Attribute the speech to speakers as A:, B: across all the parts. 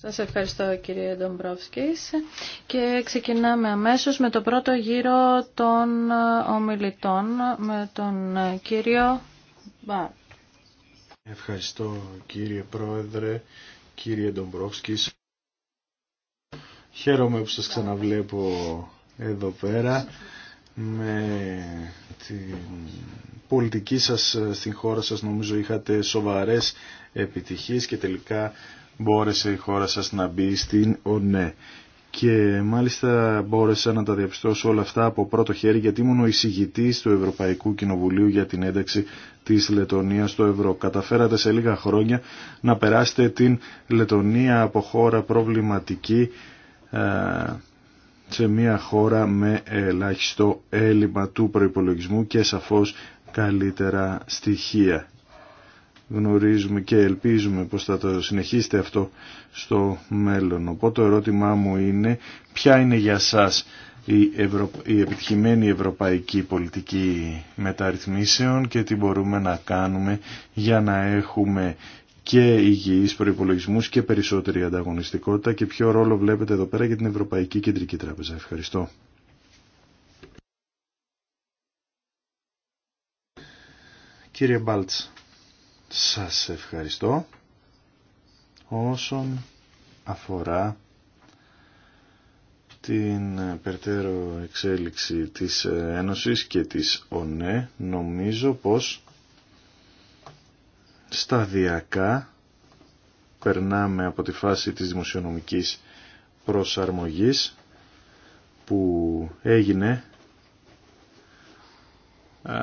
A: Σας ευχαριστώ κύριε Ντομπρόφσκης και ξεκινάμε αμέσως με το πρώτο γύρο των ε, ομιλητών με τον ε, κύριο Μπάρ.
B: Ευχαριστώ κύριε Πρόεδρε, κύριε Ντομπρόφσκης. Χαίρομαι που σας ξαναβλέπω εδώ πέρα με την πολιτική σας ε, στην χώρα σας νομίζω είχατε σοβαρές επιτυχής και τελικά μπόρεσε η χώρα σας να μπει στην ΟΝΕ. Και μάλιστα μπόρεσα να τα διαπιστώσω όλα αυτά από πρώτο χέρι γιατί ήμουν ο εισηγητής του Ευρωπαϊκού Κοινοβουλίου για την ένταξη της Λετωνίας στο ευρώ. Καταφέρατε σε λίγα χρόνια να περάσετε την Λετωνία από χώρα προβληματική ε, σε μια χώρα με ελάχιστο έλλειμμα του προϋπολογισμού και σαφώς καλύτερα στοιχεία γνωρίζουμε και ελπίζουμε πως θα το συνεχίσετε αυτό στο μέλλον. Οπότε το ερώτημά μου είναι ποια είναι για σας η, Ευρω... η επιτυχημένη ευρωπαϊκή πολιτική μεταρρυθμίσεων και τι μπορούμε να κάνουμε για να έχουμε και υγιείς προϋπολογισμούς και περισσότερη ανταγωνιστικότητα και ποιο ρόλο βλέπετε εδώ πέρα για την Ευρωπαϊκή Κεντρική Τράπεζα. Ευχαριστώ. Κύριε Μπάλτς. Σας ευχαριστώ. Όσον αφορά την περτέρω εξέλιξη της Ένωσης και της ΟΝΕ, νομίζω πως σταδιακά περνάμε από τη φάση της δημοσιονομικής προσαρμογής που έγινε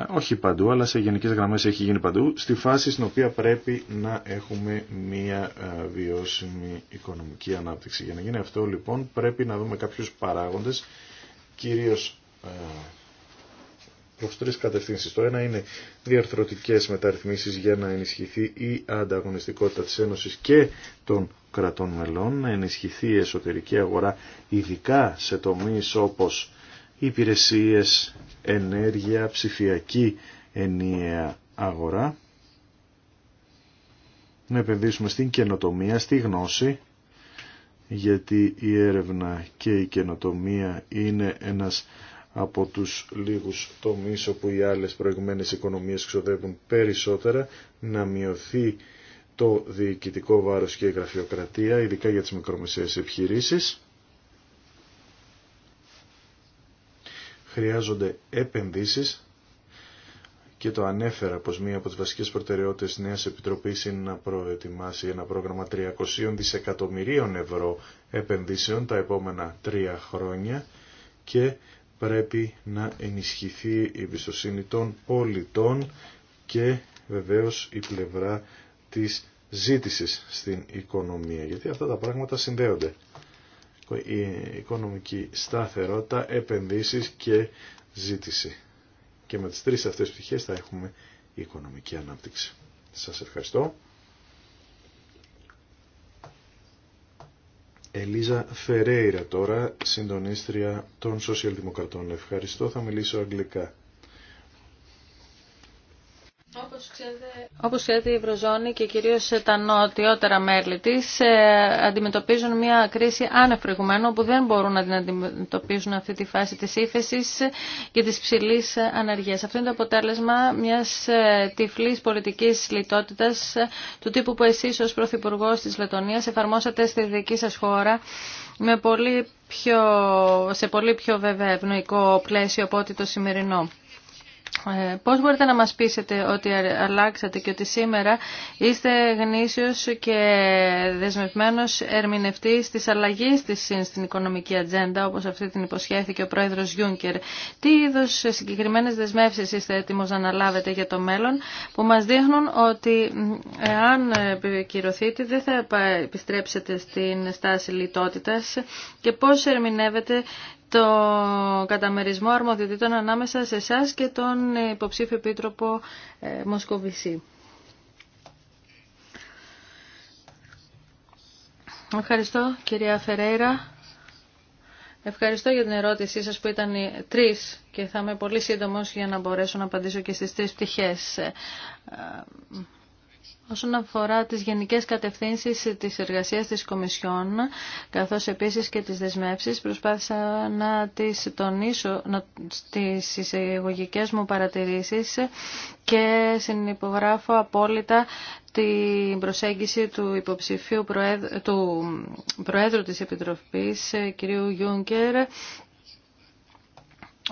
B: όχι παντού, αλλά σε γενικές γραμμές έχει γίνει παντού, στη φάση στην οποία πρέπει να έχουμε μία βιώσιμη οικονομική ανάπτυξη. Για να γίνει αυτό λοιπόν πρέπει να δούμε κάποιους παράγοντες, κυρίως προς τρεις κατευθύνσεις. Το ένα είναι διαρθρωτικές μεταρρυθμίσεις για να ενισχυθεί η ανταγωνιστικότητα της Ένωσης και των κρατών μελών, να ενισχυθεί η εσωτερική αγορά ειδικά σε τομείς όπως υπηρεσίες, ενέργεια, ψηφιακή ενιαία αγορά. Να επενδύσουμε στην καινοτομία, στη γνώση, γιατί η έρευνα και η καινοτομία είναι ένας από τους λίγους τομείς όπου οι άλλες προηγμένες οικονομίες ξοδεύουν περισσότερα, να μειωθεί το διοικητικό βάρος και η γραφειοκρατία, ειδικά για τις μικρομεσαίες επιχειρήσεις. χρειάζονται επενδύσεις και το ανέφερα πως μία από τις βασικές προτεραιότητες της Νέας Επιτροπής είναι να προετοιμάσει ένα πρόγραμμα 300 δισεκατομμυρίων ευρώ επενδύσεων τα επόμενα τρία χρόνια και πρέπει να ενισχυθεί η εμπιστοσύνη των πολιτών και βεβαίως η πλευρά της ζήτησης στην οικονομία, γιατί αυτά τα πράγματα συνδέονται η ε, οικονομική σταθερότητα, επενδύσεις και ζήτηση. Και με τις τρεις αυτές πτυχές θα έχουμε η οικονομική ανάπτυξη. Σας ευχαριστώ. Ελίζα Φερέιρα τώρα, συντονίστρια των Σοσιαλδημοκρατών. Ευχαριστώ, θα μιλήσω αγγλικά.
A: Όπως ξέρετε, η Ευρωζώνη και κυρίως τα νοτιότερα μέλη της ε, αντιμετωπίζουν μια κρίση άνευ που δεν μπορούν να την αντιμετωπίζουν αυτή τη φάση της ύφεση και της ψηλής αναργίας. Αυτό είναι το αποτέλεσμα μιας ε, τυφλής πολιτικής λιτότητας ε, του τύπου που εσείς ως Πρωθυπουργός της Λετωνίας εφαρμόσατε στη δική σας χώρα με πολύ πιο, σε πολύ πιο ευνοϊκό πλαίσιο από ό,τι το σημερινό. Ε, πώς μπορείτε να μας πείσετε ότι αλλάξατε και ότι σήμερα είστε γνήσιος και δεσμευμένος ερμηνευτής της αλλαγής της στην οικονομική ατζέντα, όπως αυτή την υποσχέθηκε ο πρόεδρος Γιούνκερ. Τι είδους συγκεκριμένες δεσμεύσεις είστε έτοιμος να αναλάβετε για το μέλλον, που μας δείχνουν ότι αν επικυρωθείτε δεν θα επιστρέψετε στην στάση λιτότητας και πώς ερμηνεύετε το καταμερισμό αρμοδιοτήτων ανάμεσα σε εσά και τον υποψήφιο επίτροπο ε, Μοσκοβισή. Ευχαριστώ κυρία Φερέιρα. Ευχαριστώ για την ερώτησή σας που ήταν οι τρεις και θα είμαι πολύ σύντομος για να μπορέσω να απαντήσω και στις τρεις πτυχές. Ε, όσον αφορά τις γενικές κατευθύνσεις της εργασίας της Κομισιόν, καθώς επίσης και τις δεσμεύσεις, προσπάθησα να τις τονίσω να, στις μου παρατηρήσεις και συνυπογράφω απόλυτα την προσέγγιση του υποψηφίου προέδρου, του Προέδρου της Επιτροπής, κ. Γιούγκερ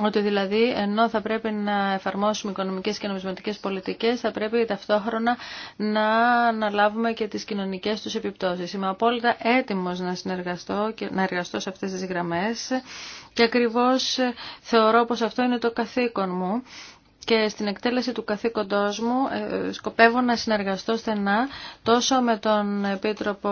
A: ότι δηλαδή ενώ θα πρέπει να εφαρμόσουμε οικονομικές και νομισματικές πολιτικές θα πρέπει ταυτόχρονα να αναλάβουμε και τις κοινωνικές τους επιπτώσεις. Είμαι απόλυτα έτοιμος να συνεργαστώ και να εργαστώ σε αυτές τις γραμμές και ακριβώς θεωρώ πως αυτό είναι το καθήκον μου και στην εκτέλεση του καθήκοντός μου ε, σκοπεύω να συνεργαστώ στενά τόσο με τον Επίτροπο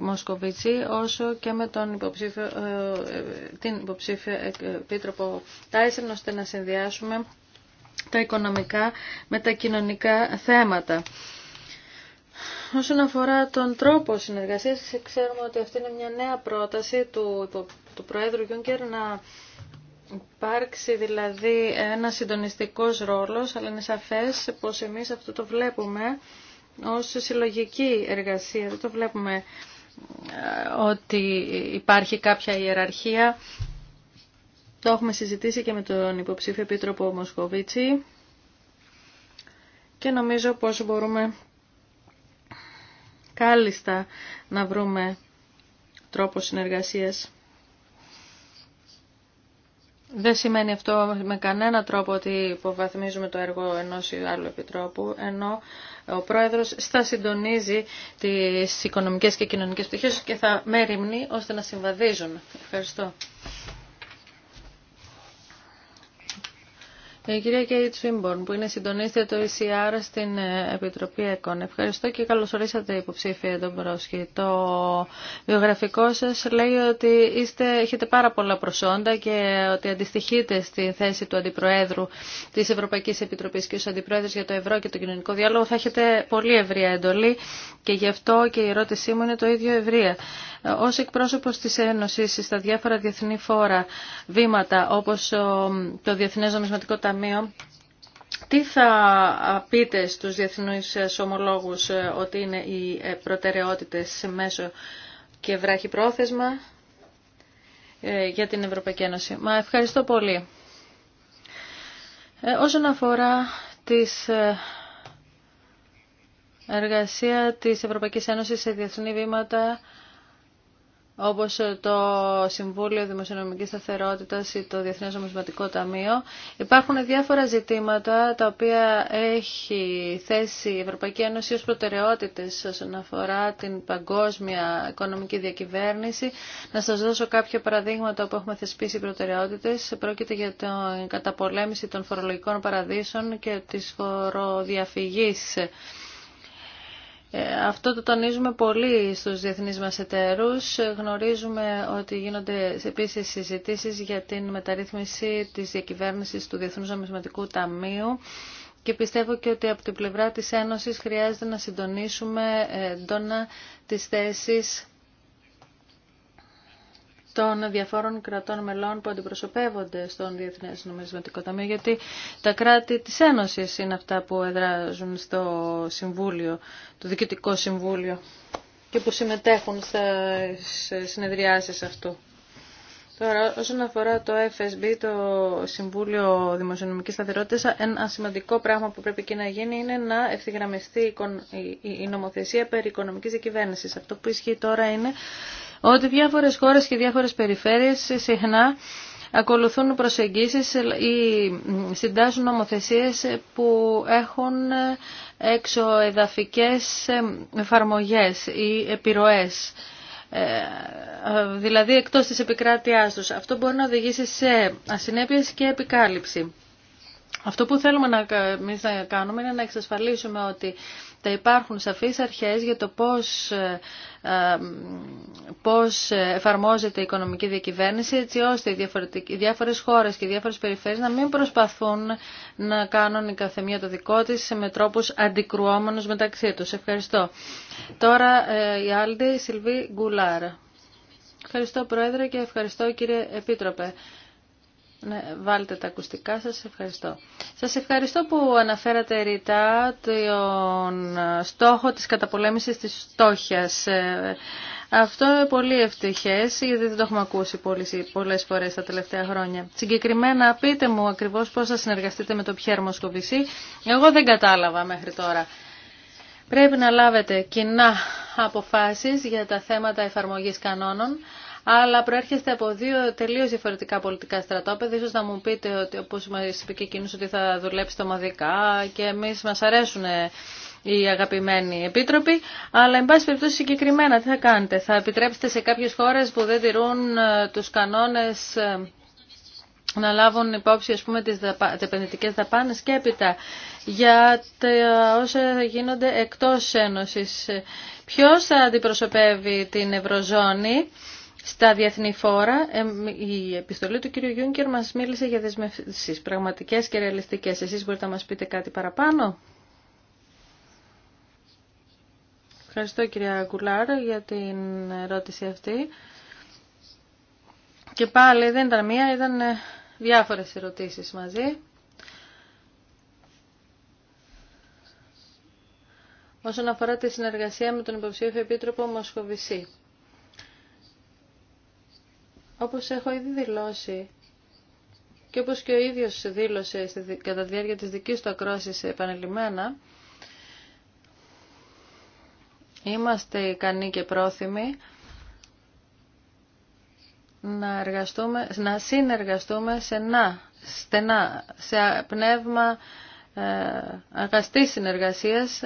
A: Μοσκοβίτσι όσο και με τον υποψήφιο, ε, ε, την υποψήφια Επίτροπο Τάισεν ώστε να συνδυάσουμε τα οικονομικά με τα κοινωνικά θέματα. Όσον αφορά τον τρόπο συνεργασίας, ξέρουμε ότι αυτή είναι μια νέα πρόταση του, του Προέδρου Γιούγκερ να υπάρξει δηλαδή ένα συντονιστικός ρόλος, αλλά είναι σαφές πως εμείς αυτό το βλέπουμε ως συλλογική εργασία. Δεν το βλέπουμε ε, ότι υπάρχει κάποια ιεραρχία. Το έχουμε συζητήσει και με τον υποψήφιο επίτροπο Μοσκοβίτσι και νομίζω πως μπορούμε κάλλιστα να βρούμε τρόπο συνεργασίας. Δεν σημαίνει αυτό με κανένα τρόπο ότι υποβαθμίζουμε το έργο ενός ή άλλου επιτρόπου, ενώ ο πρόεδρος θα συντονίζει τις οικονομικές και κοινωνικές πτυχές και θα ρημνεί ώστε να συμβαδίζουν. Ευχαριστώ. Ε, η κυρία Κέιτ Σουίμπορν, που είναι συντονίστρια του ECR ε στην ε, Επιτροπή ΕΚΟΝ. Ευχαριστώ και καλώς ορίσατε υποψήφια τον Πρόσχη. Το βιογραφικό σας λέει ότι είστε, έχετε πάρα πολλά προσόντα και ότι αντιστοιχείτε στη θέση του Αντιπροέδρου της Ευρωπαϊκής Επιτροπής και ως Αντιπρόεδρος για το Ευρώ και το Κοινωνικό Διάλογο θα έχετε πολύ ευρία εντολή και γι' αυτό και η ερώτησή μου είναι το ίδιο ευρία. Ως εκπρόσωπος της Ένωσης στα διάφορα διεθνή φόρα βήματα όπως το Διεθνές Νομισματικό Ταμείο τι θα πείτε στους διεθνούς ομολόγους ε, ότι είναι οι ε, προτεραιότητες σε μέσο και βράχη πρόθεσμα ε, για την Ευρωπαϊκή Ένωση. Μα ευχαριστώ πολύ. όσον αφορά τις εργασία της Ευρωπαϊκής Ένωσης σε διεθνή βήματα όπως ε, το Συμβούλιο Δημοσιονομικής Σταθερότητας ή το Διεθνές Νομισματικό Ταμείο. Υπάρχουν διάφορα ζητήματα τα οποία έχει θέσει η Ευρωπαϊκή Ένωση ως προτεραιότητες όσον αφορά την παγκόσμια οικονομική διακυβέρνηση. Να σας δώσω κάποια παραδείγματα που έχουμε θεσπίσει προτεραιότητες. Πρόκειται για την καταπολέμηση των φορολογικών παραδείσων και της φοροδιαφυγής. Ε, αυτό το τονίζουμε πολύ στους διεθνείς μας εταίρους. Γνωρίζουμε ότι γίνονται επίσης συζητήσεις για την μεταρρύθμιση της διακυβέρνησης του Διεθνούς Νομισματικού Ταμείου και πιστεύω και ότι από την πλευρά της Ένωσης χρειάζεται να συντονίσουμε ε, έντονα τις θέσεις των διαφόρων κρατών μελών που αντιπροσωπεύονται στον Διεθνές Νομισματικό Ταμείο, γιατί τα κράτη της Ένωσης είναι αυτά που εδράζουν στο Συμβούλιο, το Διοικητικό Συμβούλιο και που συμμετέχουν στα συνεδριάσεις αυτού. Τώρα, όσον αφορά το FSB, το Συμβούλιο Δημοσιονομικής Σταθερότητας, ένα σημαντικό πράγμα που πρέπει εκεί να γίνει είναι να ευθυγραμμιστεί η νομοθεσία περί οικονομικής διακυβέρνησης. Αυτό που ισχύει τώρα είναι ότι διάφορες χώρες και διάφορες περιφέρειες συχνά ακολουθούν προσεγγίσεις ή συντάσσουν νομοθεσίες που έχουν εξωεδαφικές εφαρμογές ή επιρροές. Ε, δηλαδή εκτός της επικράτειάς τους. Αυτό μπορεί να οδηγήσει σε ασυνέπειες και επικάλυψη. Αυτό που θέλουμε να, εμείς να κάνουμε είναι να εξασφαλίσουμε ότι θα υπάρχουν σαφείς αρχές για το πώς, ε, ε, πώς εφαρμόζεται η οικονομική διακυβέρνηση έτσι ώστε οι, οι διάφορες χώρες και οι διάφορες περιφέρειες να μην προσπαθούν να κάνουν η καθεμία το δικό της με τρόπους αντικρουόμενους μεταξύ τους. Ευχαριστώ. Τώρα ε, η Άλντι Σιλβί Γκουλάρα. Ευχαριστώ Πρόεδρε και ευχαριστώ κύριε Επίτροπε. Ναι, βάλτε τα ακουστικά σας. Ευχαριστώ. Σας ευχαριστώ που αναφέρατε ρητά τον ε, στόχο της καταπολέμησης της στόχιας. Ε, αυτό είναι πολύ ευτυχές, γιατί δεν το έχουμε ακούσει πολλές φορές τα τελευταία χρόνια. Συγκεκριμένα, πείτε μου ακριβώς πώς θα συνεργαστείτε με το Πιέρ Εγώ δεν κατάλαβα μέχρι τώρα. Πρέπει να λάβετε κοινά αποφάσεις για τα θέματα εφαρμογής κανόνων, αλλά προέρχεστε από δύο τελείω διαφορετικά πολιτικά στρατόπεδα. Ίσως να μου πείτε, ότι, όπως μας είπε και εκείνο, ότι θα δουλέψετε ομαδικά και εμεί μα αρέσουν οι αγαπημένοι επίτροποι, αλλά εν πάση περιπτώσει συγκεκριμένα τι θα κάνετε. Θα επιτρέψετε σε κάποιε χώρε που δεν τηρούν ε, του κανόνε ε, να λάβουν υπόψη ας πούμε τις επενδυτικές δαπάνες και έπειτα για τα όσα γίνονται εκτός Ένωσης. Ποιος θα αντιπροσωπεύει την Ευρωζώνη στα διεθνή φόρα, η επιστολή του κύριου Γιούγκερ μας μίλησε για δεσμεύσεις πραγματικές και ρεαλιστικές. Εσείς μπορείτε να μας πείτε κάτι παραπάνω. Ευχαριστώ κυρία Κουλάρα για την ερώτηση αυτή. Και πάλι δεν ήταν μία, ήταν ε, διάφορες ερωτήσεις μαζί. Όσον αφορά τη συνεργασία με τον υποψήφιο επίτροπο Μοσχοβησή. Όπως έχω ήδη δηλώσει και όπως και ο ίδιος δήλωσε κατά τη διάρκεια της δικής του ακρόσης επανελειμμένα, είμαστε ικανοί και πρόθυμοι να, εργαστούμε, να συνεργαστούμε να στενά, σε πνεύμα ε, αγαστής συνεργασίας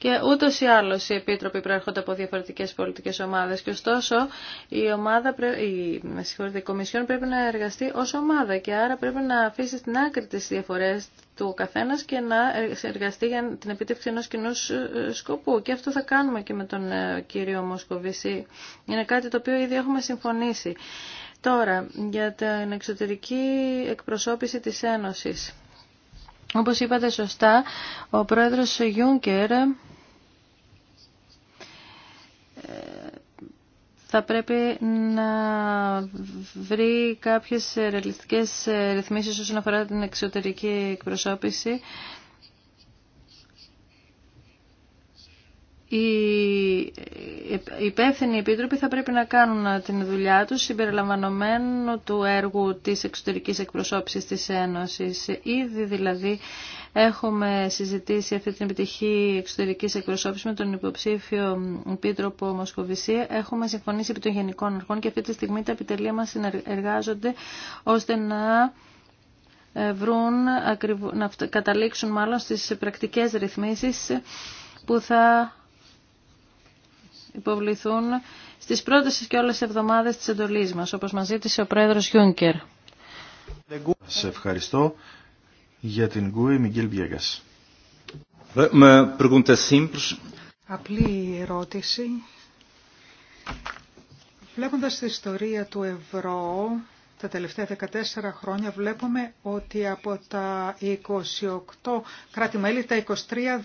A: και ούτω ή άλλω οι επίτροποι προέρχονται από διαφορετικέ πολιτικέ ομάδε. Και ωστόσο, η, αλλω οι επιτροποι προερχονται απο διαφορετικε ω ομάδα και ωστοσο η ομαδα η, η Κομισιόν πρέπει να εργαστεί ω ομάδα και άρα πρέπει να αφήσει στην άκρη τι διαφορέ του καθένα και να εργαστεί για την επίτευξη ενό κοινού σκοπού. Και αυτό θα κάνουμε και με τον ε, κύριο Μοσκοβίση. Είναι κάτι το οποίο ήδη έχουμε συμφωνήσει. Τώρα, για την εξωτερική εκπροσώπηση της Ένωσης. Όπως είπατε σωστά, ο πρόεδρος Γιούνκερ θα πρέπει να βρει κάποιες ρεαλιστικές ρυθμίσεις όσον αφορά την εξωτερική εκπροσώπηση οι υπεύθυνοι επίτροποι θα πρέπει να κάνουν την δουλειά τους συμπεριλαμβανομένου του έργου της εξωτερικής εκπροσώπησης της Ένωσης. Ήδη δηλαδή έχουμε συζητήσει αυτή την επιτυχή εξωτερικής εκπροσώπησης με τον υποψήφιο επίτροπο Μοσκοβισή. Έχουμε συμφωνήσει επί των γενικών αρχών και αυτή τη στιγμή τα επιτελεία μας συνεργάζονται ώστε να ε, να καταλήξουν μάλλον στις πρακτικές ρυθμίσεις που θα υποβληθούν στις πρώτες και όλες τις εβδομάδες της εντολής μας, όπως μας ζήτησε ο πρόεδρος Γιούνκερ.
B: Σε ευχαριστώ για την Γκούι Μιγγέλ Βιέγκας.
C: Απλή ερώτηση. Βλέποντας την ιστορία του ευρώ, τα τελευταία 14 χρόνια βλέπουμε ότι από τα 28 κράτη-μέλη τα 23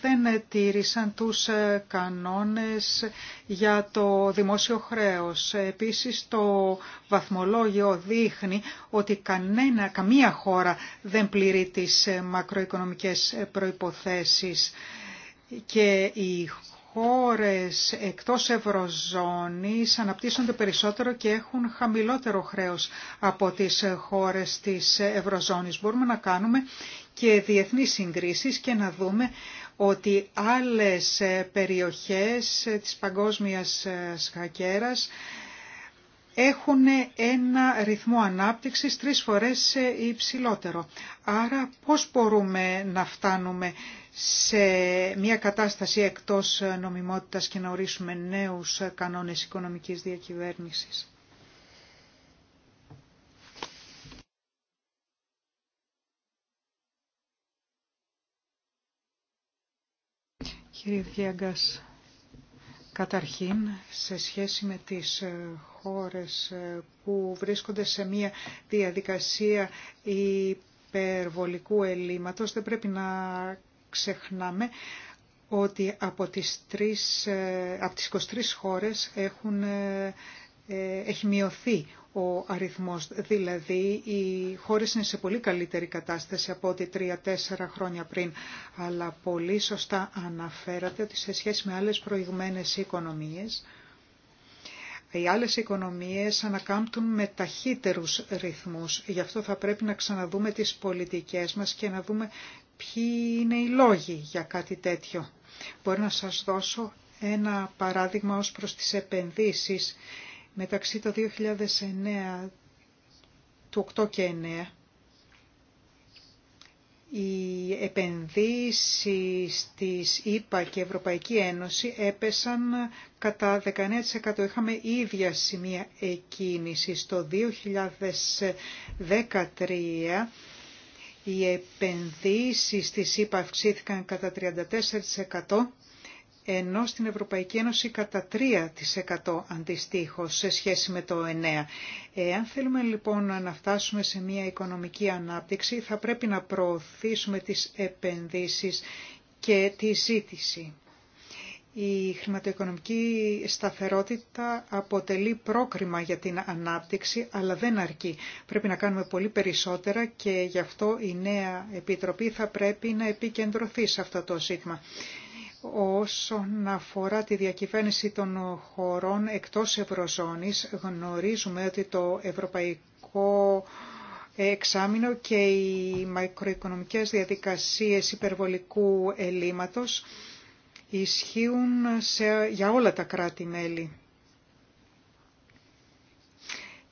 C: δεν τήρησαν τους ε, κανόνες για το δημόσιο χρέος. Επίσης το βαθμολόγιο δείχνει ότι κανένα, καμία χώρα δεν πληρεί τις ε, μακροοικονομικές ε, προϋποθέσεις και οι χώρες εκτός Ευρωζώνης αναπτύσσονται περισσότερο και έχουν χαμηλότερο χρέος από τις χώρες της Ευρωζώνης. Μπορούμε να κάνουμε και διεθνείς συγκρίσεις και να δούμε ότι άλλες περιοχές της παγκόσμιας σχακέρας έχουν ένα ρυθμό ανάπτυξης τρεις φορές υψηλότερο. Άρα πώς μπορούμε να φτάνουμε σε μια κατάσταση εκτός νομιμότητας και να ορίσουμε νέους κανόνες οικονομικής διακυβέρνησης. Κύριε Διέγκας, καταρχήν σε σχέση με τις χώρες που βρίσκονται σε μια διαδικασία υπερβολικού ελλείμματος δεν πρέπει να ξεχνάμε ότι από τις, 3, ε, από τις 23 χώρες έχουν, ε, ε, έχει μειωθεί ο αριθμός. Δηλαδή οι χώρες είναι σε πολύ καλύτερη κατάσταση από ό,τι 3-4 χρόνια πριν. Αλλά πολύ σωστά αναφέρατε ότι σε σχέση με άλλες προηγμένες οικονομίες... Οι άλλες οικονομίες ανακάμπτουν με ταχύτερους ρυθμούς. Γι' αυτό θα πρέπει να ξαναδούμε τις πολιτικές μας και να δούμε ποιοι είναι οι λόγοι για κάτι τέτοιο. Μπορώ να σας δώσω ένα παράδειγμα ως προς τις επενδύσεις μεταξύ το 2009 του 8 και 9 οι επενδύσεις της ΕΠΑ και Ευρωπαϊκή Ένωση έπεσαν κατά 19%. Είχαμε ίδια σημεία εκκίνηση. Το 2013 οι επενδύσεις της ΕΠΑ αυξήθηκαν κατά 34% ενώ στην Ευρωπαϊκή Ένωση κατά 3% αντιστοίχως σε σχέση με το 9%. Εάν θέλουμε λοιπόν να φτάσουμε σε μια οικονομική ανάπτυξη θα πρέπει να προωθήσουμε τις επενδύσεις και τη ζήτηση. Η χρηματοοικονομική σταθερότητα αποτελεί πρόκριμα για την ανάπτυξη, αλλά δεν αρκεί. Πρέπει να κάνουμε πολύ περισσότερα και γι' αυτό η νέα Επιτροπή θα πρέπει να επικεντρωθεί σε αυτό το ζήτημα. Όσον αφορά τη διακυβέρνηση των χωρών εκτός Ευρωζώνης, γνωρίζουμε ότι το Ευρωπαϊκό Εξάμεινο και οι μακροοικονομικές διαδικασίες υπερβολικού ελλείμματος ισχύουν σε, για όλα τα κράτη-μέλη.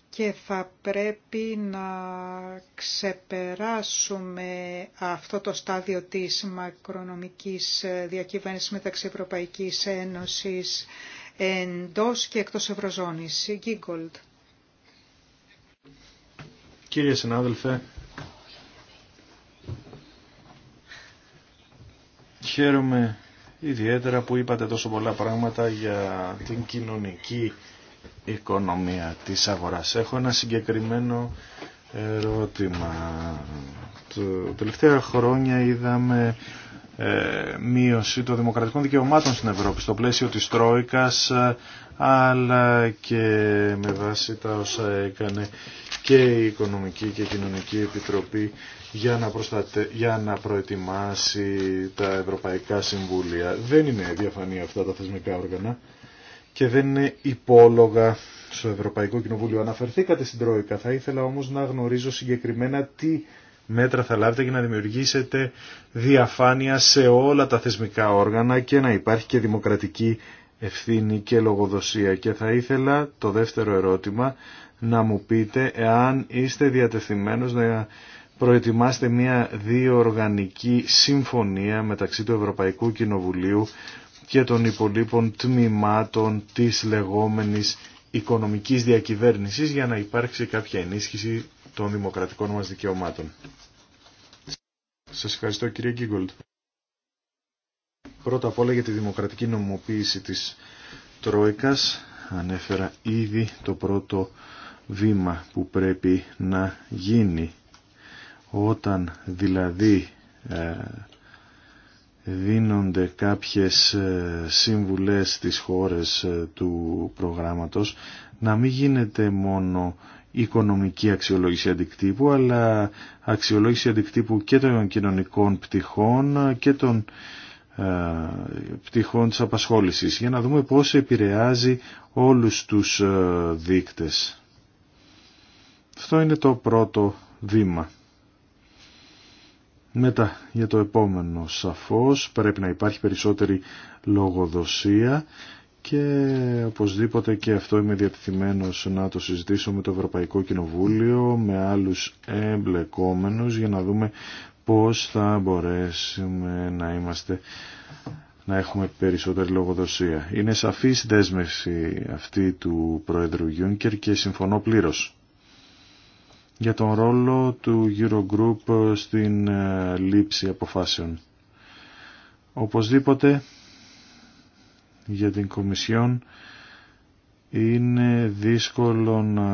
C: Και θα πρέπει να ξεπεράσουμε αυτό το στάδιο της μακρονομικής διακυβέρνησης μεταξύ Ευρωπαϊκής Ένωσης εντός και εκτός Ευρωζώνης. Γκίγκολτ.
B: Κύριε συνάδελφε, χαίρομαι ιδιαίτερα που είπατε τόσο πολλά πράγματα για την κοινωνική οικονομία της αγοράς. Έχω ένα συγκεκριμένο ερώτημα. τελευταία χρόνια είδαμε ε, μείωση των δημοκρατικών δικαιωμάτων στην Ευρώπη στο πλαίσιο της Τρόικας ε, αλλά και με βάση τα όσα έκανε και η Οικονομική και Κοινωνική Επιτροπή για να, για να προετοιμάσει τα Ευρωπαϊκά Συμβούλια. Δεν είναι διαφανή αυτά τα θεσμικά όργανα και δεν είναι υπόλογα στο Ευρωπαϊκό Κοινοβούλιο. Αναφερθήκατε στην Τρόικα, θα ήθελα όμως να γνωρίζω συγκεκριμένα τι μέτρα θα λάβετε για να δημιουργήσετε διαφάνεια σε όλα τα θεσμικά όργανα και να υπάρχει και δημοκρατική ευθύνη και λογοδοσία. Και θα ήθελα το δεύτερο ερώτημα να μου πείτε εάν είστε διατεθειμένος να προετοιμάσετε μια διοργανική συμφωνία μεταξύ του Ευρωπαϊκού Κοινοβουλίου και των υπολείπων τμήματων της λεγόμενης οικονομικής διακυβέρνησης για να υπάρξει κάποια ενίσχυση των δημοκρατικών μας δικαιωμάτων. Σας ευχαριστώ κύριε Γκίγκολτ. Πρώτα απ' όλα για τη δημοκρατική νομοποίηση της Τρόικας. Ανέφερα ήδη το πρώτο βήμα που πρέπει να γίνει όταν δηλαδή ε, δίνονται κάποιες ε, σύμβουλες στις χώρες ε, του προγράμματος να μην γίνεται μόνο οικονομική αξιολόγηση αντικτύπου αλλά αξιολόγηση αντικτύπου και των κοινωνικών πτυχών και των πτυχών της απασχόλησης για να δούμε πώς επηρεάζει όλους τους δείκτες αυτό είναι το πρώτο βήμα. Μετά για το επόμενο σαφώς πρέπει να υπάρχει περισσότερη λογοδοσία και οπωσδήποτε και αυτό είμαι διατηθειμένος να το συζητήσω με το Ευρωπαϊκό Κοινοβούλιο, με άλλους εμπλεκόμενους για να δούμε πώς θα μπορέσουμε να είμαστε να έχουμε περισσότερη λογοδοσία. Είναι σαφής δέσμευση αυτή του Πρόεδρου Γιούνκερ και συμφωνώ πλήρως για τον ρόλο του Eurogroup στην ε, λήψη αποφάσεων. Οπωσδήποτε για την Κομισιόν είναι δύσκολο να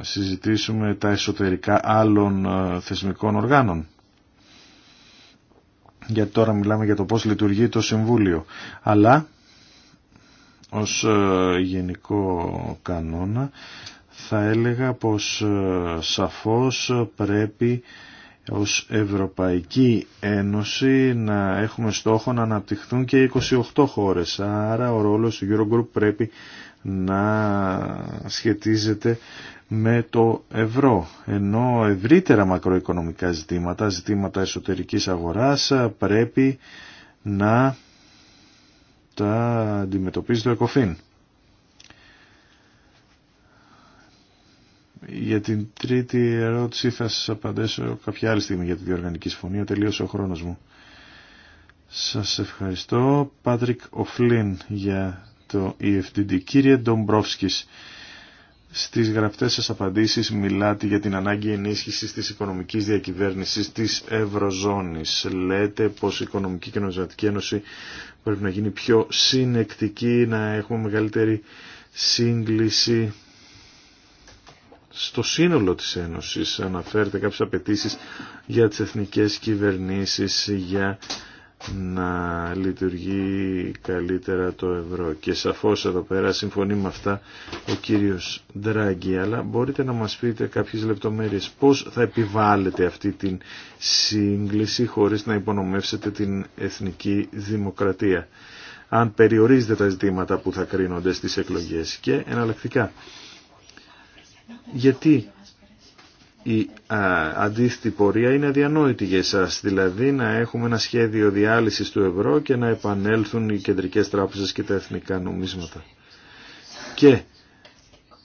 B: συζητήσουμε τα εσωτερικά άλλων ε, θεσμικών οργάνων. Γιατί τώρα μιλάμε για το πώς λειτουργεί το Συμβούλιο. Αλλά ως ε, γενικό κανόνα θα έλεγα πως ε, σαφώς πρέπει ως Ευρωπαϊκή Ένωση να έχουμε στόχο να αναπτυχθούν και 28 χώρες. Άρα ο ρόλος του Eurogroup πρέπει να σχετίζεται με το ευρώ. Ενώ ευρύτερα μακροοικονομικά ζητήματα, ζητήματα εσωτερικής αγοράς πρέπει να τα αντιμετωπίζει το ΕΚΟΦΗΝ. Για την τρίτη ερώτηση θα σας απαντήσω κάποια άλλη στιγμή για τη διοργανική συμφωνία. Τελείωσε ο χρόνος μου. Σας ευχαριστώ. Πάτρικ Οφλίν για το EFDD. Κύριε Ντομπρόφσκης, στις γραπτές σας απαντήσεις μιλάτε για την ανάγκη ενίσχυσης της οικονομικής διακυβέρνησης της Ευρωζώνης. Λέτε πως η Οικονομική Ένωση πρέπει να γίνει πιο συνεκτική, να έχουμε μεγαλύτερη σύγκληση στο σύνολο της Ένωσης αναφέρεται κάποιες απαιτήσει για τις εθνικές κυβερνήσεις για να λειτουργεί καλύτερα το ευρώ. Και σαφώς εδώ πέρα συμφωνεί με αυτά ο κύριος Ντράγκη, αλλά μπορείτε να μας πείτε κάποιες λεπτομέρειες πώς θα επιβάλλετε αυτή την σύγκληση χωρίς να υπονομεύσετε την εθνική δημοκρατία αν περιορίζετε τα ζητήματα που θα κρίνονται στις εκλογές και εναλλακτικά γιατί η α, αντίθετη πορεία είναι αδιανόητη για εσάς, δηλαδή να έχουμε ένα σχέδιο διάλυσης του ευρώ και να επανέλθουν οι κεντρικές τράπεζες και τα εθνικά νομίσματα. Και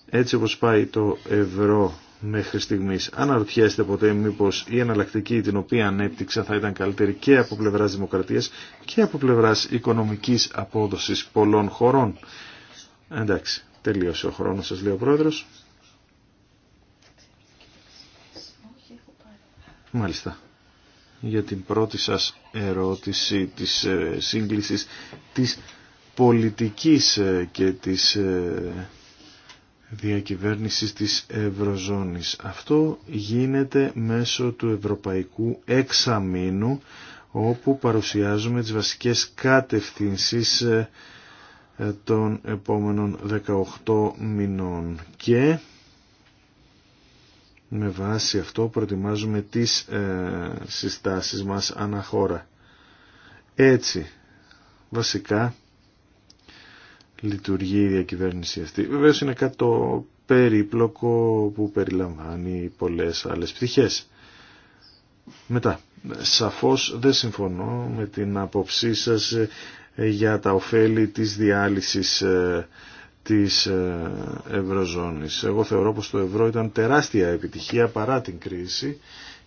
B: έτσι όπως πάει το ευρώ μέχρι στιγμής, αναρωτιέστε ποτέ μήπως η εναλλακτική την οποία ανέπτυξα θα ήταν καλύτερη και από πλευράς δημοκρατίας και από πλευράς οικονομικής απόδοσης πολλών χωρών. Εντάξει, τελείωσε ο χρόνος σας λέει ο πρόεδρος. Μάλιστα. Για την πρώτη σας ερώτηση της ε, σύγκλησης της πολιτικής ε, και της ε, διακυβέρνησης της Ευρωζώνης. Αυτό γίνεται μέσω του Ευρωπαϊκού Εξαμήνου όπου παρουσιάζουμε τις βασικές κατευθύνσεις των επόμενων 18 μηνών και με βάση αυτό προετοιμάζουμε τις ε, συστάσεις μας αναχώρα. Έτσι, βασικά, λειτουργεί η διακυβέρνηση αυτή. Βεβαίως είναι κάτι το περίπλοκο που περιλαμβάνει πολλές άλλες πτυχές. Μετά, σαφώς δεν συμφωνώ με την απόψή σας ε, για τα ωφέλη της διάλυσης ε, της ε, Ευρωζώνης. Εγώ θεωρώ πως το ευρώ ήταν τεράστια επιτυχία παρά την κρίση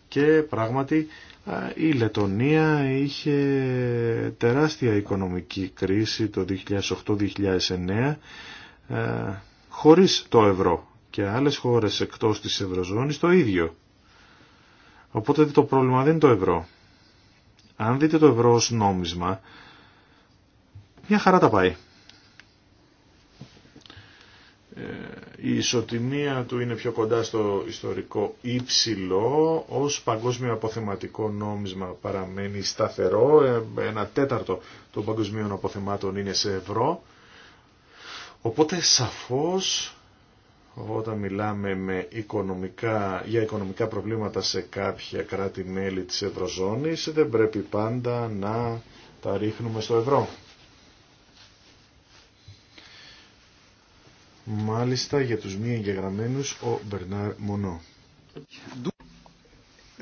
B: και πράγματι ε, η Λετωνία είχε τεράστια οικονομική κρίση το 2008-2009 ε, χωρίς το ευρώ και άλλες χώρες εκτός της Ευρωζώνης το ίδιο. Οπότε το πρόβλημα δεν είναι το ευρώ. Αν δείτε το ευρώ ως νόμισμα, μια χαρά τα πάει. η ισοτιμία του είναι πιο κοντά στο ιστορικό ύψιλο, ως παγκόσμιο αποθεματικό νόμισμα παραμένει σταθερό, ε, ένα τέταρτο των παγκοσμίων αποθεμάτων είναι σε ευρώ, οπότε σαφώς όταν μιλάμε με οικονομικά, για οικονομικά προβλήματα σε κάποια κράτη-μέλη της Ευρωζώνης δεν πρέπει πάντα να τα ρίχνουμε στο ευρώ. Μάλιστα για τους μη εγγεγραμμένους ο Μπερνάρ Μονό.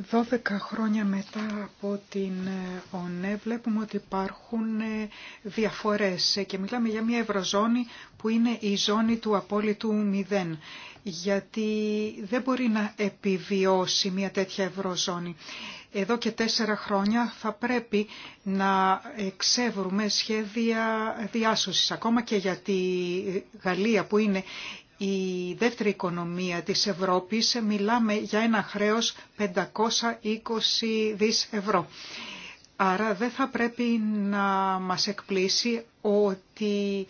C: 12 χρόνια μετά από την ε, ΟΝΕ βλέπουμε ότι υπάρχουν ε, διαφορές ε, και μιλάμε για μια ευρωζώνη που είναι η ζώνη του απόλυτου μηδέν γιατί δεν μπορεί να επιβιώσει μια τέτοια ευρωζώνη. Εδώ και τέσσερα χρόνια θα πρέπει να εξεύρουμε σχέδια διάσωσης, ακόμα και για τη Γαλλία που είναι η δεύτερη οικονομία της Ευρώπης μιλάμε για ένα χρέος 520 δις ευρώ. Άρα δεν θα πρέπει να μας εκπλήσει ότι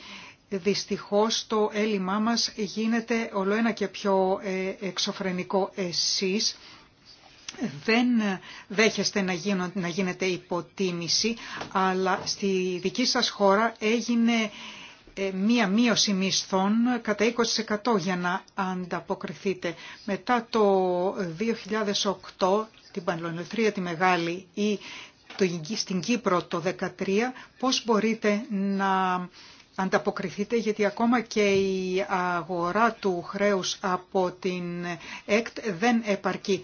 C: δυστυχώς το έλλειμμά μας γίνεται ολοένα και πιο ε, εξωφρενικό εσείς. Δεν δέχεστε να, να γίνεται υποτίμηση, αλλά στη δική σας χώρα έγινε ε, μία μείωση μισθών κατά 20% για να ανταποκριθείτε. Μετά το 2008, την Πανελλονιωθρία τη Μεγάλη ή το στην Κύπρο το 2013, πώς μπορείτε να ανταποκριθείτε γιατί ακόμα και η αγορά του χρέους από την ΕΚΤ δεν επαρκεί.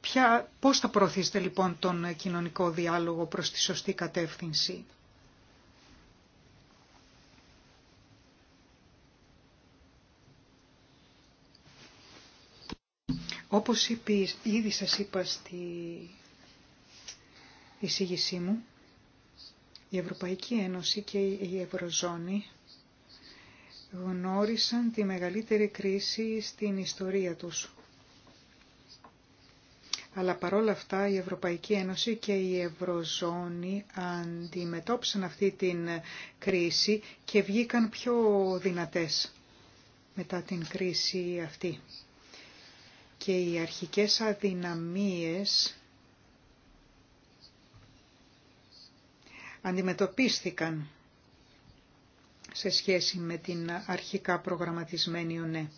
C: Ποια, πώς θα προωθήσετε λοιπόν τον κοινωνικό διάλογο προς τη σωστή κατεύθυνση. Όπως είπε, ήδη σας είπα στη εισήγησή μου, η Ευρωπαϊκή Ένωση και η Ευρωζώνη γνώρισαν τη μεγαλύτερη κρίση στην ιστορία τους. Αλλά παρόλα αυτά η Ευρωπαϊκή Ένωση και η Ευρωζώνη αντιμετώπισαν αυτή την κρίση και βγήκαν πιο δυνατές μετά την κρίση αυτή και οι αρχικές αδυναμίες αντιμετωπίστηκαν σε σχέση με την αρχικά προγραμματισμένη ΟΝΕ.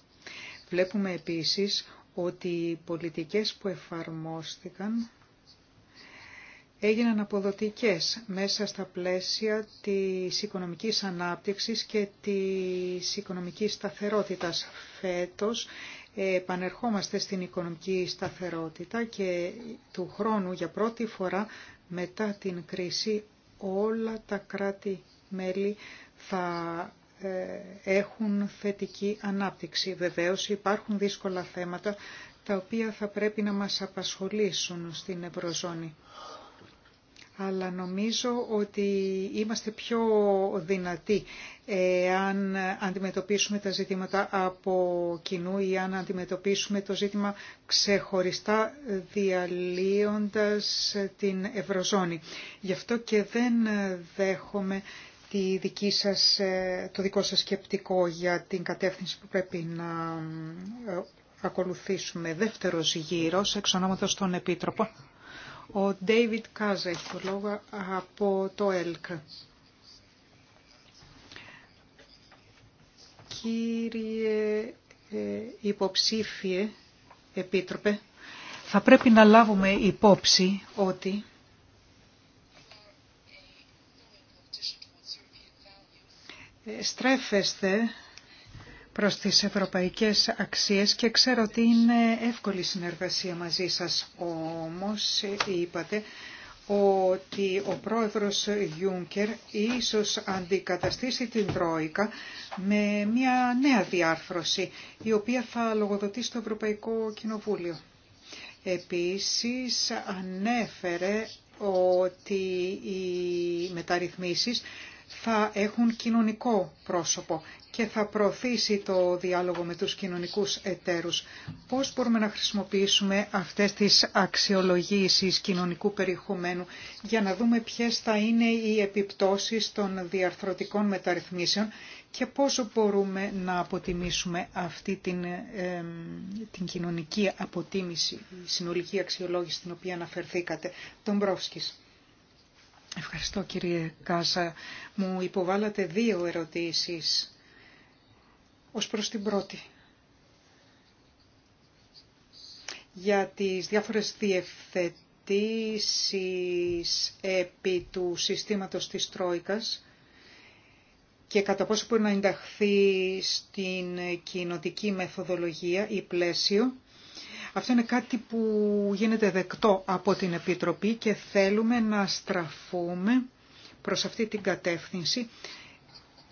C: Βλέπουμε επίσης ότι οι πολιτικές που εφαρμόστηκαν έγιναν αποδοτικές μέσα στα πλαίσια της οικονομικής ανάπτυξης και της οικονομικής σταθερότητας. Φέτος επανερχόμαστε στην οικονομική σταθερότητα και του χρόνου για πρώτη φορά μετά την κρίση όλα τα κράτη-μέλη θα ε, έχουν θετική ανάπτυξη. Βεβαίως υπάρχουν δύσκολα θέματα τα οποία θα πρέπει να μας απασχολήσουν στην Ευρωζώνη αλλά νομίζω ότι είμαστε πιο δυνατοί ε, αν αντιμετωπίσουμε τα ζητήματα από κοινού ή αν αντιμετωπίσουμε το ζήτημα ξεχωριστά διαλύοντας την Ευρωζώνη. Γι' αυτό και δεν δέχομαι τη δική ε, το δικό σας σκεπτικό για την κατεύθυνση που πρέπει να ε, ακολουθήσουμε. Δεύτερος γύρος, εξ ονόματος των Επίτροπων. Ο David Κάζα το λόγο από το ΕΛΚ. Κύριε ε, υποψήφιε επίτροπε, θα πρέπει να λάβουμε υπόψη ότι ε, στρέφεστε προς τις ευρωπαϊκές αξίες και ξέρω ότι είναι εύκολη συνεργασία μαζί σας. Όμως είπατε ότι ο πρόεδρος Γιούνκερ ίσως αντικαταστήσει την Τρόικα με μια νέα διάρθρωση η οποία θα λογοδοτεί στο Ευρωπαϊκό Κοινοβούλιο. Επίσης ανέφερε ότι οι μεταρρυθμίσεις θα έχουν κοινωνικό πρόσωπο και θα προωθήσει το διάλογο με τους κοινωνικούς εταίρους. Πώς μπορούμε να χρησιμοποιήσουμε αυτές τις αξιολογήσεις κοινωνικού περιεχομένου για να δούμε ποιες θα είναι οι επιπτώσεις των διαρθρωτικών μεταρρυθμίσεων και πώς μπορούμε να αποτιμήσουμε αυτή την, την κοινωνική αποτίμηση, η συνολική αξιολόγηση στην οποία αναφερθήκατε, τον Μπρόφσκης. Ευχαριστώ κύριε Κάσα. Μου υποβάλατε δύο ερωτήσεις ως προς την πρώτη. Για τις διάφορες διευθετήσεις επί του συστήματος της Τρόικας και κατά πόσο μπορεί να ενταχθεί στην κοινοτική μεθοδολογία ή πλαίσιο αυτό είναι κάτι που γίνεται δεκτό από την Επιτροπή και θέλουμε να στραφούμε προς αυτή την κατεύθυνση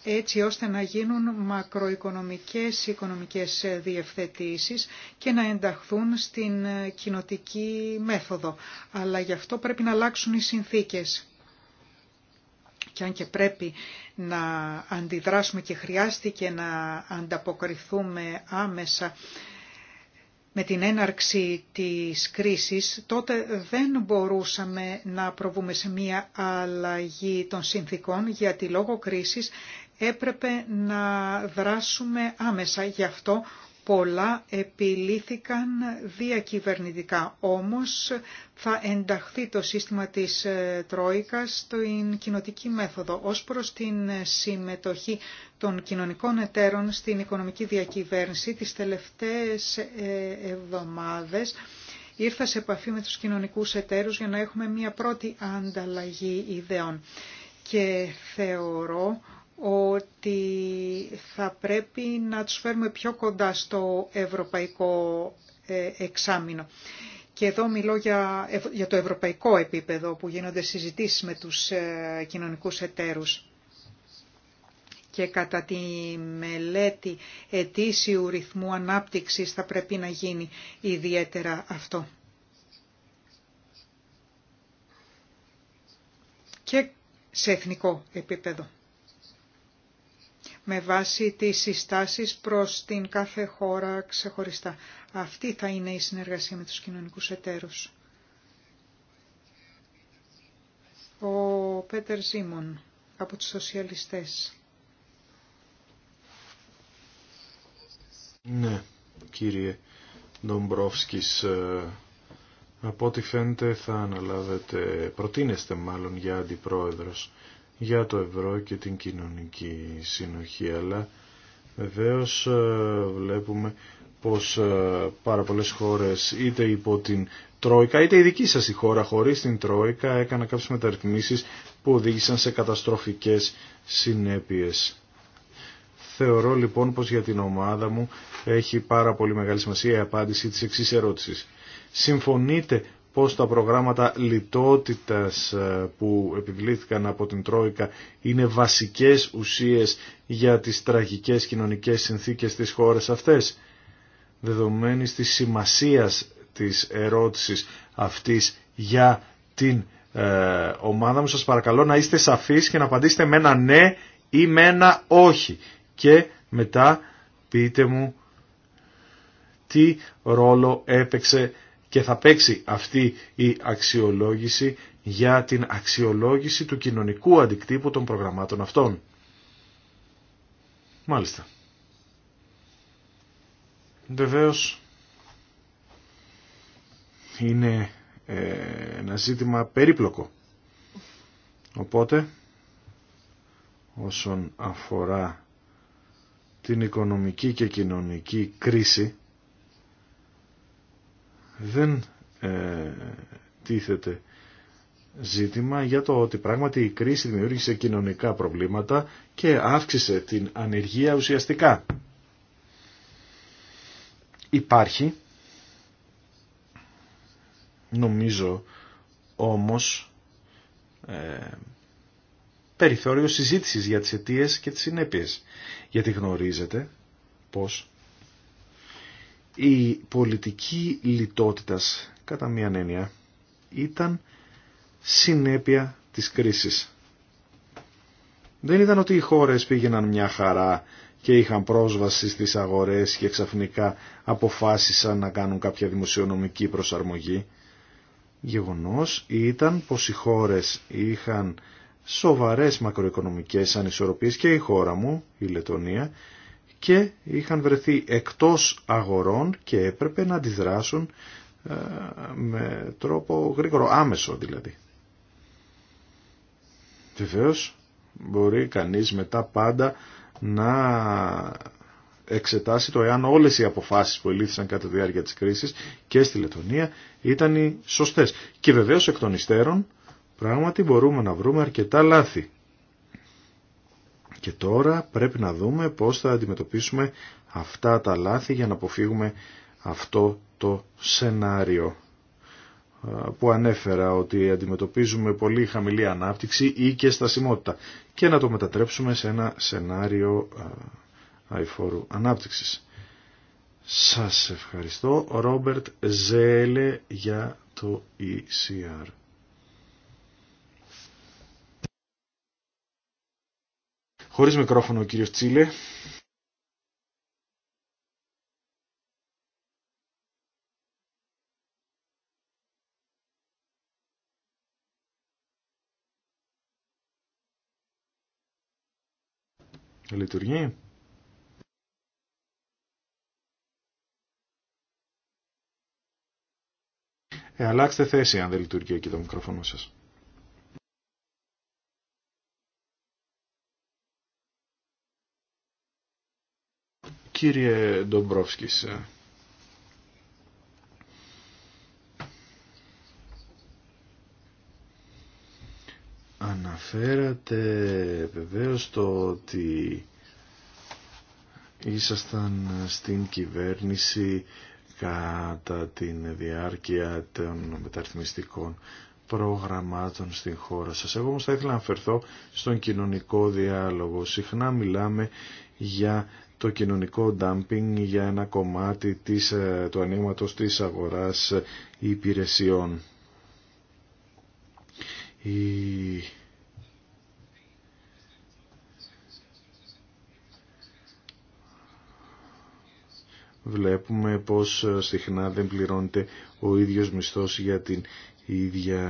C: έτσι ώστε να γίνουν μακροοικονομικές οικονομικές διευθετήσεις και να ενταχθούν στην κοινοτική μέθοδο. Αλλά γι' αυτό πρέπει να αλλάξουν οι συνθήκες. Και αν και πρέπει να αντιδράσουμε και χρειάστηκε να ανταποκριθούμε άμεσα με την έναρξη της κρίσης, τότε δεν μπορούσαμε να προβούμε σε μία αλλαγή των συνθήκων, γιατί λόγω κρίσης έπρεπε να δράσουμε άμεσα. Γι' αυτό πολλά επιλήθηκαν διακυβερνητικά, όμως θα ενταχθεί το σύστημα της ε, Τρόικας στην κοινοτική μέθοδο ως προς την ε, συμμετοχή των κοινωνικών εταίρων στην οικονομική διακυβέρνηση τις τελευταίες ε, εβδομάδες. Ήρθα σε επαφή με τους κοινωνικούς εταίρους για να έχουμε μια πρώτη ανταλλαγή ιδεών και θεωρώ ότι θα πρέπει να τους φέρουμε πιο κοντά στο ευρωπαϊκό ε, εξάμεινο. Και εδώ μιλώ για, το ευρωπαϊκό επίπεδο που γίνονται συζητήσεις με τους ε, κοινωνικούς εταίρους. Και κατά τη μελέτη ετήσιου ρυθμού ανάπτυξης θα πρέπει να γίνει ιδιαίτερα αυτό. Και σε εθνικό επίπεδο με βάση τις συστάσεις προς την κάθε χώρα ξεχωριστά. Αυτή θα είναι η συνεργασία με τους κοινωνικούς εταίρους. Ο Πέτερ Ζήμων από τους σοσιαλιστές.
D: Ναι,
B: κύριε Ντομπρόφσκης, ε, από ό,τι φαίνεται θα αναλάβετε, προτείνεστε μάλλον για αντιπρόεδρος για το ευρώ και την κοινωνική συνοχή, αλλά βεβαίως ε, βλέπουμε πως ε, πάρα πολλές χώρες είτε υπό την Τρόικα, είτε η δική σας η χώρα χωρίς την Τρόικα έκανα κάποιες μεταρρυθμίσεις που οδήγησαν σε καταστροφικές συνέπειες. Θεωρώ λοιπόν πως για την ομάδα μου έχει πάρα πολύ μεγάλη σημασία η απάντηση της εξής ερώτησης. Συμφωνείτε πως τα προγράμματα λιτότητας ε, που επιβλήθηκαν από την Τρόικα είναι βασικές ουσίες για τις τραγικές κοινωνικές συνθήκες της χώρες αυτές. Δεδομένης της σημασίας της ερώτησης αυτής για την ε, ομάδα μου σας παρακαλώ να είστε σαφείς και να απαντήσετε με ένα ναι ή με ένα όχι και μετά πείτε μου τι ρόλο έπαιξε και θα παίξει αυτή η αξιολόγηση για την αξιολόγηση του κοινωνικού αντικτύπου των προγραμμάτων αυτών. Μάλιστα. Βεβαίως είναι ε, ένα ζήτημα περίπλοκο. Οπότε όσον αφορά την οικονομική και κοινωνική κρίση δεν ε, τίθεται ζήτημα για το ότι πράγματι η κρίση δημιούργησε κοινωνικά προβλήματα και αύξησε την ανεργία ουσιαστικά. Υπάρχει, νομίζω όμως, ε, περιθώριο συζήτησης για τις αιτίε και τις συνέπειες. Γιατί γνωρίζετε πως η πολιτική λιτότητας, κατά μια έννοια, ήταν συνέπεια της κρίσης. Δεν ήταν ότι οι χώρες πήγαιναν μια χαρά και είχαν πρόσβαση στις αγορές και ξαφνικά αποφάσισαν να κάνουν κάποια δημοσιονομική προσαρμογή. Γεγονός ήταν πως οι χώρες είχαν σοβαρές μακροοικονομικές ανισορροπίες και η χώρα μου, η Λετωνία, και είχαν βρεθεί εκτός αγορών και έπρεπε να αντιδράσουν ε, με τρόπο γρήγορο, άμεσο δηλαδή. Βεβαίω μπορεί κανείς μετά πάντα να εξετάσει το εάν όλες οι αποφάσεις που ελήθησαν κατά τη διάρκεια της κρίσης και στη Λετωνία ήταν οι σωστές. Και βεβαίως εκ των υστέρων πράγματι μπορούμε να βρούμε αρκετά λάθη. Και τώρα πρέπει να δούμε πώς θα αντιμετωπίσουμε αυτά τα λάθη για να αποφύγουμε αυτό το σενάριο ε, που ανέφερα ότι αντιμετωπίζουμε πολύ χαμηλή ανάπτυξη ή και στασιμότητα και να το μετατρέψουμε σε ένα σενάριο ε, αηφόρου ανάπτυξης. Σας ευχαριστώ, Ρόμπερτ Ζέλε, για το ECR. Χωρίς μικρόφωνο ο κύριος Τσίλε. Λειτουργεί. Ε, αλλάξτε θέση αν δεν λειτουργεί εκεί το μικρόφωνο σας. Κύριε Ντομπρόφσκης, ε, αναφέρατε βεβαίως το ότι ήσασταν στην κυβέρνηση κατά την διάρκεια των μεταρρυθμιστικών προγραμμάτων στη χώρα σας. Εγώ όμως θα ήθελα να αφαιρθώ στον κοινωνικό διάλογο. Συχνά μιλάμε για το κοινωνικό ντάμπινγκ για ένα κομμάτι της, ε, του ανοίγματο της αγοράς ε, υπηρεσιών. Βλέπουμε πως ε, συχνά δεν πληρώνεται ο ίδιος μισθός για την η ίδια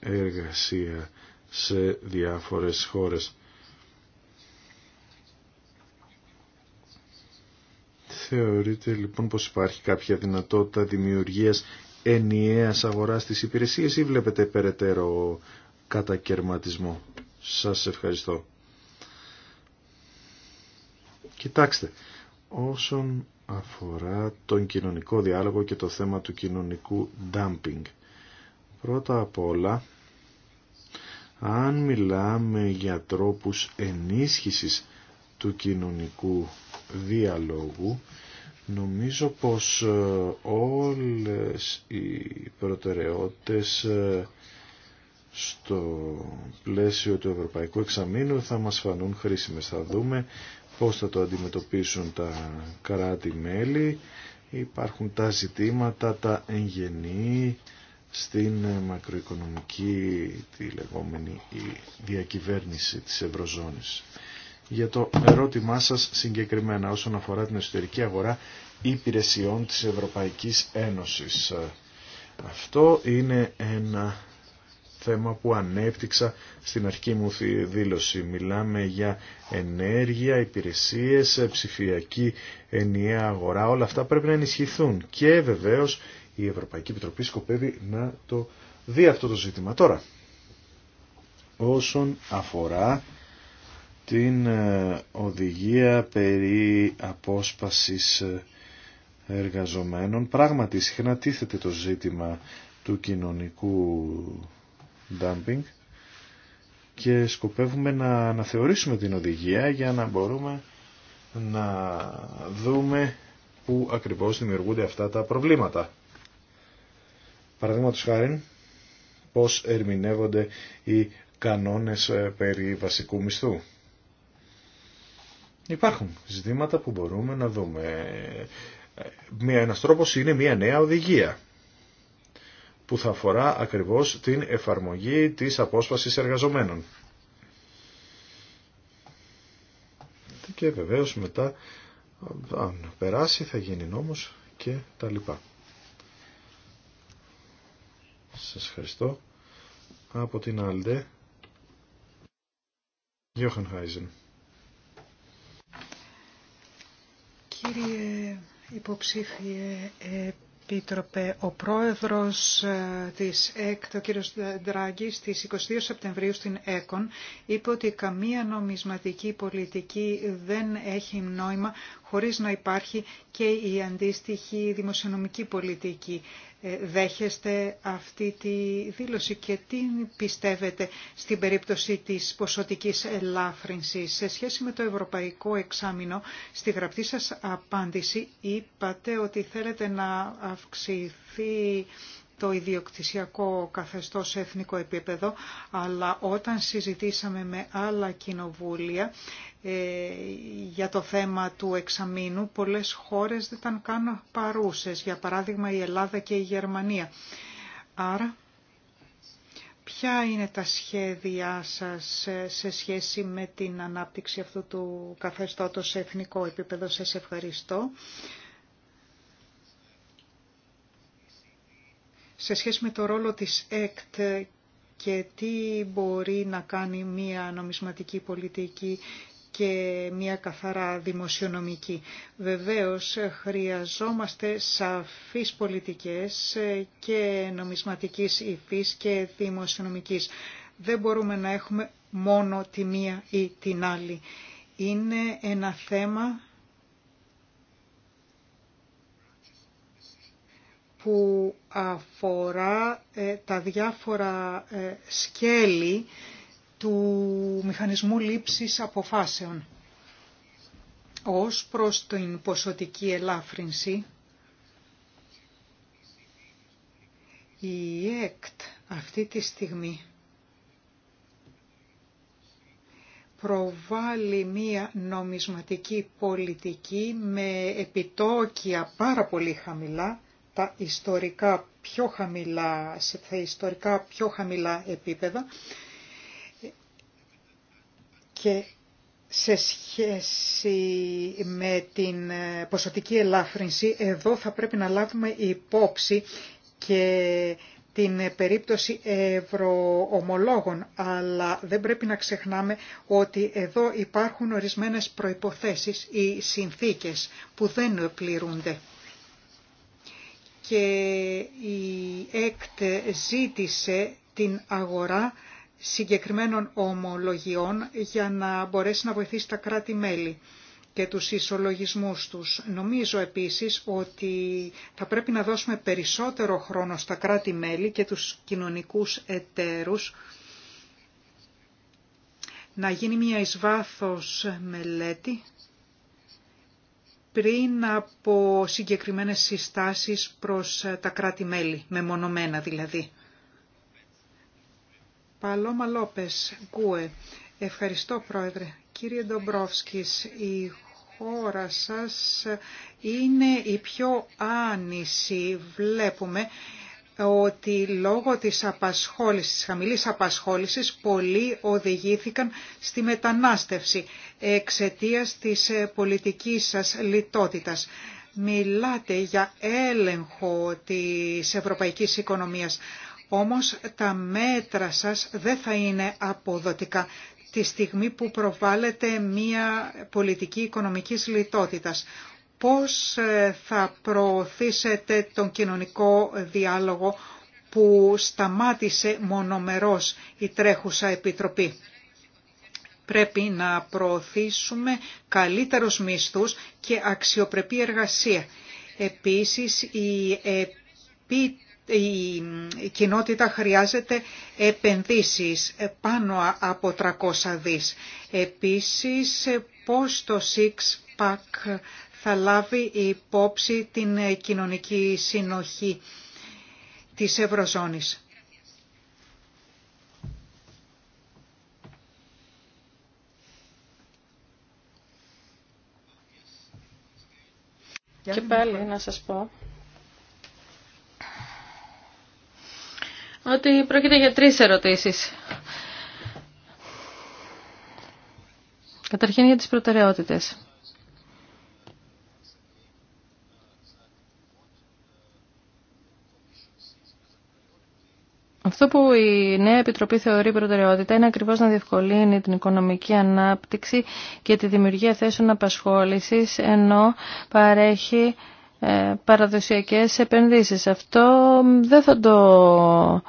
B: εργασία σε διάφορες χώρες. Θεωρείτε λοιπόν πως υπάρχει κάποια δυνατότητα δημιουργίας ενιαίας αγοράς στις υπηρεσίες ή βλέπετε περαιτέρω κατακαιρματισμό. Σας ευχαριστώ. Κοιτάξτε, όσον αφορά τον κοινωνικό διάλογο και το θέμα του κοινωνικού dumping. Πρώτα απ' όλα, αν μιλάμε για τρόπους ενίσχυσης του κοινωνικού διαλόγου, νομίζω πως ε, όλες οι προτεραιότητες ε, στο πλαίσιο του Ευρωπαϊκού Εξαμήνου θα μας φανούν χρήσιμες. Θα δούμε πώς θα το αντιμετωπίσουν τα κράτη-μέλη. Υπάρχουν τα ζητήματα, τα εγγενή, στην ε, μακροοικονομική τη λεγόμενη η διακυβέρνηση της Ευρωζώνης. Για το ερώτημά σας συγκεκριμένα όσον αφορά την εσωτερική αγορά υπηρεσιών της Ευρωπαϊκής Ένωσης. Ε, αυτό είναι ένα θέμα που ανέπτυξα στην αρχή μου δήλωση. Μιλάμε για ενέργεια, υπηρεσίες, ε, ψηφιακή ενιαία αγορά. Όλα αυτά πρέπει να ενισχυθούν. Και βεβαίως η Ευρωπαϊκή Επιτροπή σκοπεύει να το δει αυτό το ζήτημα. Τώρα, όσον αφορά την ε, οδηγία περί απόσπασης ε, εργαζομένων, πράγματι συχνά τίθεται το ζήτημα του κοινωνικού dumping και σκοπεύουμε να αναθεωρήσουμε την οδηγία για να μπορούμε να δούμε πού ακριβώς δημιουργούνται αυτά τα προβλήματα. Παραδείγματο χάρη, πώς ερμηνεύονται οι κανόνες ε, περί βασικού μισθού. Υπάρχουν ζητήματα που μπορούμε να δούμε. Ε, μια τρόπο είναι μια νέα οδηγία που θα αφορά ακριβώς την εφαρμογή της απόσπασης εργαζομένων. Και βεβαίως μετά, αν περάσει, θα γίνει νόμος και τα λοιπά. Σας ευχαριστώ. Από την Άλντε. Γιώχαν Χάιζεν.
C: Κύριε υποψήφιε Επίτροπε, ο πρόεδρος ε, της ΕΚ, ο κύριος Ντράγκη, στις 22 Σεπτεμβρίου στην ΕΚΟΝ, είπε ότι καμία νομισματική πολιτική δεν έχει νόημα χωρίς να υπάρχει και η αντίστοιχη δημοσιονομική πολιτική. Ε, δέχεστε αυτή τη δήλωση και τι πιστεύετε στην περίπτωση της ποσοτικής ελάφρυνσης. Σε σχέση με το Ευρωπαϊκό Εξάμεινο, στη γραπτή σας απάντηση είπατε ότι θέλετε να αυξηθεί το ιδιοκτησιακό καθεστώς σε εθνικό επίπεδο, αλλά όταν συζητήσαμε με άλλα κοινοβούλια ε, για το θέμα του εξαμήνου, πολλές χώρες δεν ήταν καν παρούσες, για παράδειγμα η Ελλάδα και η Γερμανία. Άρα, ποια είναι τα σχέδιά σας σε σχέση με την ανάπτυξη αυτού του καθεστώτος σε εθνικό επίπεδο. Σας ευχαριστώ. Σε σχέση με το ρόλο της ΕΚΤ και τι μπορεί να κάνει μία νομισματική πολιτική και μια καθαρά δημοσιονομική. Βεβαίως χρειαζόμαστε σαφείς πολιτικές και νομισματικής υφής και δημοσιονομικής. Δεν μπορούμε να έχουμε μόνο τη μία ή την άλλη. Είναι ένα θέμα που αφορά ε, τα διάφορα ε, σκέλη του μηχανισμού λήψης αποφάσεων. Ως προς την ποσοτική ελάφρυνση, η ΕΚΤ αυτή τη στιγμή προβάλλει μία νομισματική πολιτική με επιτόκια πάρα πολύ χαμηλά, τα ιστορικά πιο χαμηλά, σε ιστορικά πιο χαμηλά επίπεδα και σε σχέση με την ε, ποσοτική ελάφρυνση, εδώ θα πρέπει να λάβουμε υπόψη και την περίπτωση ευρωομολόγων, αλλά δεν πρέπει να ξεχνάμε ότι εδώ υπάρχουν ορισμένες προϋποθέσεις ή συνθήκες που δεν πληρούνται. Και η ΕΚΤ ζήτησε την αγορά συγκεκριμένων ομολογιών για να μπορέσει να βοηθήσει τα κράτη-μέλη και τους ισολογισμούς τους. Νομίζω επίσης ότι θα πρέπει να δώσουμε περισσότερο χρόνο στα κράτη-μέλη και τους κοινωνικούς εταίρους να γίνει μια εις μελέτη πριν από συγκεκριμένες συστάσεις προς τα κράτη-μέλη, μεμονωμένα δηλαδή. Παλώμα Λόπες, Γκουε. Ευχαριστώ πρόεδρε. Κύριε Ντομπρόφσκης, η χώρα σας είναι η πιο άνηση. Βλέπουμε ότι λόγω της απασχόλησης, της χαμηλής απασχόλησης, πολλοί οδηγήθηκαν στη μετανάστευση εξαιτίας της ε, πολιτικής σας λιτότητας. Μιλάτε για έλεγχο της ευρωπαϊκής οικονομίας, όμως τα μέτρα σας δεν θα είναι αποδοτικά τη στιγμή που προβάλλεται μία πολιτική οικονομικής λιτότητας. Πώς ε, θα προωθήσετε τον κοινωνικό διάλογο που σταμάτησε μονομερός η τρέχουσα επιτροπή. Πρέπει να προωθήσουμε καλύτερους μισθούς και αξιοπρεπή εργασία. Επίσης, η η κοινότητα χρειάζεται επενδύσεις πάνω από 300 δις. Επίσης, πώς το Six Pack θα λάβει υπόψη την κοινωνική συνοχή της Ευρωζώνης.
A: Και πάλι να σας πω ότι πρόκειται για τρεις ερωτήσεις. Καταρχήν για τις προτεραιότητες. Αυτό που η νέα Επιτροπή θεωρεί προτεραιότητα είναι ακριβώς να διευκολύνει την οικονομική ανάπτυξη και τη δημιουργία θέσεων απασχόλησης, ενώ παρέχει ε, παραδοσιακές επενδύσεις. Αυτό δεν θα το...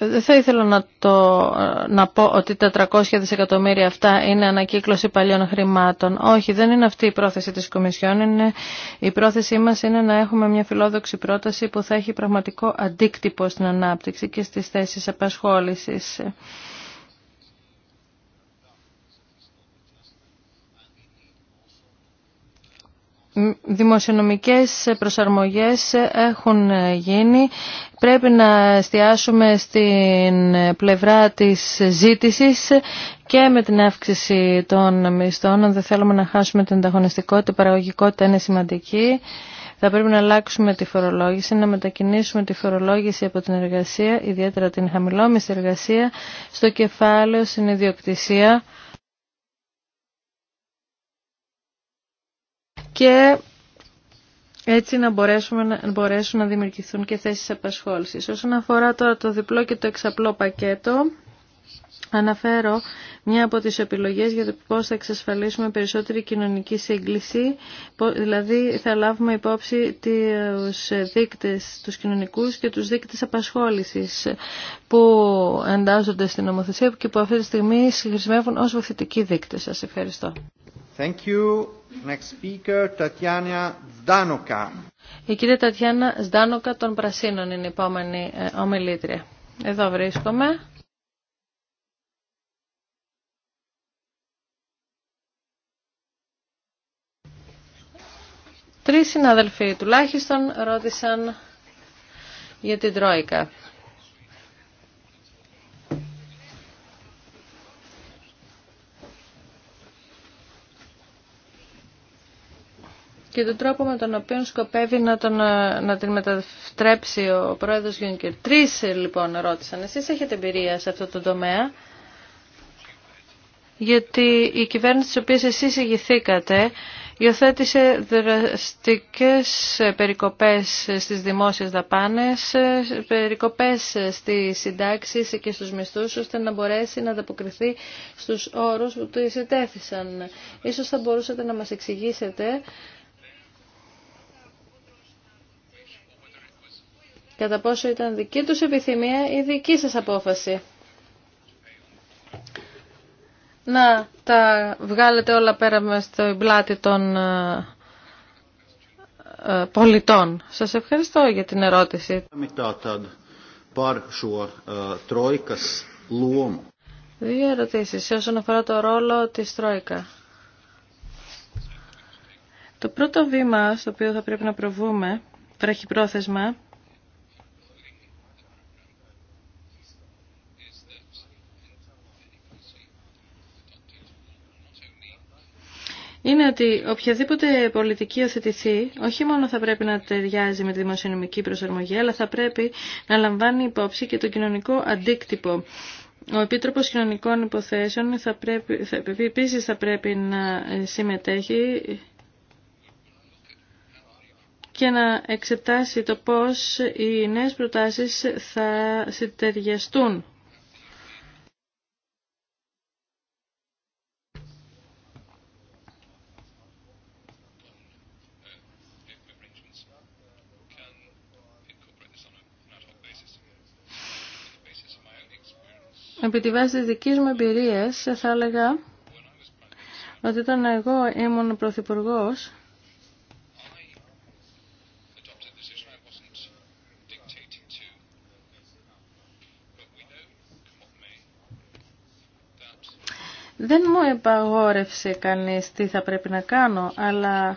A: Δεν θα ήθελα να, το, να πω ότι τα 400 δισεκατομμύρια αυτά είναι ανακύκλωση παλιών χρημάτων. Όχι, δεν είναι αυτή η πρόθεση της Κομισιόν. Είναι, η πρόθεσή μας είναι να έχουμε μια φιλόδοξη πρόταση που θα έχει πραγματικό αντίκτυπο στην ανάπτυξη και στις θέσεις απασχόλησης. δημοσιονομικές προσαρμογές έχουν γίνει. Πρέπει να εστιάσουμε στην πλευρά της ζήτησης και με την αύξηση των μισθών. Δεν θέλουμε να χάσουμε την ανταγωνιστικότητα, η παραγωγικότητα είναι σημαντική. Θα πρέπει να αλλάξουμε τη φορολόγηση, να μετακινήσουμε τη φορολόγηση από την εργασία, ιδιαίτερα την χαμηλόμιστη εργασία, στο κεφάλαιο στην ιδιοκτησία και έτσι να, μπορέσουμε, να μπορέσουν να δημιουργηθούν και θέσεις απασχόλησης. Όσον αφορά τώρα το διπλό και το εξαπλό πακέτο, Αναφέρω μια από τις επιλογές για το πώς θα εξασφαλίσουμε περισσότερη κοινωνική σύγκληση, δηλαδή θα λάβουμε υπόψη τους δείκτες, τους κοινωνικούς και τους δείκτες απασχόλησης που εντάζονται στην νομοθεσία και που αυτή τη στιγμή χρησιμεύουν ως βοηθητικοί δείκτες. Σας ευχαριστώ.
B: Thank you. Η
A: κυρία Τατιάνα Σδάνοκα των Πρασίνων είναι η επόμενη ε, ομιλήτρια. Εδώ βρίσκομαι. Τρεις συναδελφοί τουλάχιστον ρώτησαν για την Τρόικα. και τον τρόπο με τον οποίο σκοπεύει να, ε, να την μετατρέψει ο πρόεδρος Γιούνκερ. Τρεις ε, λοιπόν ρώτησαν. Εσείς έχετε εμπειρία σε αυτό το τομέα. Γιατί η κυβέρνηση της οποίας εσείς ηγηθήκατε υιοθέτησε δραστικές ε, περικοπές στις δημόσιες δαπάνες, περικοπές στις συντάξεις και στους μισθούς, ώστε να μπορέσει να ανταποκριθεί στους όρους που του εισετέθησαν. Ίσως θα μπορούσατε να μας εξηγήσετε κατά πόσο ήταν δική τους επιθυμία ή δική σας απόφαση. Να τα βγάλετε όλα πέρα με στο πλάτη των ε, ε, πολιτών. Σας ευχαριστώ για την ερώτηση. Δύο ερωτήσεις όσον αφορά το ρόλο της Τρόικα. Το πρώτο βήμα στο οποίο θα πρέπει να προβούμε, βραχυπρόθεσμα, είναι ότι οποιαδήποτε πολιτική οθετηθεί όχι μόνο θα πρέπει να ταιριάζει με τη δημοσιονομική προσαρμογή, αλλά θα πρέπει να λαμβάνει υπόψη και το κοινωνικό αντίκτυπο. Ο Επίτροπος Κοινωνικών Υποθέσεων θα πρέπει, θα, επίσης θα πρέπει να συμμετέχει και να εξετάσει το πώς οι νέες προτάσεις θα συντεριαστούν επί τη βάση της δικής μου εμπειρίας θα έλεγα ότι όταν εγώ ήμουν Πρωθυπουργό. Δεν μου επαγόρευσε κανείς τι θα πρέπει να κάνω, αλλά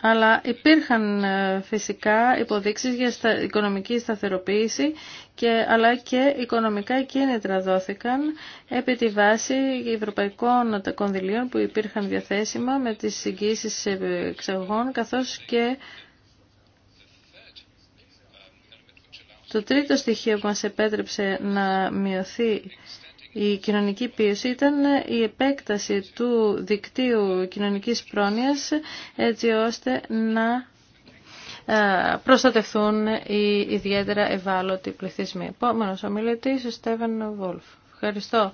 A: αλλά υπήρχαν ε, φυσικά υποδείξεις για στα, οικονομική σταθεροποίηση και, αλλά και οικονομικά κίνητρα δόθηκαν επί τη βάση ευρωπαϊκών κονδυλίων που υπήρχαν διαθέσιμα με τις συγκίσεις εξαγωγών καθώς και το τρίτο στοιχείο που μας επέτρεψε να μειωθεί η κοινωνική πίεση ήταν η επέκταση του δικτύου κοινωνικής πρόνοιας έτσι ώστε να ε, προστατευτούν οι ιδιαίτερα ευάλωτοι πληθυσμοί. Επόμενο ομιλητή, ο Στέβεν Βόλφ. Ευχαριστώ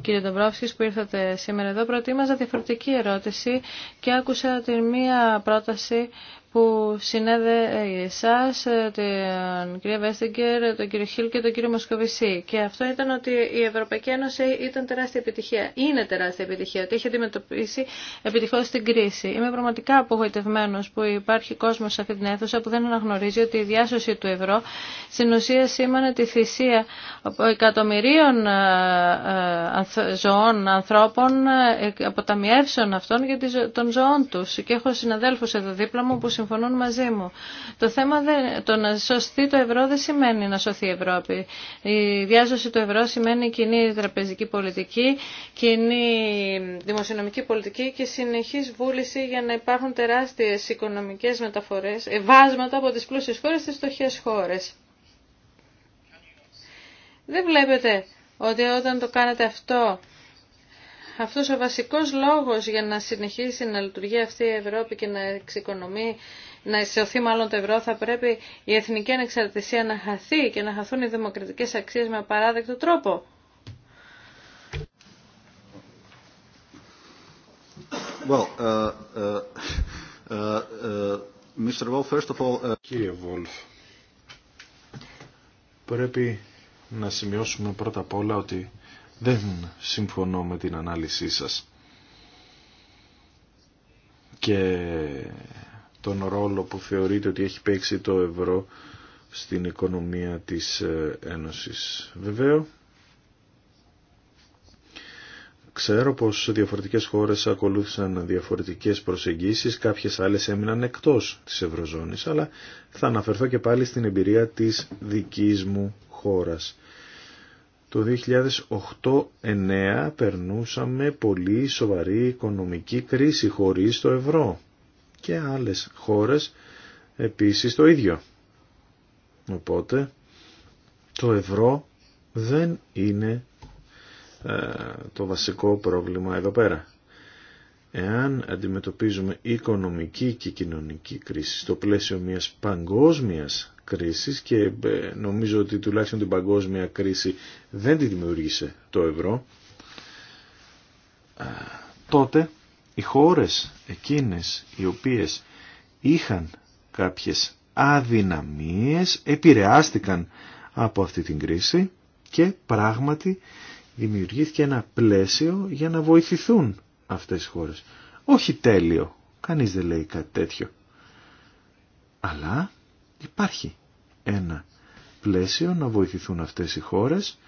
A: κύριε Ντομπρόφσκης που ήρθατε σήμερα εδώ. Προτίμαζα διαφορετική ερώτηση και άκουσα την μία πρόταση που συνέδε ε, εσά, ε, ε, τον κύριο Βέστιγκερ, τον κύριο Χίλ και τον κύριο Μοσκοβισή. Και αυτό ήταν ότι η Ευρωπαϊκή Ένωση ήταν τεράστια επιτυχία. Είναι τεράστια επιτυχία, ότι έχει αντιμετωπίσει επιτυχώ την κρίση. Είμαι πραγματικά απογοητευμένο που υπάρχει κόσμο σε αυτή την αίθουσα που δεν αναγνωρίζει ότι η διάσωση του ευρώ στην ουσία σήμανε τη θυσία εκατομμυρίων ζωών ανθρώπων, αποταμιεύσεων αυτών για των ζωών του. Και έχω συναδέλφου εδώ δίπλα μου που συμφωνούν μαζί μου. Το θέμα δεν, το να σωστεί το ευρώ δεν σημαίνει να σωθεί η Ευρώπη. Η διάσωση του ευρώ σημαίνει κοινή τραπεζική πολιτική, κοινή δημοσιονομική πολιτική και συνεχής βούληση για να υπάρχουν τεράστιες οικονομικές μεταφορές, ε, βάσματα από τις πλούσιες χώρες στις φτωχές χώρες. Δεν βλέπετε ότι όταν το κάνετε αυτό αυτός ο βασικός λόγος για να συνεχίσει να λειτουργεί αυτή η Ευρώπη και να εξοικονομεί, να ισοθεί μάλλον το ευρώ, θα πρέπει η εθνική ανεξαρτησία να χαθεί και να χαθούν οι δημοκρατικές αξίες με απαράδεκτο τρόπο.
D: Well, uh, uh, uh, uh Mr. Wolf, first of all, uh, Κύριε Βόλφ,
B: πρέπει να σημειώσουμε πρώτα απ' όλα ότι δεν συμφωνώ με την ανάλυση σας και τον ρόλο που θεωρείτε ότι έχει παίξει το ευρώ στην οικονομία της ε, Ένωσης. Βεβαίω, ξέρω πως διαφορετικές χώρες ακολούθησαν διαφορετικές προσεγγίσεις, κάποιες άλλες έμειναν εκτός της Ευρωζώνης, αλλά θα αναφερθώ και πάλι στην εμπειρία της δικής μου χώρας. Το 2008-2009 περνούσαμε πολύ σοβαρή οικονομική κρίση χωρίς το ευρώ και άλλες χώρες επίσης το ίδιο. Οπότε το ευρώ δεν είναι ε, το βασικό πρόβλημα εδώ πέρα. Εάν αντιμετωπίζουμε οικονομική και κοινωνική κρίση στο πλαίσιο μιας παγκόσμιας και ε, νομίζω ότι τουλάχιστον την παγκόσμια κρίση δεν τη δημιούργησε το ευρώ, τότε οι χώρες εκείνες οι οποίες είχαν κάποιες αδυναμίες επηρεάστηκαν από αυτή την κρίση και πράγματι δημιουργήθηκε ένα πλαίσιο για να βοηθηθούν αυτές οι χώρες. Όχι τέλειο, κανείς δεν λέει κάτι τέτοιο. Αλλά υπάρχει ένα πλαίσιο να βοηθηθούν αυτές οι χώρες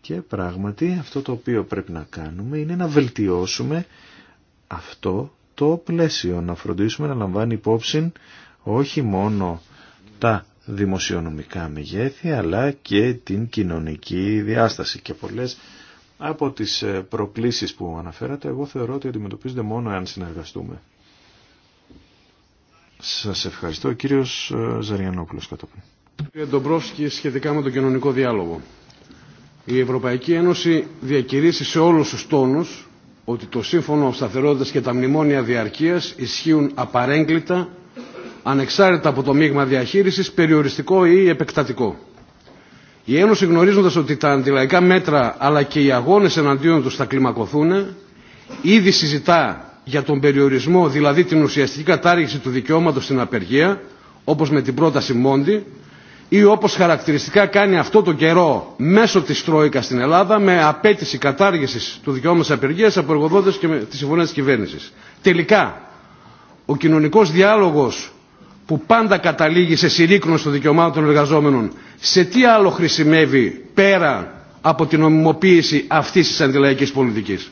B: και πράγματι αυτό το οποίο πρέπει να κάνουμε είναι να βελτιώσουμε αυτό το πλαίσιο, να φροντίσουμε να λαμβάνει υπόψη όχι μόνο τα δημοσιονομικά μεγέθη αλλά και την κοινωνική διάσταση και πολλές από τις ε, προκλήσεις που αναφέρατε εγώ θεωρώ ότι αντιμετωπίζονται μόνο αν συνεργαστούμε. Σας ευχαριστώ. Κύριος ε, Ζαριανόπουλος κατόπιν.
D: Κύριε σχετικά με τον κοινωνικό διάλογο. Η Ευρωπαϊκή Ένωση διακηρύσσει σε όλους τους τόνους ότι το Σύμφωνο Σταθερότητας και τα Μνημόνια Διαρκείας ισχύουν απαρέγκλητα, ανεξάρτητα από το μείγμα διαχείρισης, περιοριστικό ή επεκτατικό. Η Ένωση γνωρίζοντας ότι τα αντιλαϊκά μέτρα αλλά και οι αγώνες εναντίον τους θα κλιμακωθούν, ήδη συζητά για τον περιορισμό, δηλαδή την ουσιαστική κατάργηση του δικαιώματος στην απεργία, όπως με την πρόταση Μόντι, ή όπως χαρακτηριστικά κάνει αυτό το καιρό μέσω της Τρόικας στην Ελλάδα με απέτηση κατάργησης του δικαιώματος απεργίας από εργοδότες και τη συμφωνία της κυβέρνησης. Τελικά, ο κοινωνικός διάλογος που πάντα καταλήγει σε συρρήκνωση των δικαιωμάτων των εργαζόμενων, σε τι άλλο χρησιμεύει πέρα από την ομιμοποίηση αυτής της αντιλαϊκής πολιτικής.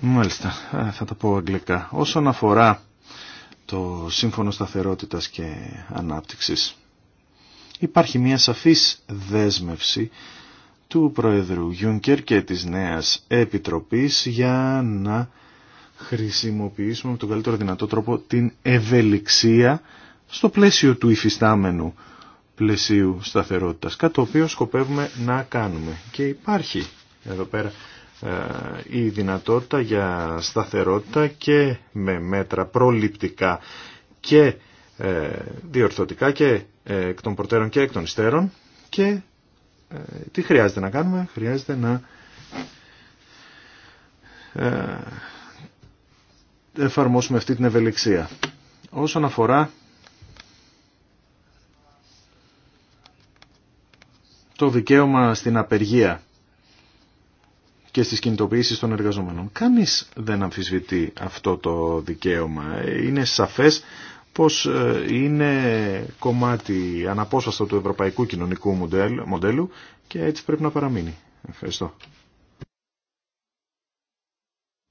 D: Μάλιστα,
B: θα τα πω αγγλικά. Όσον αφορά το Σύμφωνο Σταθερότητας και Ανάπτυξης, υπάρχει μια σαφής δέσμευση του Προεδρού Γιούνκερ και της Νέας Επιτροπής για να χρησιμοποιήσουμε με τον καλύτερο δυνατό τρόπο την ευελιξία στο πλαίσιο του υφιστάμενου πλαισίου σταθερότητας, κάτι το σκοπεύουμε να κάνουμε. Και υπάρχει εδώ πέρα ε, η δυνατότητα για σταθερότητα και με μέτρα προληπτικά και ε, διορθωτικά και ε, εκ των προτέρων και εκ των υστέρων και τι χρειάζεται να κάνουμε, χρειάζεται να εφαρμόσουμε αυτή την ευελιξία. Όσον αφορά το δικαίωμα στην απεργία και στις κινητοποιήσεις των εργαζομένων. Κανείς δεν αμφισβητεί αυτό το δικαίωμα. Είναι σαφές πως ε, είναι κομμάτι αναπόσπαστο του ευρωπαϊκού κοινωνικού μοντέλου και έτσι πρέπει να παραμείνει. Ευχαριστώ.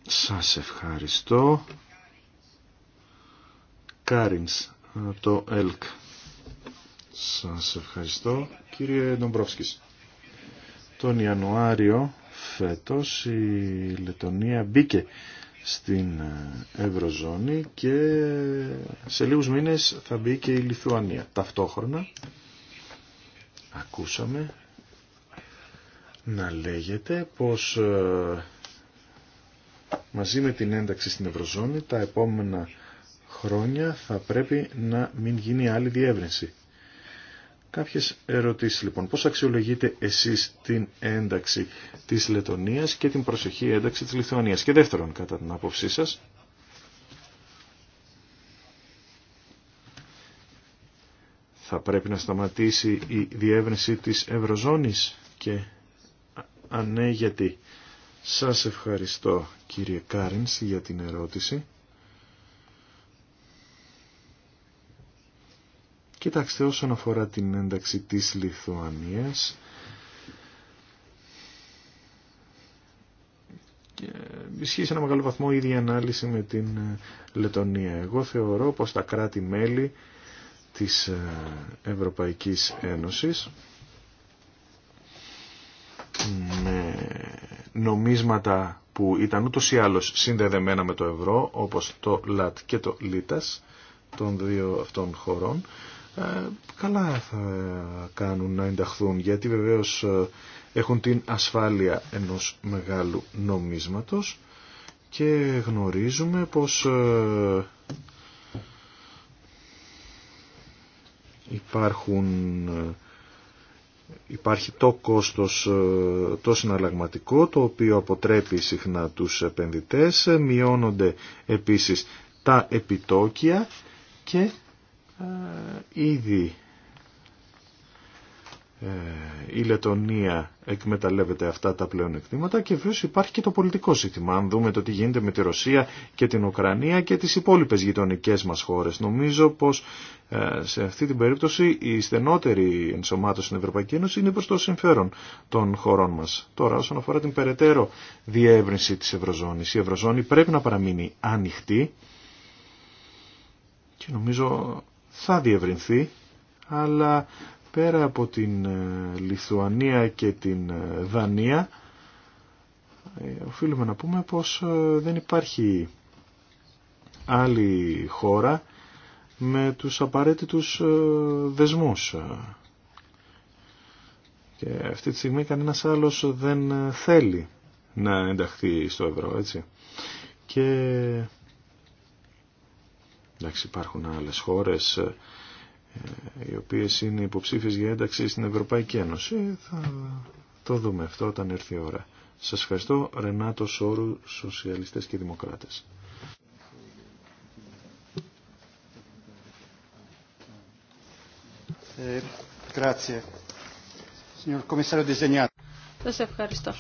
B: Σας ευχαριστώ. Κάριν το ΕΛΚ. Σας ευχαριστώ. Κύριε Ντομπρόφσκης, τον Ιανουάριο φέτος η Λετωνία μπήκε στην ε, Ευρωζώνη και σε λίγους μήνες θα μπει και η Λιθουανία. Ταυτόχρονα ακούσαμε να λέγεται πως ε, μαζί με την ένταξη στην Ευρωζώνη τα επόμενα χρόνια θα πρέπει να μην γίνει άλλη διεύρυνση. Κάποιες ερωτήσεις λοιπόν. Πώς αξιολογείτε εσείς την ένταξη της Λετωνίας και την προσεχή ένταξη της Λιθουανίας. Και δεύτερον, κατά την άποψή σας, θα πρέπει να σταματήσει η διεύρυνση της Ευρωζώνης και ανέγεται. Σας ευχαριστώ κύριε Κάρινς για την ερώτηση. Κοιτάξτε, όσον αφορά την ένταξη της Λιθουανίας, ισχύει σε ένα μεγάλο βαθμό η ίδια ανάλυση με την ε, Λετωνία. Εγώ θεωρώ πως τα κράτη-μέλη της ε, Ευρωπαϊκής Ένωσης με νομίσματα που ήταν ούτως ή άλλως συνδεδεμένα με το ευρώ, όπως το ΛΑΤ και το ΛΙΤΑΣ των δύο αυτών χωρών, ε, καλά θα κάνουν να ενταχθούν γιατί βεβαίως ε, έχουν την ασφάλεια ενός μεγάλου νομίσματος και γνωρίζουμε πως ε, υπάρχουν υπάρχει το κόστος το συναλλαγματικό το οποίο αποτρέπει συχνά τους επενδυτές μειώνονται επίσης τα επιτόκια και ε, ήδη ε, η Λετωνία εκμεταλλεύεται αυτά τα πλέον εκτήματα και βέβαια υπάρχει και το πολιτικό ζήτημα. Αν δούμε το τι γίνεται με τη Ρωσία και την Ουκρανία και τις υπόλοιπες γειτονικές μας χώρες. Νομίζω πως ε, σε αυτή την περίπτωση η στενότερη ενσωμάτωση στην Ευρωπαϊκή Ένωση είναι προς το συμφέρον των χωρών μας. Τώρα όσον αφορά την περαιτέρω διεύρυνση της Ευρωζώνης. Η Ευρωζώνη πρέπει να παραμείνει ανοιχτή και νομίζω θα διευρυνθεί, αλλά πέρα από την ε, Λιθουανία και την ε, Δανία, ε, οφείλουμε να πούμε πως δεν υπάρχει άλλη χώρα με τους απαραίτητους δεσμούς. Και αυτή τη στιγμή κανένας άλλος δεν θέλει να ενταχθεί στο ευρώ, έτσι. Και Εντάξει, υπάρχουν άλλες χώρες ε, οι οποίες είναι υποψήφιες για ένταξη στην Ευρωπαϊκή Ένωση. Θα το δούμε αυτό όταν έρθει η ώρα. Σας ευχαριστώ, Ρενάτο Σόρου, Σοσιαλιστές και
D: Δημοκράτες. Ε,
A: Σας ευχαριστώ.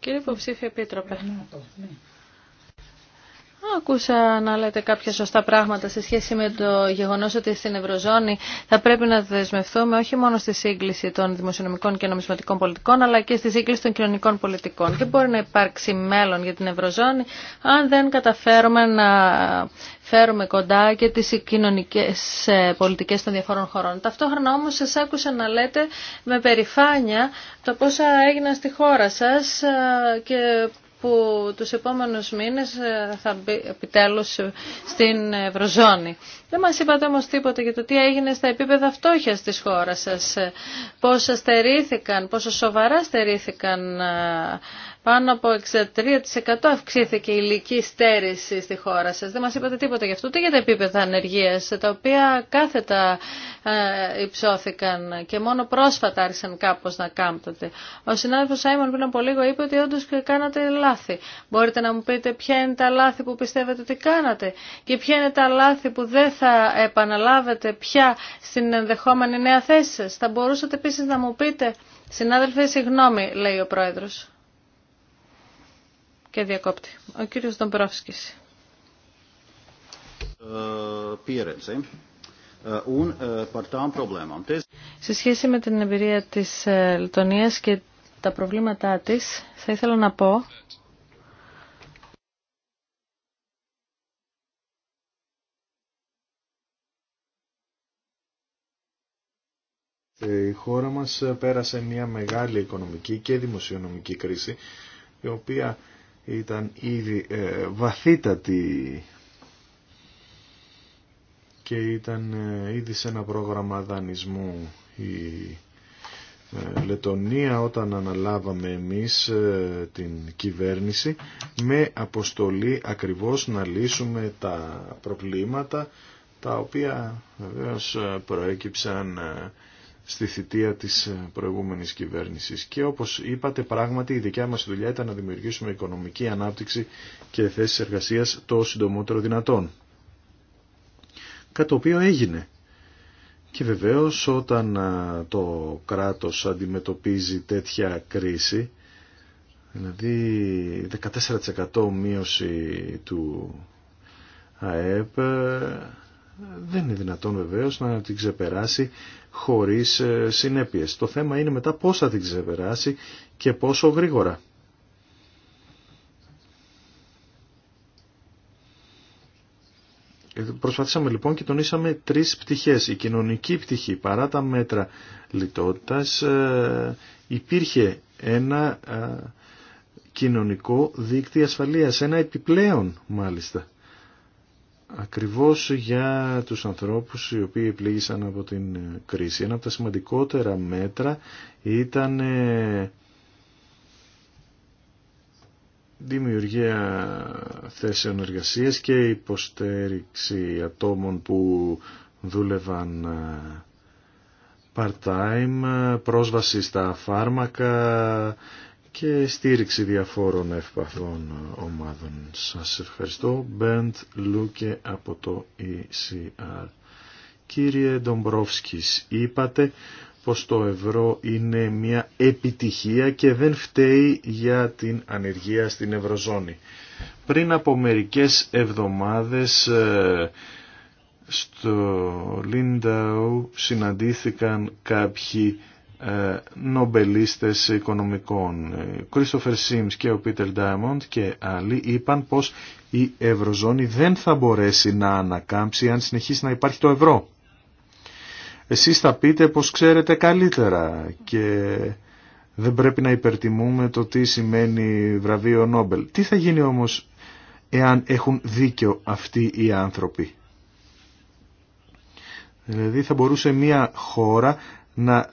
A: Κύριε υποψήφιο Επίτροπε, Άκουσα να λέτε κάποια σωστά πράγματα σε σχέση με το γεγονός ότι στην Ευρωζώνη θα πρέπει να δεσμευτούμε όχι μόνο στη σύγκληση των δημοσιονομικών και νομισματικών πολιτικών αλλά και στη σύγκληση των κοινωνικών πολιτικών. Δεν μπορεί να υπάρξει μέλλον για την Ευρωζώνη αν δεν καταφέρουμε να φέρουμε κοντά και τις κοινωνικές ε, πολιτικές των διαφορών χωρών. Ταυτόχρονα όμως σας άκουσα να λέτε με περηφάνεια το πόσα έγιναν στη χώρα σας ε, και που τους επόμενους μήνες ε, θα μπει επιτέλους στην Ευρωζώνη. Δεν μας είπατε όμως τίποτα για το τι έγινε στα επίπεδα φτώχεια της χώρας σας, Πόσο στερήθηκαν, πόσο σοβαρά στερήθηκαν ε, πάνω από 63% αυξήθηκε η ηλική στέρηση στη χώρα σας. Δεν μας είπατε τίποτα γι' αυτό, Τι για τα επίπεδα ανεργίας, τα οποία κάθετα ε, υψώθηκαν και μόνο πρόσφατα άρχισαν κάπως να κάμπτονται. Ο συνάδελφος Σάιμον πριν από λίγο είπε ότι όντως κάνατε λάθη. Μπορείτε να μου πείτε ποια είναι τα λάθη που πιστεύετε ότι κάνατε και ποια είναι τα λάθη που δεν θα επαναλάβετε πια στην ενδεχόμενη νέα θέση σας. Θα μπορούσατε επίσης να μου πείτε, συνάδελφε, συγγνώμη, λέει ο πρόεδρος και διακόπτη. Ο κύριος Δομπρόφσκης. Ε, ε, ε, Σε σχέση με την εμπειρία της Λετωνίας και τα προβλήματά της, θα ήθελα να πω
B: Η χώρα μας πέρασε μια μεγάλη οικονομική και δημοσιονομική κρίση η οποία ήταν ήδη ε, βαθύτατη και ήταν ε, ήδη σε ένα πρόγραμμα δανεισμού η ε, Λετωνία όταν αναλάβαμε εμείς την κυβέρνηση με αποστολή ακριβώς να λύσουμε τα προβλήματα τα οποία βεβαίως προέκυψαν στη θητεία της ε, προηγούμενης κυβέρνησης. Και όπως είπατε πράγματι η δικιά μας δουλειά ήταν να δημιουργήσουμε οικονομική ανάπτυξη και θέσεις εργασίας το συντομότερο δυνατόν. Κάτι το οποίο έγινε. Και βεβαίως όταν ε, το κράτος αντιμετωπίζει τέτοια κρίση, δηλαδή 14% μείωση του ΑΕΠ, ε, δεν είναι δυνατόν βεβαίως να την ξεπεράσει χωρίς ε, συνέπειες. Το θέμα είναι μετά πώς θα την ξεπεράσει και πόσο γρήγορα. Ε, προσπαθήσαμε λοιπόν και τονίσαμε τρεις πτυχές. Η κοινωνική πτυχή παρά τα μέτρα λιτότητας ε, υπήρχε ένα κοινωνικό δίκτυο ασφαλείας, ένα επιπλέον μάλιστα ακριβώς για τους ανθρώπους οι οποίοι επλήγησαν από την κρίση. Ένα από τα σημαντικότερα μέτρα ήταν ε, δημιουργία θέσεων εργασίας και υποστήριξη ατόμων που δούλευαν ε, part-time, πρόσβαση στα φάρμακα, και στήριξη διαφόρων ευπαθών ομάδων. Σας ευχαριστώ. Μπέντ Λούκε από το ECR. Κύριε Ντομπρόφσκης, είπατε πως το ευρώ είναι μια επιτυχία και δεν φταίει για την ανεργία στην Ευρωζώνη. Πριν από μερικές εβδομάδες ε, στο Λίνταου συναντήθηκαν κάποιοι ε, νομπελίστες οικονομικών. Κρίστοφερ Σίμς και ο Πίτερ Ντάιμοντ και άλλοι είπαν πως η Ευρωζώνη δεν θα μπορέσει να ανακάμψει αν συνεχίσει να υπάρχει το ευρώ. Εσείς θα πείτε πως ξέρετε καλύτερα και δεν πρέπει να υπερτιμούμε το τι σημαίνει βραβείο Νόμπελ. Τι θα γίνει όμως εάν έχουν δίκιο αυτοί οι άνθρωποι. Δηλαδή θα μπορούσε μια χώρα να ε,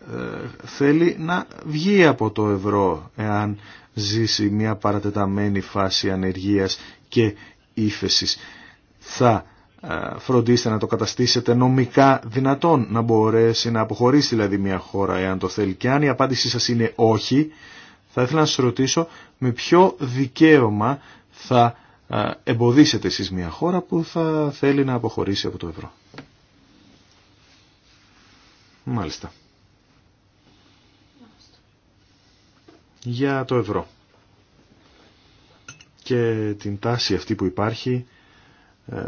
B: θέλει να βγει από το ευρώ εάν ζήσει μια παρατεταμένη φάση ανεργίας και ύφεσης. Θα ε, φροντίσετε να το καταστήσετε νομικά δυνατόν να μπορέσει να αποχωρήσει δηλαδή μια χώρα εάν το θέλει και αν η απάντησή σας είναι όχι θα ήθελα να σας ρωτήσω με ποιο δικαίωμα θα ε, εμποδίσετε εσείς μια χώρα που θα θέλει να αποχωρήσει από το ευρώ. Μάλιστα. για το ευρώ και την τάση αυτή που υπάρχει ε,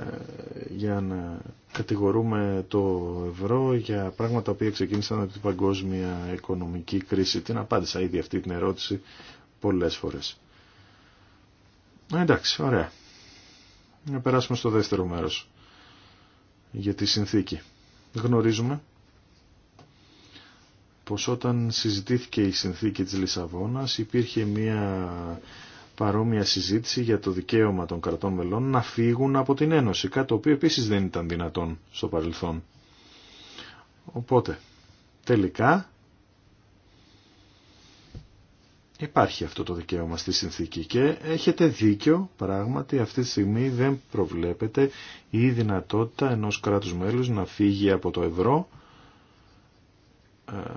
B: για να κατηγορούμε το ευρώ για πράγματα που ξεκίνησαν από την παγκόσμια οικονομική κρίση. Την απάντησα ήδη αυτή την ερώτηση πολλές φορές. Ε, εντάξει, ωραία. Να περάσουμε στο δεύτερο μέρος για τη συνθήκη. Γνωρίζουμε πως όταν συζητήθηκε η συνθήκη της Λισαβόνας υπήρχε μια παρόμοια συζήτηση για το δικαίωμα των κρατών μελών να φύγουν από την Ένωση, κάτι το οποίο επίσης δεν ήταν δυνατόν στο παρελθόν. Οπότε, τελικά υπάρχει αυτό το δικαίωμα στη συνθήκη και έχετε δίκιο, πράγματι αυτή τη στιγμή δεν προβλέπεται η δυνατότητα ενός κράτους μέλους να φύγει από το ευρώ ε,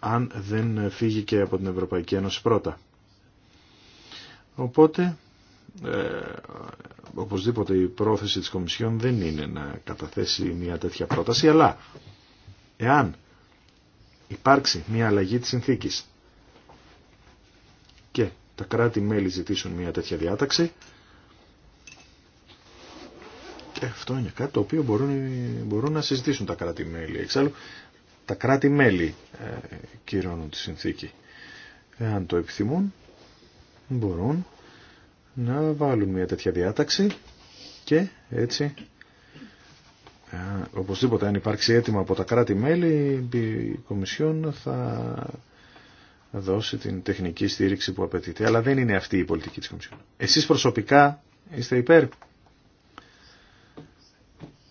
B: αν δεν φύγει και από την Ευρωπαϊκή Ένωση πρώτα. Οπότε, ε, οπωσδήποτε η πρόθεση της Κομισιόν δεν είναι να καταθέσει μια τέτοια πρόταση, αλλά εάν υπάρξει μια αλλαγή της συνθήκης και τα κράτη-μέλη ζητήσουν μια τέτοια διάταξη, και αυτό είναι κάτι το οποίο μπορούν, μπορούν να συζητήσουν τα κράτη-μέλη. Εξάλλου τα κράτη-μέλη ε, κυρώνουν τη συνθήκη. Εάν το επιθυμούν, μπορούν να βάλουν μια τέτοια διάταξη και έτσι ε, οπωσδήποτε αν υπάρξει αίτημα από τα κράτη-μέλη η Κομισιόν θα δώσει την τεχνική στήριξη που απαιτείται. Αλλά δεν είναι αυτή η πολιτική της Κομισιόν. Εσείς προσωπικά είστε υπέρ.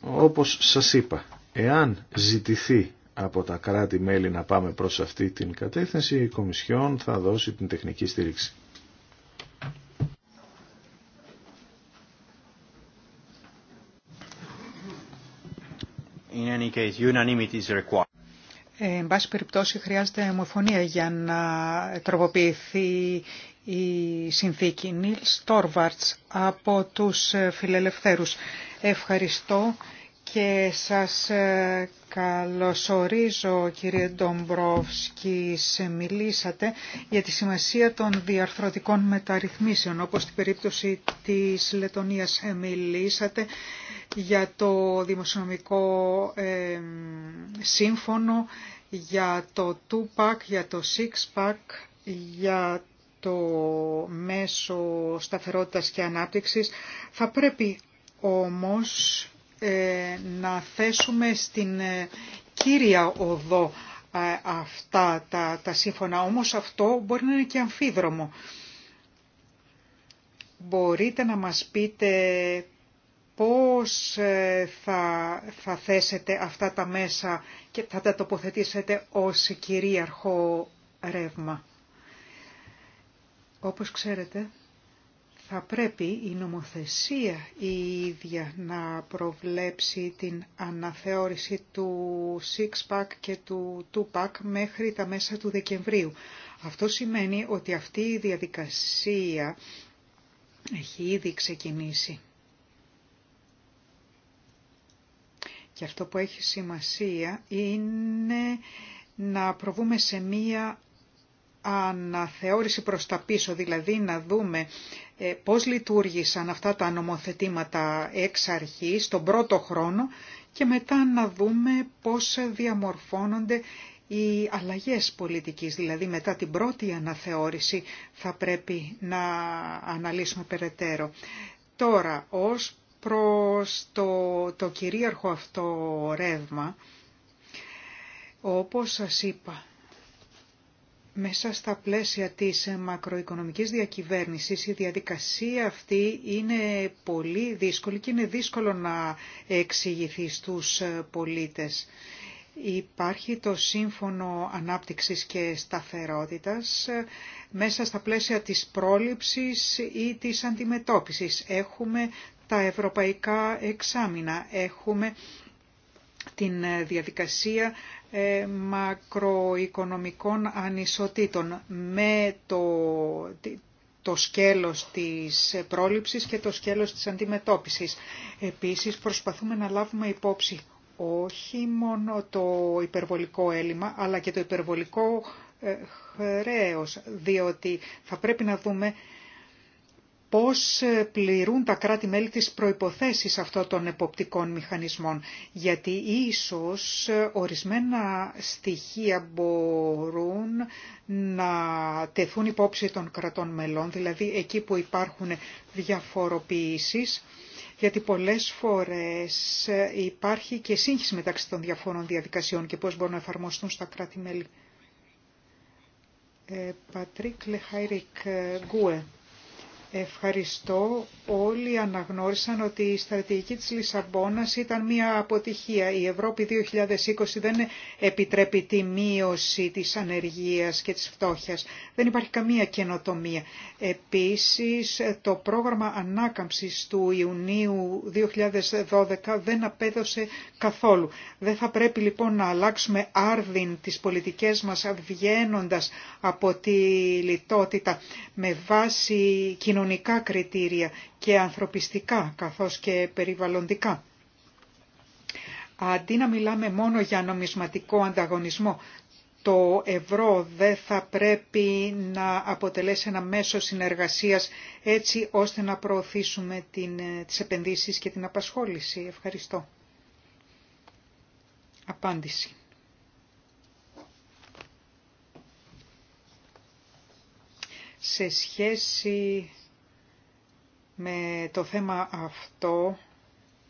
B: Όπως σας είπα, εάν ζητηθεί από τα κράτη-μέλη να πάμε προς αυτή την κατεύθυνση, η Κομισιόν θα δώσει την τεχνική στήριξη. In any case, unanimity is required.
C: Ε, εν πάση περιπτώσει χρειάζεται αιμοφωνία για να τροποποιηθεί η συνθήκη. Νίλ Στόρβαρτς από τους φιλελευθέρους. Ευχαριστώ και σας ε, καλωσορίζω κύριε Ντομπρόφσκι, σε μιλήσατε για τη σημασία των διαρθρωτικών μεταρρυθμίσεων, όπως στην περίπτωση της Λετωνίας ε, μιλήσατε για το δημοσιονομικό ε, σύμφωνο, για το 2 για το 6 για το μέσο σταθερότητας και ανάπτυξης. Θα πρέπει όμως ε, να θέσουμε στην ε, κύρια οδό ε, αυτά τα, τα σύμφωνα. Όμως αυτό μπορεί να είναι και αμφίδρομο. Μπορείτε να μας πείτε πώς θα, θα θέσετε αυτά τα μέσα και θα τα τοποθετήσετε ως κυρίαρχο ρεύμα. Όπως ξέρετε, θα πρέπει η νομοθεσία η ίδια να προβλέψει την αναθεώρηση του Six pack και του 2-pack μέχρι τα μέσα του Δεκεμβρίου. Αυτό σημαίνει ότι αυτή η διαδικασία έχει ήδη ξεκινήσει. Και αυτό που έχει σημασία είναι να προβούμε σε μία αναθεώρηση προς τα πίσω, δηλαδή να δούμε ε, πώς λειτουργήσαν αυτά τα νομοθετήματα εξ αρχής, τον πρώτο χρόνο και μετά να δούμε πώς διαμορφώνονται οι αλλαγές πολιτικής, δηλαδή μετά την πρώτη αναθεώρηση θα πρέπει να αναλύσουμε περαιτέρω. Τώρα, ως προς το, το κυρίαρχο αυτό ρεύμα, όπως σας είπα, μέσα στα πλαίσια της μακροοικονομικής διακυβέρνησης η διαδικασία αυτή είναι πολύ δύσκολη και είναι δύσκολο να εξηγηθεί στους πολίτες. Υπάρχει το Σύμφωνο Ανάπτυξης και Σταθερότητας μέσα στα πλαίσια της πρόληψης ή της αντιμετώπισης. Έχουμε τα ευρωπαϊκά εξάμεινα, έχουμε την διαδικασία ε, μακροοικονομικών ανισοτήτων με το, το σκέλος της πρόληψης και το σκέλος της αντιμετώπισης. Επίσης προσπαθούμε να λάβουμε υπόψη όχι μόνο το υπερβολικό έλλειμμα, αλλά και το υπερβολικό ε, χρέος, διότι θα πρέπει να δούμε πώς ε, πληρούν τα κράτη-μέλη τις προϋποθέσεις αυτών των εποπτικών μηχανισμών, γιατί ίσως ε, ορισμένα στοιχεία μπορούν να τεθούν υπόψη των κρατών μελών, δηλαδή εκεί που υπάρχουν διαφοροποιήσεις, γιατί πολλές φορές ε, υπάρχει και σύγχυση μεταξύ των διαφόρων διαδικασιών και πώς μπορούν να εφαρμοστούν στα κράτη-μέλη. Πατρίκ Λεχάιρικ Γκούε. Ευχαριστώ. Όλοι αναγνώρισαν ότι η στρατηγική της Λισαμπόνας ήταν μια αποτυχία. Η Ευρώπη 2020 δεν επιτρέπει τη μείωση της ανεργίας και της φτώχειας. Δεν υπάρχει καμία καινοτομία. Επίσης, το πρόγραμμα ανάκαμψης του Ιουνίου 2012 δεν απέδωσε καθόλου. Δεν θα πρέπει λοιπόν να αλλάξουμε άρδιν τις πολιτικές μας βγαίνοντα από τη λιτότητα με βάση κοινωνική κοινωνικά κριτήρια και ανθρωπιστικά καθώς και περιβαλλοντικά. Αντί να μιλάμε μόνο για νομισματικό ανταγωνισμό, το ευρώ δεν θα πρέπει να αποτελέσει ένα μέσο συνεργασίας έτσι ώστε να προωθήσουμε την, τις επενδύσεις και την απασχόληση. Ευχαριστώ. Απάντηση. Σε σχέση με το θέμα αυτό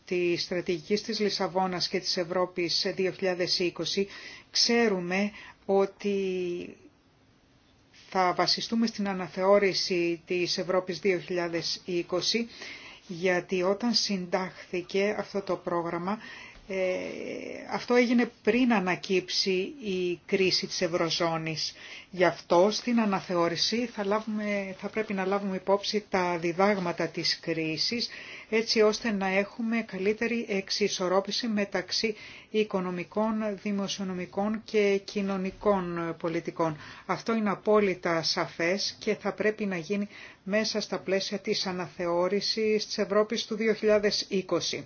C: τη στρατηγικής της Λισαβόνας και της Ευρώπης 2020 ξέρουμε ότι θα βασιστούμε στην αναθεώρηση της Ευρώπης 2020 γιατί όταν συντάχθηκε αυτό το πρόγραμμα ε, αυτό έγινε πριν ανακύψει η κρίση της Ευρωζώνης. Γι' αυτό στην αναθεώρηση θα, θα πρέπει να λάβουμε υπόψη τα διδάγματα της κρίσης, έτσι ώστε να έχουμε καλύτερη εξισορρόπηση μεταξύ οικονομικών, δημοσιονομικών και κοινωνικών πολιτικών. Αυτό είναι απόλυτα σαφές και θα πρέπει να γίνει μέσα στα πλαίσια της αναθεώρησης της Ευρώπης του 2020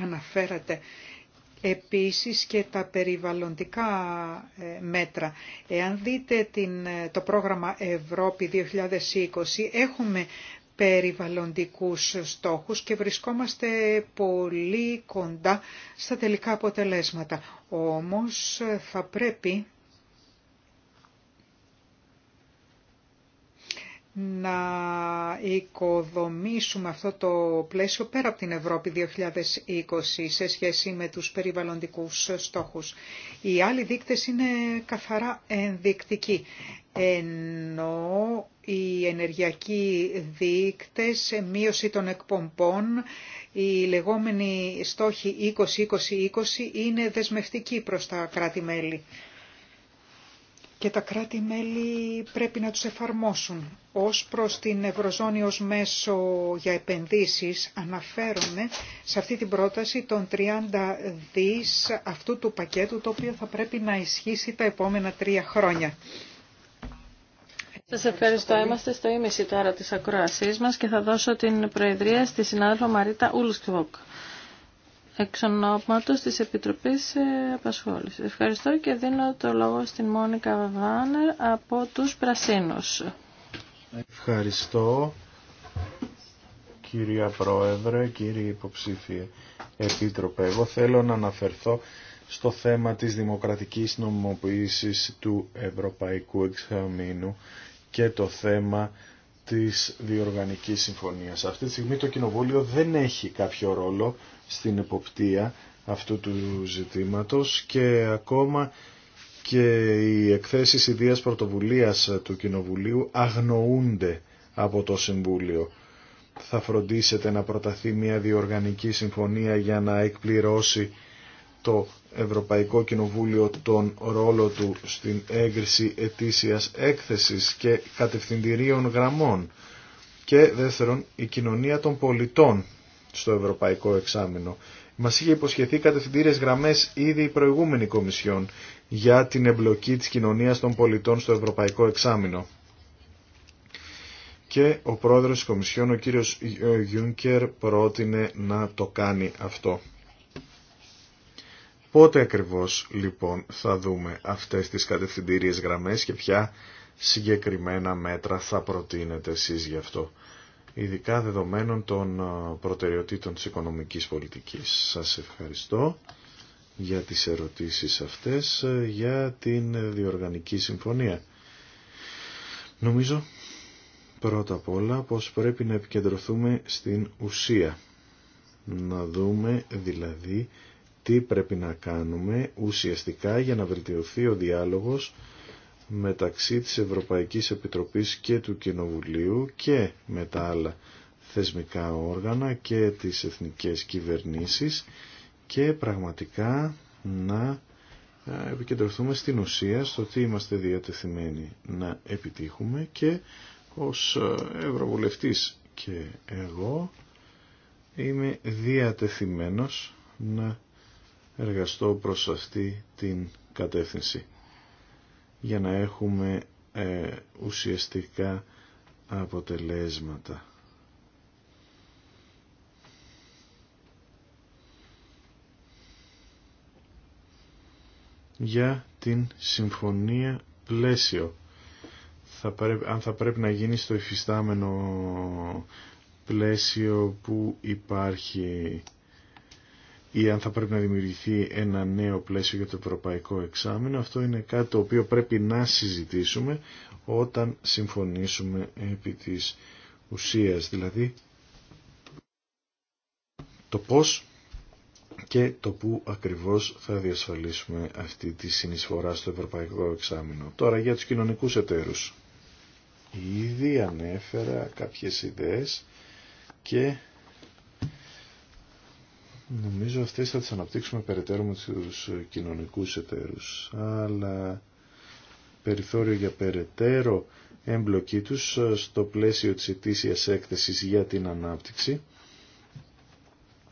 C: αναφέρατε. Επίσης και τα περιβαλλοντικά ε, μέτρα. Εάν δείτε την, ε, το πρόγραμμα Ευρώπη 2020, έχουμε περιβαλλοντικούς στόχους και βρισκόμαστε πολύ κοντά στα τελικά αποτελέσματα. Όμως ε, θα πρέπει να οικοδομήσουμε αυτό το πλαίσιο πέρα από την Ευρώπη 2020 σε σχέση με τους περιβαλλοντικούς στόχους. Οι άλλοι δείκτες είναι καθαρά ενδεικτικοί, ενώ οι ενεργειακοί δείκτες, μείωση των εκπομπών, οι λεγόμενοι στόχοι 20-20-20 είναι δεσμευτικοί προς τα κράτη-μέλη και τα κράτη-μέλη πρέπει να τους εφαρμόσουν. Ως προς την Ευρωζώνη ως μέσο για επενδύσεις αναφέρομαι σε αυτή την πρόταση των 30 δις αυτού του πακέτου το οποίο θα πρέπει να ισχύσει τα επόμενα τρία χρόνια.
A: Σας ευχαριστώ. Είμαστε στο ίμιση τώρα της ακροασής μας και θα δώσω την προεδρία στη συνάδελφο Μαρίτα Ουλσκβοκ εξ ονόματος της Επιτροπής ε, Απασχόλησης. Ευχαριστώ και δίνω το λόγο στην Μόνικα Βάνερ από τους Πρασίνους.
B: Ευχαριστώ κυρία Πρόεδρε, κύριε υποψήφιε Επίτροπε. Εγώ θέλω να αναφερθώ στο θέμα της δημοκρατικής νομοποίησης του Ευρωπαϊκού Εξαμήνου και το θέμα της διοργανικής συμφωνίας. Αυτή τη στιγμή το Κοινοβούλιο δεν έχει κάποιο ρόλο στην εποπτεία αυτού του ζητήματος και ακόμα και οι εκθέσεις ιδίας πρωτοβουλίας του Κοινοβουλίου αγνοούνται από το Συμβούλιο. Θα φροντίσετε να προταθεί μια διοργανική συμφωνία για να εκπληρώσει το Ευρωπαϊκό Κοινοβούλιο τον ρόλο του στην έγκριση ετήσιας έκθεσης και κατευθυντηρίων γραμμών. Και δεύτερον, η κοινωνία των πολιτών στο Ευρωπαϊκό Εξάμεινο. Μας είχε υποσχεθεί κατευθυντήρες γραμμές ήδη η προηγούμενη Κομισιόν για την εμπλοκή της κοινωνίας των πολιτών στο Ευρωπαϊκό Εξάμεινο. Και ο πρόεδρος της Κομισιόν, ο κύριος Γιούνκερ, πρότεινε να το κάνει αυτό. Πότε ακριβώς λοιπόν θα δούμε αυτές τις κατευθυντήριες γραμμές και ποια συγκεκριμένα μέτρα θα προτείνετε εσείς γι' αυτό ειδικά δεδομένων των ε, προτεραιοτήτων της οικονομικής πολιτικής. Σας ευχαριστώ για τις ερωτήσεις αυτές ε, για την διοργανική συμφωνία. Νομίζω πρώτα απ' όλα πως πρέπει να επικεντρωθούμε στην ουσία. Να δούμε δηλαδή τι πρέπει να κάνουμε ουσιαστικά για να βελτιωθεί ο διάλογος μεταξύ της Ευρωπαϊκής Επιτροπής και του Κοινοβουλίου και με τα άλλα θεσμικά όργανα και τις εθνικές κυβερνήσεις και πραγματικά να ε, επικεντρωθούμε στην ουσία στο τι είμαστε διατεθειμένοι να επιτύχουμε και ως ε, Ευρωβουλευτής και εγώ είμαι διατεθειμένος να εργαστώ προς αυτή την κατεύθυνση για να έχουμε ε, ουσιαστικά αποτελέσματα. Για την συμφωνία πλαίσιο. Θα πρέπει, αν θα πρέπει να γίνει στο υφιστάμενο πλαίσιο που υπάρχει ή αν θα πρέπει να δημιουργηθεί ένα νέο πλαίσιο για το ευρωπαϊκό εξάμεινο. Αυτό είναι κάτι το οποίο πρέπει να συζητήσουμε όταν συμφωνήσουμε επί της ουσίας, δηλαδή το πώς και το που ακριβώς θα διασφαλίσουμε αυτή τη συνεισφορά στο ευρωπαϊκό εξάμεινο. Τώρα για τους κοινωνικούς εταίρους. Ήδη ανέφερα κάποιες ιδέες και Νομίζω αυτές θα τις αναπτύξουμε περαιτέρω με τους κοινωνικούς εταίρους, αλλά περιθώριο για περαιτέρω εμπλοκή τους στο πλαίσιο της ετήσιας έκθεσης για την ανάπτυξη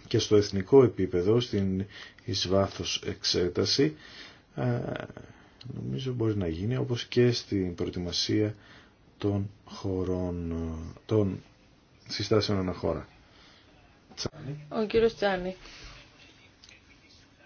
B: και στο εθνικό επίπεδο, στην εισβάθος εξέταση, νομίζω μπορεί να γίνει, όπως και στην προετοιμασία των χωρών, των συστάσεων αναχώρα.
A: Ο κύριος Τσάνη.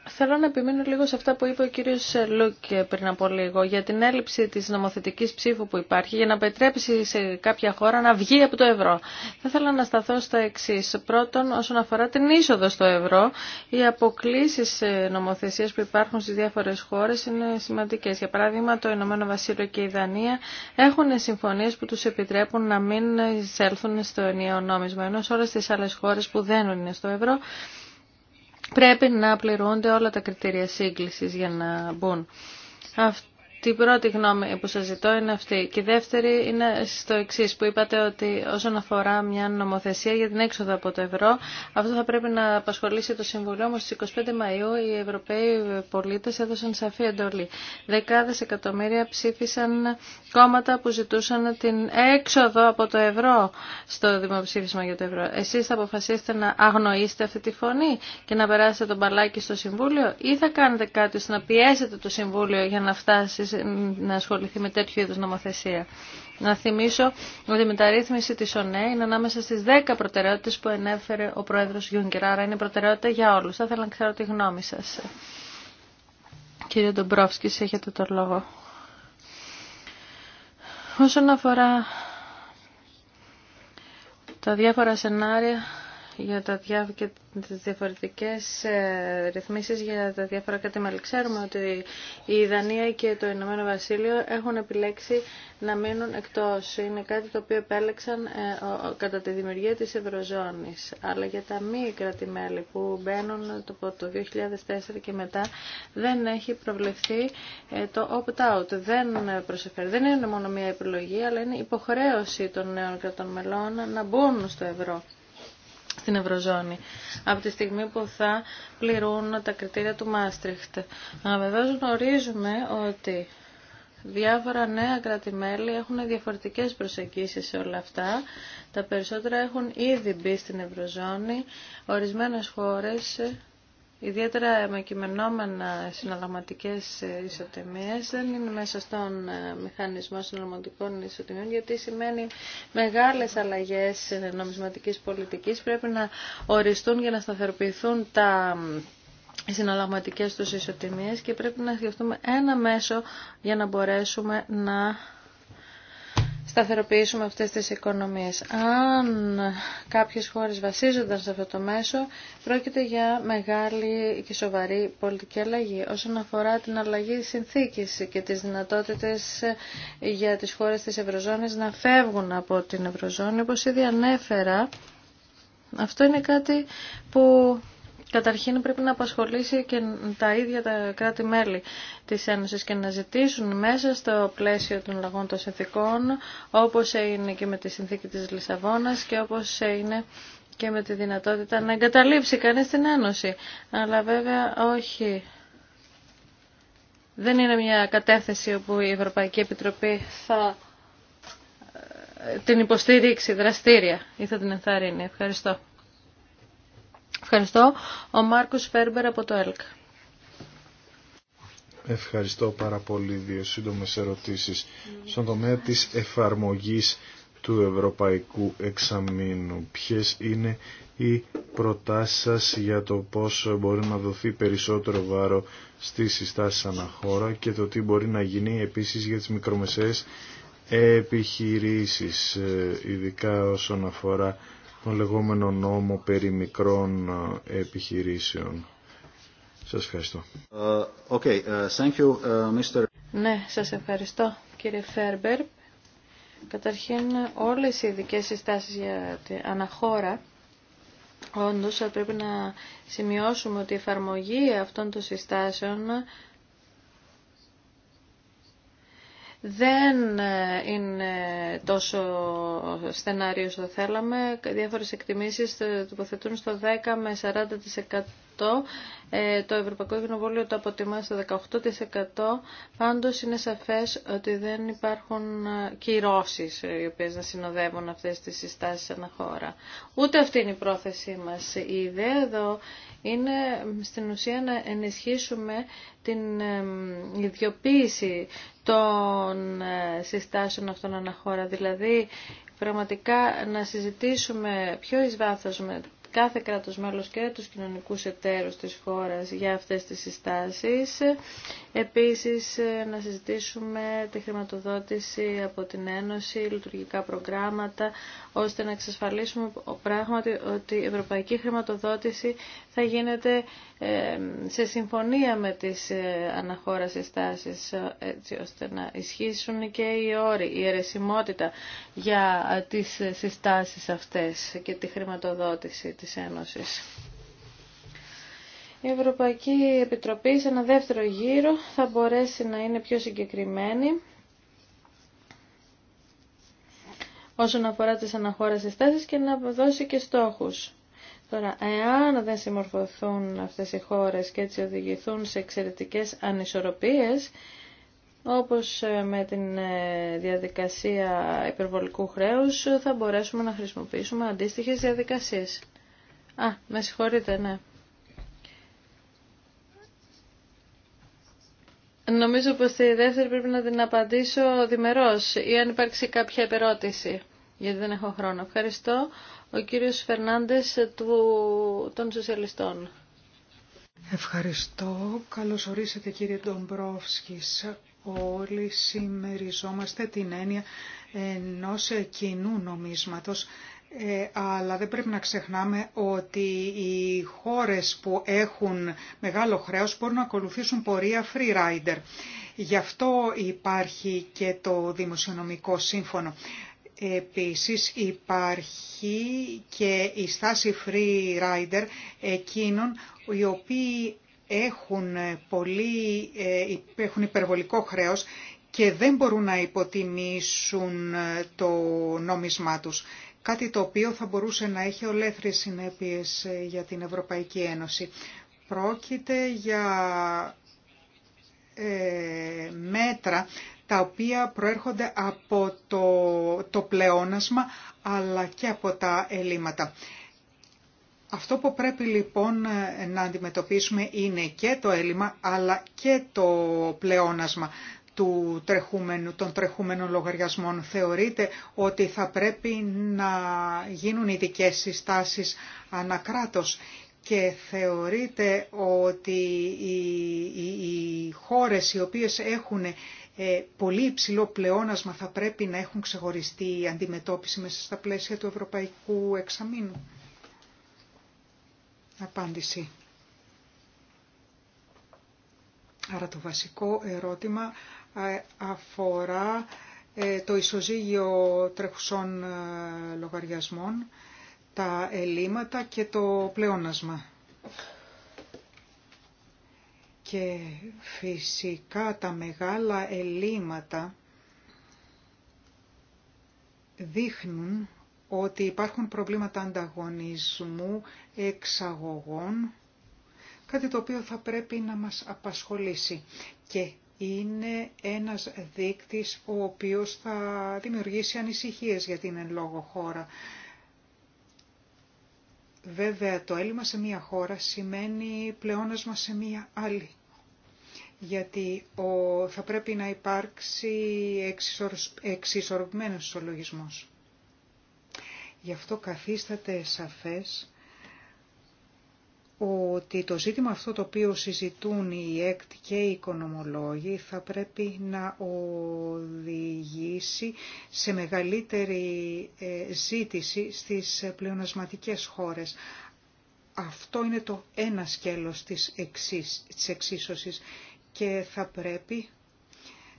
A: Θέλω να επιμείνω λίγο σε αυτά που είπε ο κύριο Λουκ πριν από λίγο για την έλλειψη τη νομοθετική ψήφου που υπάρχει για να επιτρέψει σε κάποια χώρα να βγει από το ευρώ. Θα ήθελα να σταθώ στα εξή. Πρώτον, όσον αφορά την είσοδο στο ευρώ, οι αποκλήσει ε, νομοθεσίας που υπάρχουν στι διάφορε χώρε είναι σημαντικέ. Για παράδειγμα, το Ηνωμένο Βασίλειο και η Δανία έχουν συμφωνίε που του επιτρέπουν να μην εισέλθουν στο ενιαίο νόμισμα, ενώ σε όλε τι άλλε χώρε που δεν είναι στο ευρώ πρέπει να πληρούνται όλα τα κριτήρια σύγκλησης για να μπουν. Αυτό την πρώτη γνώμη που σας ζητώ είναι αυτή. Και η δεύτερη είναι στο εξή που είπατε ότι όσον αφορά μια νομοθεσία για την έξοδο από το ευρώ, αυτό θα πρέπει να απασχολήσει το Συμβουλίο, όμως στις 25 Μαΐου οι Ευρωπαίοι πολίτες έδωσαν σαφή εντολή. Δεκάδες εκατομμύρια ψήφισαν κόμματα που ζητούσαν την έξοδο από το ευρώ στο δημοψήφισμα για το ευρώ. Εσείς θα αποφασίσετε να αγνοήσετε αυτή τη φωνή και να περάσετε τον μπαλάκι στο Συμβούλιο ή θα κάνετε κάτι ώστε να πιέσετε το Συμβούλιο για να φτάσει να ασχοληθεί με τέτοιου είδους νομοθεσία. Να θυμίσω ότι η μεταρρύθμιση της ΟΝΕ είναι ανάμεσα στις 10 προτεραιότητες που ενέφερε ο Πρόεδρος Γιούγκερ. Άρα είναι προτεραιότητα για όλους. Θα ήθελα να ξέρω τη γνώμη σας. Κύριε Ντομπρόφσκη, έχετε το λόγο. Όσον αφορά τα διάφορα σενάρια για τα διά, και διαφορετικές ε, ρυθμίσεις για τα διάφορα κατήμαλη. Ξέρουμε ότι η Δανία και το Ηνωμένο Βασίλειο έχουν επιλέξει να μείνουν εκτός. Είναι κάτι το οποίο επέλεξαν ε, κατά τη δημιουργία της Ευρωζώνης. Αλλά για τα μη κρατημέλη που μπαίνουν από το 2004 και μετά δεν έχει προβλεφθεί ε, το opt-out. Δεν Δεν είναι μόνο μια επιλογή, αλλά είναι υποχρέωση των νέων κρατών μελών να μπουν στο ευρώ στην Ευρωζώνη από τη στιγμή που θα πληρούν τα κριτήρια του Μάστριχτ. Βεβαίως γνωρίζουμε ότι διάφορα νέα κρατημέλη έχουν διαφορετικές προσεγγίσεις σε όλα αυτά. Τα περισσότερα έχουν ήδη μπει στην Ευρωζώνη. Ορισμένες χώρες ιδιαίτερα με κειμενόμενα συναλλαγματικές ισοτιμίες δεν είναι μέσα στον ε, μηχανισμό συναλλαγματικών ισοτιμίων γιατί σημαίνει μεγάλες αλλαγές νομισματικής πολιτικής πρέπει να οριστούν για να σταθεροποιηθούν τα οι συναλλαγματικές τους ισοτιμίες και πρέπει να σκεφτούμε ένα μέσο για να μπορέσουμε να σταθεροποιήσουμε αυτές τις οικονομίες. Αν κάποιες χώρες βασίζονταν σε αυτό το μέσο, πρόκειται για μεγάλη και σοβαρή πολιτική αλλαγή. Όσον αφορά την αλλαγή συνθήκης και τις δυνατότητες για τις χώρες της Ευρωζώνης να φεύγουν από την Ευρωζώνη, όπως ήδη ανέφερα, αυτό είναι κάτι που καταρχήν πρέπει να απασχολήσει και τα ίδια τα κράτη-μέλη της Ένωσης και να ζητήσουν μέσα στο πλαίσιο των λαγών των συνθήκων, όπως είναι και με τη συνθήκη της Λισαβόνας και όπως είναι και με τη δυνατότητα να εγκαταλείψει κανείς την Ένωση. Αλλά βέβαια όχι. Δεν είναι μια κατεύθυνση όπου η Ευρωπαϊκή Επιτροπή θα ε, την υποστήριξει δραστήρια ή θα την ενθαρρύνει. Ευχαριστώ. Ευχαριστώ. Ο Μάρκος Φέρμπερ από το ΕΛΚ.
B: Ευχαριστώ πάρα πολύ. Δύο σύντομες ερωτήσεις. Στον τομέα τη εφαρμογής του Ευρωπαϊκού Εξαμήνου. Ποιες είναι οι προτάσεις για το πώς μπορεί να δοθεί περισσότερο βάρο στις συστάσεις αναχώρα και το τι μπορεί να γίνει επίσης για τις μικρομεσαίες επιχειρήσεις, ε, ειδικά όσον αφορά τον λεγόμενο νόμο περί μικρών επιχειρήσεων. Σας ευχαριστώ.
D: Ε, okay, ε, thank you, ε, Mr.
A: Ναι, σας ευχαριστώ κύριε Φέρμπερ. Καταρχήν όλες οι ειδικέ συστάσεις για την αναχώρα Όντως, θα πρέπει να σημειώσουμε ότι η εφαρμογή αυτών των συστάσεων δεν ε, είναι τόσο στενάριο όσο θέλαμε. Διάφορες εκτιμήσεις ε, τοποθετούν στο 10 με 40%. Ε, το Ευρωπαϊκό Κοινοβούλιο το αποτιμά στο 18%. Πάντως είναι σαφές ότι δεν υπάρχουν κυρώσεις οι οποίες να συνοδεύουν αυτές τις συστάσεις χώρα. Ούτε αυτή είναι η πρόθεσή μας. Η ιδέα εδώ είναι στην ουσία να ενισχύσουμε την ιδιοποίηση των ε, συστάσεων αυτών αναχώρα, δηλαδή πραγματικά να συζητήσουμε πιο εις βάθος με κάθε κράτος μέλος και τους κοινωνικούς εταίρους της χώρας για αυτές τις συστάσεις. Επίσης, ε, να συζητήσουμε τη χρηματοδότηση από την Ένωση, λειτουργικά προγράμματα, ώστε να εξασφαλίσουμε πράγματι ότι η ευρωπαϊκή χρηματοδότηση θα γίνεται ε, σε συμφωνία με τις ε, αναχώρες συστάσεις ε, έτσι ώστε να ισχύσουν και οι όροι, η αιρεσιμότητα για τις συστάσεις αυτές και τη χρηματοδότηση της Ένωσης. Η Ευρωπαϊκή Επιτροπή σε ένα δεύτερο γύρο θα μπορέσει να είναι πιο συγκεκριμένη όσον αφορά τις αναχώρες συστάσεις και να δώσει και στόχους. Τώρα, εάν δεν συμμορφωθούν αυτές οι χώρες και έτσι οδηγηθούν σε εξαιρετικές ανισορροπίες, όπως ε, με την ε, διαδικασία υπερβολικού χρέους, θα μπορέσουμε να χρησιμοποιήσουμε αντίστοιχες διαδικασίες. Α, με συγχωρείτε, ναι. Νομίζω πως τη δεύτερη πρέπει να την απαντήσω διμερώς ή αν υπάρξει κάποια επερώτηση γιατί δεν έχω χρόνο. Ευχαριστώ ο κύριος Φερνάντες του, των Σοσιαλιστών.
C: Ευχαριστώ. Καλώς ορίσατε κύριε Ντομπρόφσκης. Όλοι συμμεριζόμαστε την έννοια ενός κοινού νομίσματος. Ε, αλλά δεν πρέπει να ξεχνάμε ότι οι χώρες που έχουν μεγάλο χρέος μπορούν να ακολουθήσουν πορεία free rider. Γι' αυτό υπάρχει και το Δημοσιονομικό Σύμφωνο. Επίσης υπάρχει και η στάση free rider εκείνων οι οποίοι έχουν, πολύ, ε, έχουν υπερβολικό χρέος και δεν μπορούν να υποτιμήσουν ε, το νόμισμά τους. Κάτι το οποίο θα μπορούσε να έχει ολέθριες συνέπειες ε, για την Ευρωπαϊκή Ένωση. Πρόκειται για μέτρα τα οποία προέρχονται από το, το πλεόνασμα αλλά και από τα ελλείμματα. Αυτό που πρέπει λοιπόν ε, να αντιμετωπίσουμε είναι και το έλλειμμα αλλά και το πλεόνασμα του τρεχούμενου, των τρεχούμενων λογαριασμών. Θεωρείται ότι θα πρέπει να γίνουν ειδικέ συστάσεις ανακράτος και θεωρείται ότι οι, οι χώρες οι οποίες έχουν ε, πολύ υψηλό πλεόνασμα θα πρέπει να έχουν ξεχωριστεί η αντιμετώπιση μέσα στα πλαίσια του Ευρωπαϊκού Εξαμήνου. Απάντηση. Άρα το βασικό ερώτημα ε, αφορά ε, το ισοζύγιο τρέχουσων λογαριασμών, τα ελλείμματα και το πλεόνασμα και φυσικά τα μεγάλα ελλείμματα δείχνουν ότι υπάρχουν προβλήματα ανταγωνισμού εξαγωγών, κάτι το οποίο θα πρέπει να μας απασχολήσει και είναι ένας δείκτης ο οποίος θα δημιουργήσει ανησυχίες για την εν λόγω χώρα. Βέβαια το έλλειμμα σε μία χώρα σημαίνει πλεόνασμα σε μία άλλη γιατί ο, θα πρέπει να υπάρξει εξισορροπημένος ισολογισμός. Γι' αυτό καθίσταται σαφές ότι το ζήτημα αυτό το οποίο συζητούν οι ΕΚΤ και οι οικονομολόγοι θα πρέπει να οδηγήσει σε μεγαλύτερη ε, ζήτηση στις πλεονασματικές χώρες. Αυτό είναι το ένα σκέλος της, εξίσωσης και θα πρέπει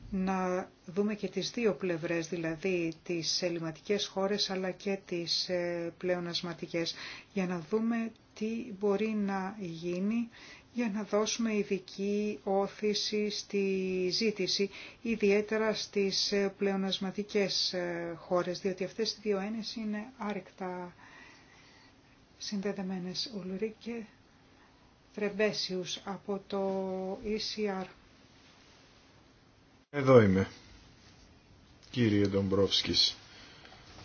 C: να δούμε και τις δύο πλευρές, δηλαδή τις ελληματικές χώρες αλλά και τις ε, πλεονασματικές, για να δούμε τι μπορεί να γίνει για να δώσουμε ειδική όθηση στη ζήτηση, ιδιαίτερα στις ε, πλεονασματικές ε, χώρες, διότι αυτές οι δύο έννοιες είναι άρρηκτα συνδεδεμένες. Ουλουρίκε, Τρεμπέσιους από το ECR.
B: Εδώ είμαι, κύριε Ντομπρόφσκης.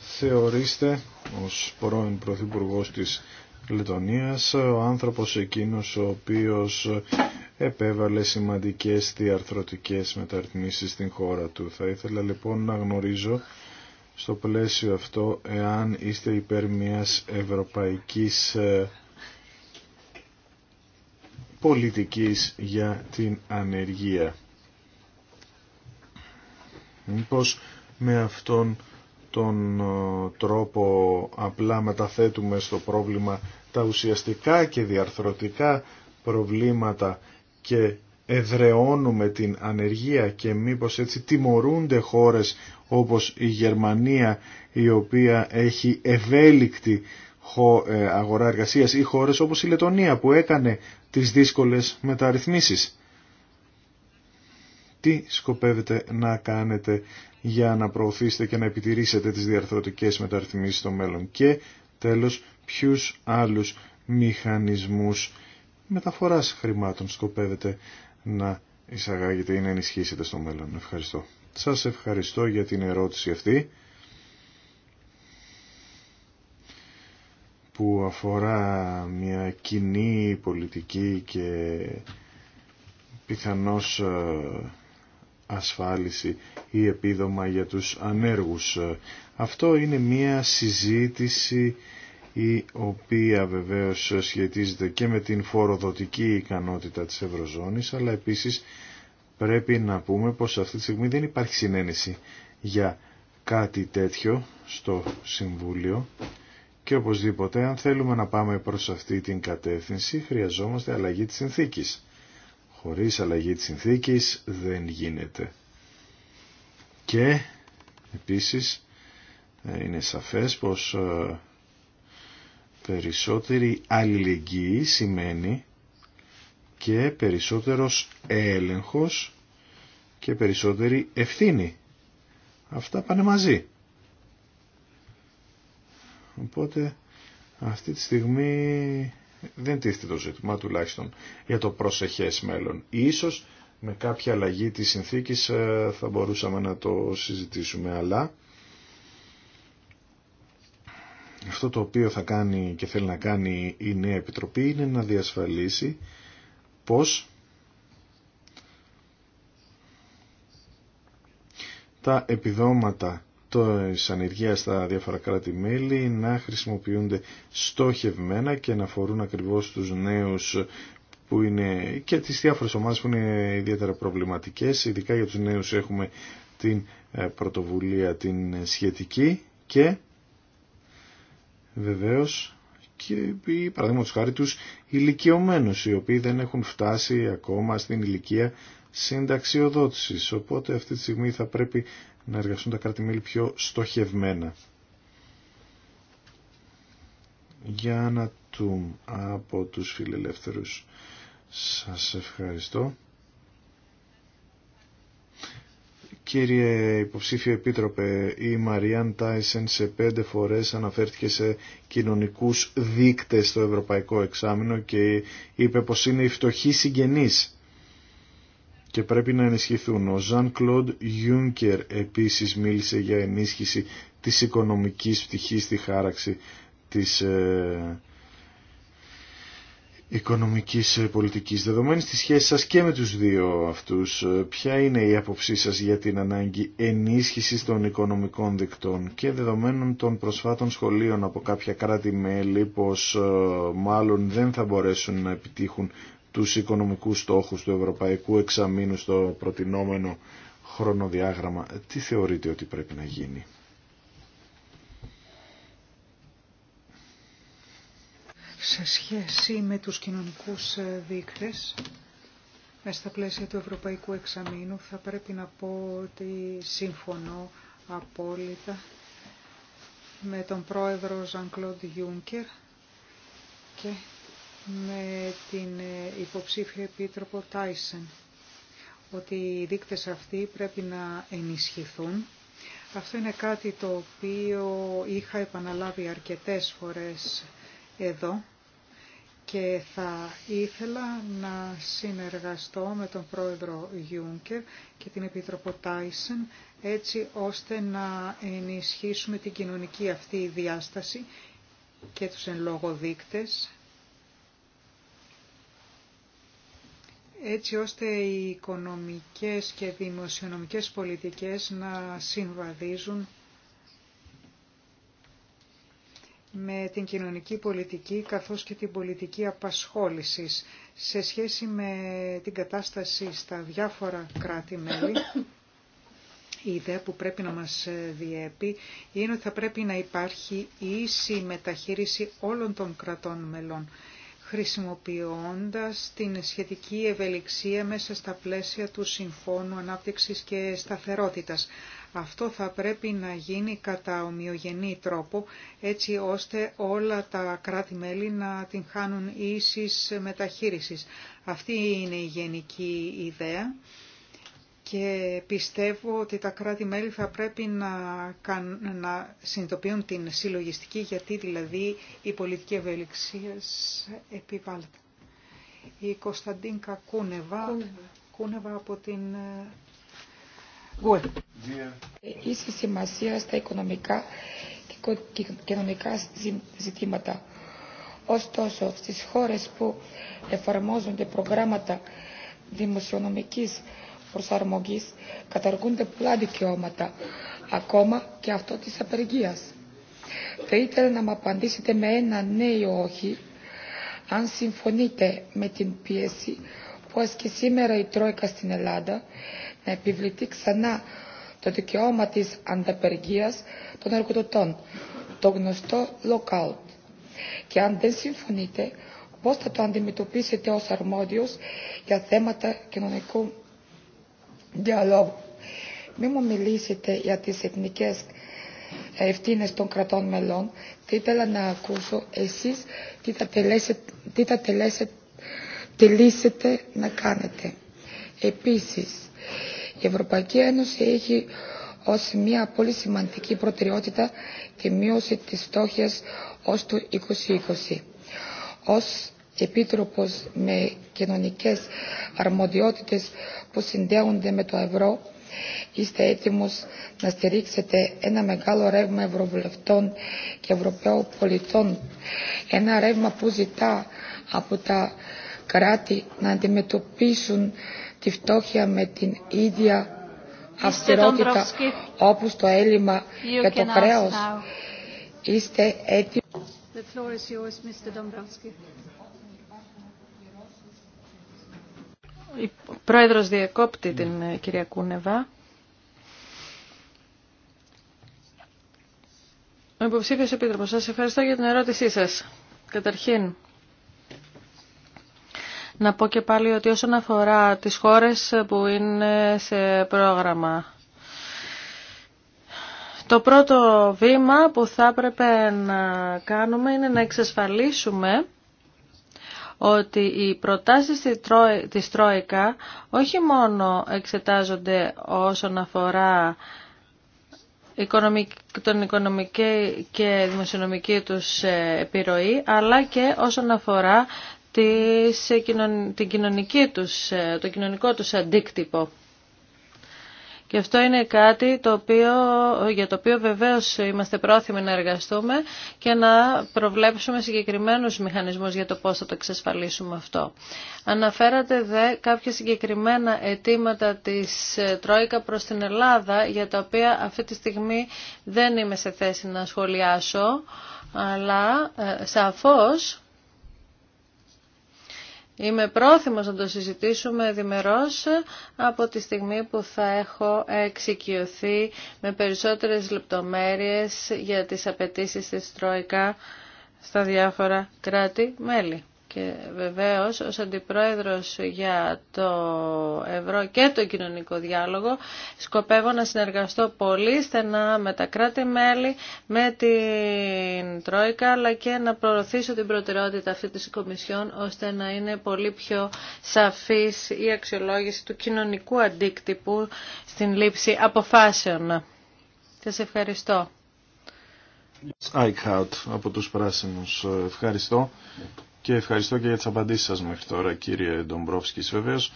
B: Θεωρήστε ως πρώην Πρωθυπουργός της Λετωνίας ο άνθρωπος εκείνος ο οποίος επέβαλε σημαντικές διαρθρωτικές μεταρρυθμίσεις στην χώρα του. Θα ήθελα λοιπόν να γνωρίζω στο πλαίσιο αυτό εάν είστε υπέρ μιας ευρωπαϊκής ε, πολιτικής για την ανεργία. Μήπως με αυτόν τον ε, τρόπο απλά μεταθέτουμε στο πρόβλημα τα ουσιαστικά και διαρθρωτικά προβλήματα και εδρεώνουμε την ανεργία και μήπως έτσι τιμωρούνται χώρες όπως η Γερμανία η οποία έχει ευέλικτη ε, αγορά εργασίας ή χώρες όπως η Λετωνία που έκανε τις δύσκολε μεταρρυθμίσεις. Τι σκοπεύετε να κάνετε για να προωθήσετε και να επιτηρήσετε τις διαρθρωτικές μεταρρυθμίσεις στο μέλλον και τέλος ποιους άλλους μηχανισμούς μεταφοράς χρημάτων σκοπεύετε να εισαγάγετε ή να ενισχύσετε στο μέλλον. Ευχαριστώ. Σας ευχαριστώ για την ερώτηση αυτή. που αφορά μια κοινή πολιτική και πιθανώς ε, ασφάλιση ή επίδομα για τους ανέργους. Αυτό είναι μια συζήτηση η οποία βεβαίως σχετίζεται και με την φοροδοτική ικανότητα της Ευρωζώνης, αλλά επίσης πρέπει να πούμε πως αυτή τη στιγμή δεν υπάρχει συνένεση για κάτι τέτοιο στο Συμβούλιο και οπωσδήποτε, αν θέλουμε να πάμε προς αυτή την κατεύθυνση, χρειαζόμαστε αλλαγή της συνθήκης. Χωρίς αλλαγή της συνθήκης δεν γίνεται. Και, επίσης, ε, είναι σαφές πως ε, περισσότερη αλληλεγγύη σημαίνει και περισσότερος έλεγχος και περισσότερη ευθύνη. Αυτά πάνε μαζί. Οπότε αυτή τη στιγμή δεν τίθεται το ζήτημα τουλάχιστον για το προσεχές μέλλον. Ίσως με κάποια αλλαγή της συνθήκης ε, θα μπορούσαμε να το συζητήσουμε, αλλά αυτό το οποίο θα κάνει και θέλει να κάνει η νέα επιτροπή είναι να διασφαλίσει πως τα επιδόματα της ανεργία στα διάφορα κράτη-μέλη να χρησιμοποιούνται στόχευμένα και να αφορούν ακριβώς τους νέους που είναι και τις διάφορες ομάδες που είναι ιδιαίτερα προβληματικές. Ειδικά για τους νέους έχουμε την ε, πρωτοβουλία την σχετική και βεβαίως και παραδείγματος χάρη τους ηλικιωμένους οι οποίοι δεν έχουν φτάσει ακόμα στην ηλικία συνταξιοδότησης. Οπότε αυτή τη στιγμή θα πρέπει να εργαστούν τα κράτη-μέλη πιο στοχευμένα. Για να του από τους φιλελεύθερους. Σας ευχαριστώ. Κύριε Υποψήφιο Επίτροπε, η Μαριάν Τάισεν σε πέντε φορές αναφέρθηκε σε κοινωνικούς δείκτες στο Ευρωπαϊκό Εξάμεινο και είπε πως είναι οι φτωχοί συγγενείς και πρέπει να ενισχυθούν. Ο Ζαν Κλοντ Γιούνκερ επίσης μίλησε για ενίσχυση της οικονομικής πτυχής στη χάραξη της ε, οικονομικής ε, πολιτικής. Δεδομένης στη σχέση σας και με τους δύο αυτούς, ε, ποια είναι η άποψή σας για την ανάγκη ενίσχυσης των οικονομικών δικτών και δεδομένων των προσφάτων σχολείων από κάποια κράτη-μέλη πως ε, μάλλον δεν θα μπορέσουν να επιτύχουν τους οικονομικούς στόχους του Ευρωπαϊκού Εξαμήνου στο προτινόμενο χρονοδιάγραμμα. Τι θεωρείτε ότι πρέπει να γίνει.
C: Σε σχέση με τους κοινωνικούς ε, δείκτες, ε, στα πλαίσια του Ευρωπαϊκού Εξαμήνου, θα πρέπει να πω ότι συμφωνώ απόλυτα με τον πρόεδρο Ζαν Κλοντ Γιούνκερ και με την ε, υποψήφια επίτροπο Τάισεν ότι οι δείκτες αυτοί πρέπει να ενισχυθούν. Αυτό είναι κάτι το οποίο είχα επαναλάβει αρκετές φορές εδώ και θα ήθελα να συνεργαστώ με τον πρόεδρο Γιούνκερ και την Επίτροπο Τάισεν έτσι ώστε να ενισχύσουμε την κοινωνική αυτή διάσταση και τους εν λόγω δείκτες έτσι ώστε οι οικονομικές και δημοσιονομικές πολιτικές να συμβαδίζουν με την κοινωνική πολιτική καθώς και την πολιτική απασχόλησης σε σχέση με την κατάσταση στα διάφορα κράτη-μέλη. Η ιδέα που πρέπει να μας διέπει είναι ότι θα πρέπει να υπάρχει ίση μεταχείριση όλων των κρατών μελών χρησιμοποιώντας την σχετική ευελιξία μέσα στα πλαίσια του Συμφώνου Ανάπτυξης και Σταθερότητας. Αυτό θα πρέπει να γίνει κατά ομοιογενή τρόπο, έτσι ώστε όλα τα κράτη-μέλη να την χάνουν ίσης μεταχείρισης. Αυτή είναι η γενική ιδέα και πιστεύω ότι τα κράτη-μέλη θα πρέπει να, να συνειδητοποιούν την συλλογιστική γιατί δηλαδή η πολιτική ευελιξία επιβάλλεται. Η Κωνσταντίνκα Κούνεβα, Κούνεβα, από την ε, ΓΟΕ.
E: Είσαι σημασία στα οικονομικά και κοινωνικά ζητήματα. Ωστόσο, στις χώρες που εφαρμόζονται προγράμματα δημοσιονομικής προσαρμογής καταργούνται πολλά δικαιώματα, ακόμα και αυτό της απεργίας. Θα ήθελα να μου απαντήσετε με ένα ναι ή όχι, αν συμφωνείτε με την πίεση που ασκεί σήμερα η Τρόικα στην Ελλάδα να επιβληθεί ξανά το δικαιώμα της ανταπεργίας των εργοδοτών, το γνωστό lockout. Και αν δεν συμφωνείτε, πώς θα το αντιμετωπίσετε ως αρμόδιος για θέματα κοινωνικού διαλόγου. Μη μου μιλήσετε για τις εθνικές ε, ευθύνε των κρατών μελών. Θα ήθελα να ακούσω εσείς τι θα, τελέσετε, να κάνετε. Επίσης, η Ευρωπαϊκή Ένωση έχει ως μια πολύ σημαντική προτεραιότητα τη μείωση της φτώχειας ως το 2020. Ως επίτροπος με κοινωνικές αρμοδιότητες που συνδέονται με το ευρώ, είστε έτοιμος να στηρίξετε ένα μεγάλο ρεύμα ευρωβουλευτών και ευρωπαίων πολιτών, ένα ρεύμα που ζητά από τα κράτη να αντιμετωπίσουν τη φτώχεια με την ίδια αυστηρότητα όπως το έλλειμμα και το χρέος. Είστε έτοιμοι. Η πρόεδρος διεκόπτη
A: την ε, κυρία Κούνεβα. Ο υποψήφιος επίτροπος, σας ευχαριστώ για την ερώτησή σας. Καταρχήν, να πω και πάλι ότι όσον αφορά τις χώρες που είναι σε πρόγραμμα το πρώτο βήμα που θα έπρεπε να κάνουμε είναι να εξασφαλίσουμε ότι οι προτάσεις της Τρόικα όχι μόνο εξετάζονται όσον αφορά τον οικονομική και δημοσιονομική τους ε, επιρροή, αλλά και όσον αφορά ε, την κοινωνική τους, ε, το κοινωνικό τους αντίκτυπο. Και αυτό είναι κάτι το οποίο, για το οποίο βεβαίως είμαστε πρόθυμοι να εργαστούμε και να προβλέψουμε συγκεκριμένους μηχανισμούς για το πώς θα το εξασφαλίσουμε αυτό. Αναφέρατε δε κάποια συγκεκριμένα αιτήματα της ε, Τρόικα προς την Ελλάδα για τα οποία αυτή τη στιγμή δεν είμαι σε θέση να σχολιάσω αλλά ε, σαφώς Είμαι πρόθυμος να το συζητήσουμε διμερώς από τη στιγμή που θα έχω εξοικειωθεί με περισσότερες λεπτομέρειες για τις απαιτήσεις της Τρόικα στα διάφορα κράτη-μέλη. Και βεβαίως ως Αντιπρόεδρος για το Ευρώ και το Κοινωνικό Διάλογο σκοπεύω να συνεργαστώ πολύ στενά με τα κράτη-μέλη, με την Τρόικα αλλά και να προωθήσω την προτεραιότητα αυτή της Κομισιόν ώστε να είναι πολύ πιο σαφής η αξιολόγηση του κοινωνικού αντίκτυπου στην λήψη αποφάσεων. Σας ευχαριστώ.
B: από τους Ευχαριστώ και ευχαριστώ και για τις απαντήσεις σας μέχρι τώρα κύριε Ντομπρόφσκης βεβαίως.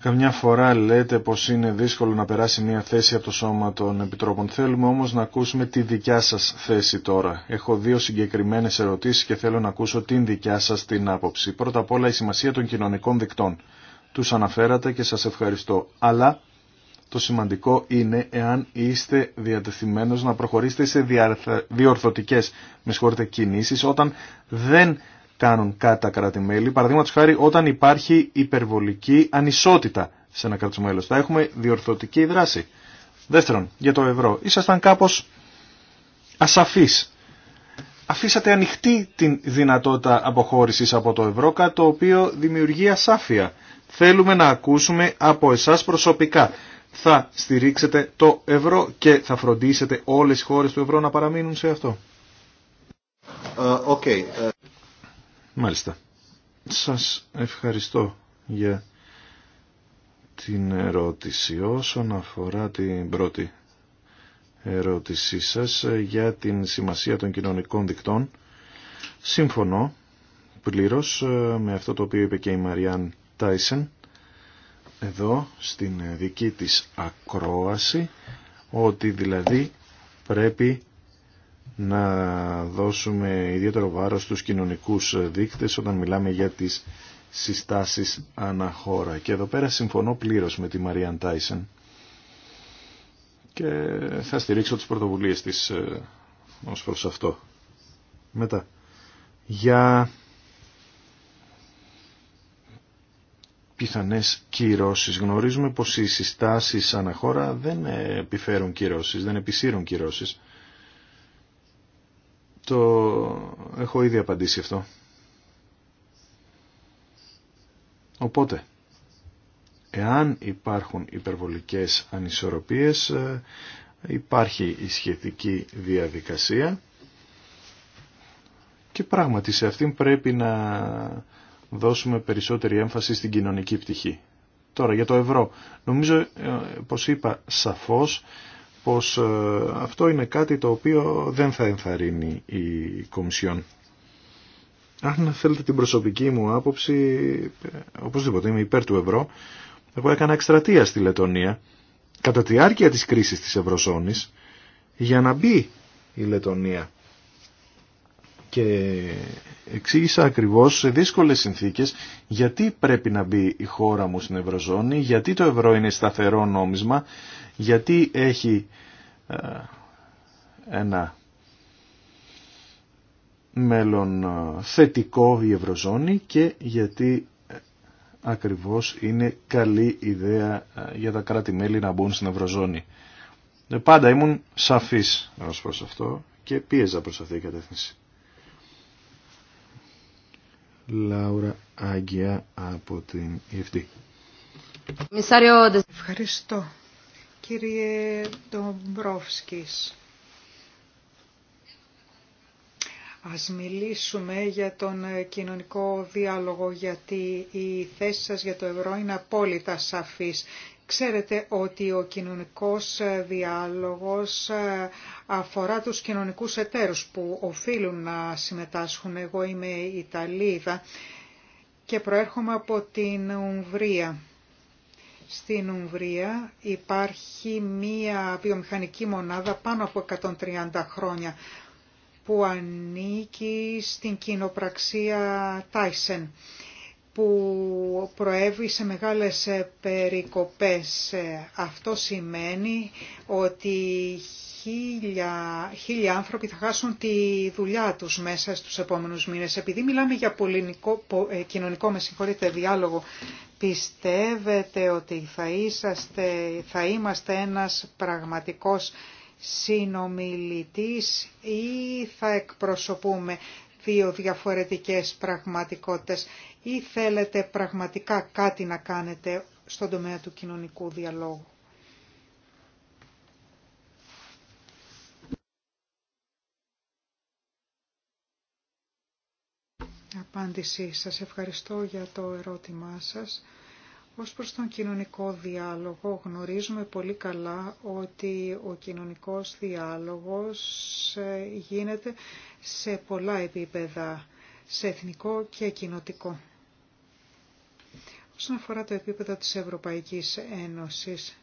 B: Καμιά φορά λέτε πως είναι δύσκολο να περάσει μια θέση από το σώμα των επιτρόπων. Θέλουμε όμως να ακούσουμε τη δικιά σας θέση τώρα. Έχω δύο συγκεκριμένες ερωτήσεις και θέλω να ακούσω την δικιά σας την άποψη. Πρώτα απ' όλα η σημασία των κοινωνικών δικτών. Τους αναφέρατε και σας ευχαριστώ. Αλλά το σημαντικό είναι εάν είστε διατεθειμένος να προχωρήσετε σε διορθωτικές με κινήσεις όταν δεν κάνουν κάτι τα κράτη-μέλη. Παραδείγματος χάρη όταν υπάρχει υπερβολική ανισότητα σε ένα κράτος Θα έχουμε διορθωτική δράση. Δεύτερον, για το ευρώ. Ήσασταν κάπως ασαφείς. Αφήσατε ανοιχτή την δυνατότητα αποχώρησης από το ευρώ, κάτι το οποίο δημιουργεί ασάφεια. Θέλουμε να ακούσουμε από εσάς προσωπικά θα στηρίξετε το ευρώ και θα φροντίσετε όλες οι χώρες του ευρώ να παραμείνουν σε αυτό. Ε, ε. Μάλιστα. Σας ευχαριστώ για την ερώτηση. Όσον αφορά την πρώτη ερώτησή σας για την σημασία των κοινωνικών δικτών, συμφωνώ πλήρως ε, με αυτό το οποίο είπε και η Μαριάν Τάισεν εδώ στην ε, δική της ακρόαση ότι δηλαδή πρέπει να δώσουμε ιδιαίτερο βάρος στους κοινωνικούς ε, δείκτες όταν μιλάμε για τις συστάσεις αναχώρα. Και εδώ πέρα συμφωνώ πλήρως με τη Μαρίαν Τάισεν και θα στηρίξω τις πρωτοβουλίες της ε, ως προς αυτό. Μετά, για πιθανές κυρώσεις. Γνωρίζουμε πως οι συστάσεις αναχώρα δεν επιφέρουν κυρώσεις, δεν επισύρουν κυρώσεις. Το έχω ήδη απαντήσει αυτό. Οπότε, εάν υπάρχουν υπερβολικές ανισορροπίες, ε, υπάρχει η σχετική διαδικασία και πράγματι σε αυτήν πρέπει να δώσουμε περισσότερη έμφαση στην κοινωνική πτυχή. Τώρα για το ευρώ. Νομίζω ε, πως είπα σαφώς πως ε, αυτό είναι κάτι το οποίο δεν θα ενθαρρύνει η Κομισιόν. Αν θέλετε την προσωπική μου άποψη, ε, οπωσδήποτε είμαι υπέρ του ευρώ, εγώ έκανα εκστρατεία στη Λετωνία κατά τη διάρκεια της κρίσης της Ευρωζώνης για να μπει η Λετωνία και εξήγησα ακριβώς σε δύσκολες συνθήκες γιατί πρέπει να μπει η χώρα μου στην Ευρωζώνη, γιατί το ευρώ είναι σταθερό νόμισμα, γιατί έχει ε, ένα μέλλον ε, θετικό η Ευρωζώνη και γιατί ε, ακριβώς είναι καλή ιδέα για τα κράτη-μέλη να μπουν στην Ευρωζώνη. Πάντα ήμουν σαφής ως προς αυτό και πίεζα προς αυτή την κατεύθυνση. Λάουρα Άγκια από την e ΕΦΤΗ.
C: Ευχαριστώ. Κύριε Ντομπρόφσκης, ας μιλήσουμε για τον κοινωνικό διάλογο, γιατί η θέση σας για το ευρώ είναι απόλυτα σαφής. Ξέρετε ότι ο κοινωνικός διάλογος ε, αφορά τους κοινωνικούς εταίρους που οφείλουν να συμμετάσχουν. Εγώ είμαι Ιταλίδα και προέρχομαι από την Ουμβρία. Στην Ουμβρία υπάρχει μία βιομηχανική μονάδα πάνω από 130 χρόνια που ανήκει στην κοινοπραξία Tyson που προέβη σε μεγάλες περικοπές. Αυτό σημαίνει ότι χίλια, χίλια άνθρωποι θα χάσουν τη δουλειά τους μέσα στους επόμενους μήνες. Επειδή μιλάμε για πολυνικό, ε, κοινωνικό με διάλογο, πιστεύετε ότι θα, είσαστε, θα είμαστε ένας πραγματικός συνομιλητής ή θα εκπροσωπούμε δύο διαφορετικές πραγματικότητες ή θέλετε πραγματικά κάτι να κάνετε στον τομέα του κοινωνικού διαλόγου. Απάντηση. Σας ευχαριστώ για το ερώτημά σας. Ως προς τον κοινωνικό διάλογο γνωρίζουμε πολύ καλά ότι ο κοινωνικός διάλογος ε, γίνεται σε πολλά επίπεδα, σε εθνικό και κοινοτικό. Όσον αφορά το επίπεδο της Ευρωπαϊκής Ένωσης,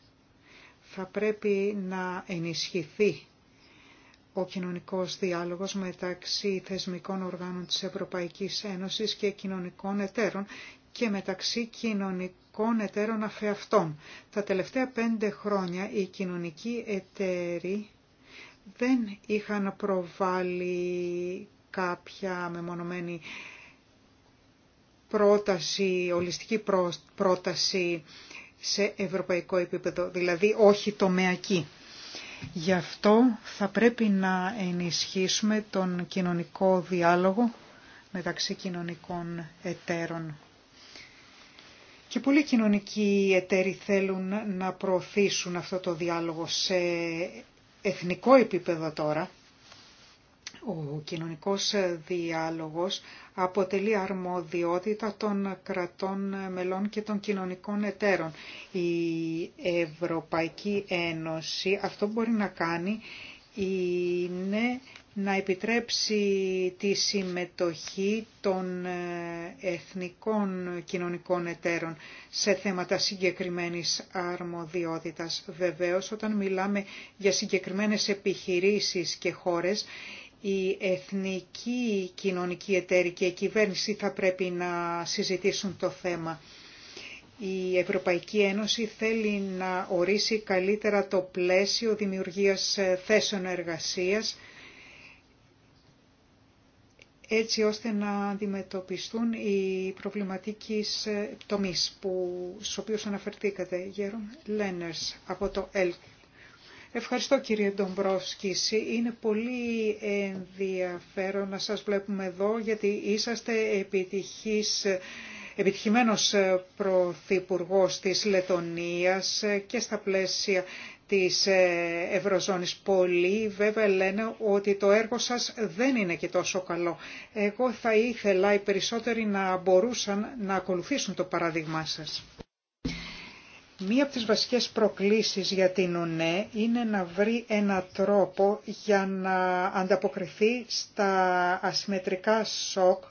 C: θα πρέπει να ενισχυθεί ο κοινωνικός διάλογος μεταξύ θεσμικών οργάνων της Ευρωπαϊκής Ένωσης και κοινωνικών εταίρων και μεταξύ κοινωνικών εταίρων αφεαυτών. Τα τελευταία πέντε χρόνια οι κοινωνικοί εταίροι δεν είχαν προβάλει κάποια μεμονωμένη πρόταση, ολιστική πρόταση σε ευρωπαϊκό επίπεδο, δηλαδή όχι τομεακή. Γι' αυτό θα πρέπει να ενισχύσουμε τον κοινωνικό διάλογο μεταξύ κοινωνικών εταίρων. Και πολλοί κοινωνικοί εταίροι θέλουν να προωθήσουν αυτό το διάλογο σε εθνικό επίπεδο τώρα. Ο κοινωνικός διάλογος αποτελεί αρμοδιότητα των κρατών μελών και των κοινωνικών εταίρων. Η Ευρωπαϊκή Ένωση αυτό μπορεί να κάνει είναι να επιτρέψει τη συμμετοχή των εθνικών κοινωνικών εταίρων σε θέματα συγκεκριμένης αρμοδιότητας. Βεβαίως, όταν μιλάμε για συγκεκριμένες επιχειρήσεις και χώρες, η εθνική κοινωνική εταίρη και η κυβέρνηση θα πρέπει να συζητήσουν το θέμα. Η Ευρωπαϊκή Ένωση θέλει να ορίσει καλύτερα το πλαίσιο δημιουργίας θέσεων εργασίας έτσι ώστε να αντιμετωπιστούν οι προβληματικοί τομείς που, στους οποίους αναφερθήκατε, Γέρον Λένερς, από το ΕΛΚ. Ευχαριστώ κύριε Ντομπρόφσκης. Είναι πολύ ενδιαφέρον να σας βλέπουμε εδώ γιατί είσαστε επιτυχής, επιτυχημένος πρωθυπουργός της Λετωνίας και στα πλαίσια της Ευρωζώνης. πολύ βέβαια λένε ότι το έργο σας δεν είναι και τόσο καλό. Εγώ θα ήθελα οι περισσότεροι να μπορούσαν να ακολουθήσουν το παράδειγμά σας. Μία από τις βασικές προκλήσεις για την ΟΝΕ είναι να βρει ένα τρόπο για να ανταποκριθεί στα ασυμμετρικά σοκ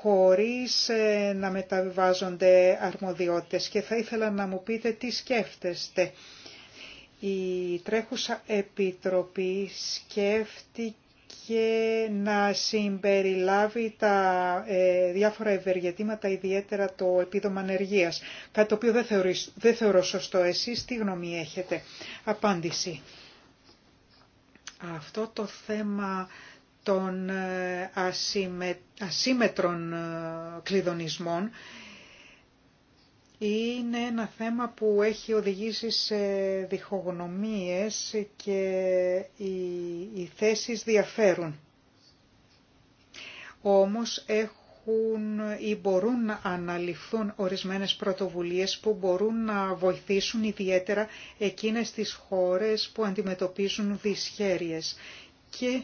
C: χωρίς ε, να μεταβιβάζονται αρμοδιότητες. Και θα ήθελα να μου πείτε τι σκέφτεστε. Η τρέχουσα επιτροπή σκέφτηκε και να συμπεριλάβει τα ε, διάφορα ευεργετήματα, ιδιαίτερα το επίδομα ανεργία. Κάτι το οποίο δεν, θεωρείς, δεν θεωρώ σωστό. Εσείς τι γνώμη έχετε. Απάντηση. Αυτό το θέμα των ε, ασύμε, ασύμετρων ε, κλειδονισμών είναι ένα θέμα που έχει οδηγήσει σε διχογνωμίες και οι, θέσεις διαφέρουν. Όμως έχουν ή μπορούν να αναλυφθούν ορισμένες πρωτοβουλίες που μπορούν να βοηθήσουν ιδιαίτερα εκείνες τις χώρες που αντιμετωπίζουν δυσχέρειες. Και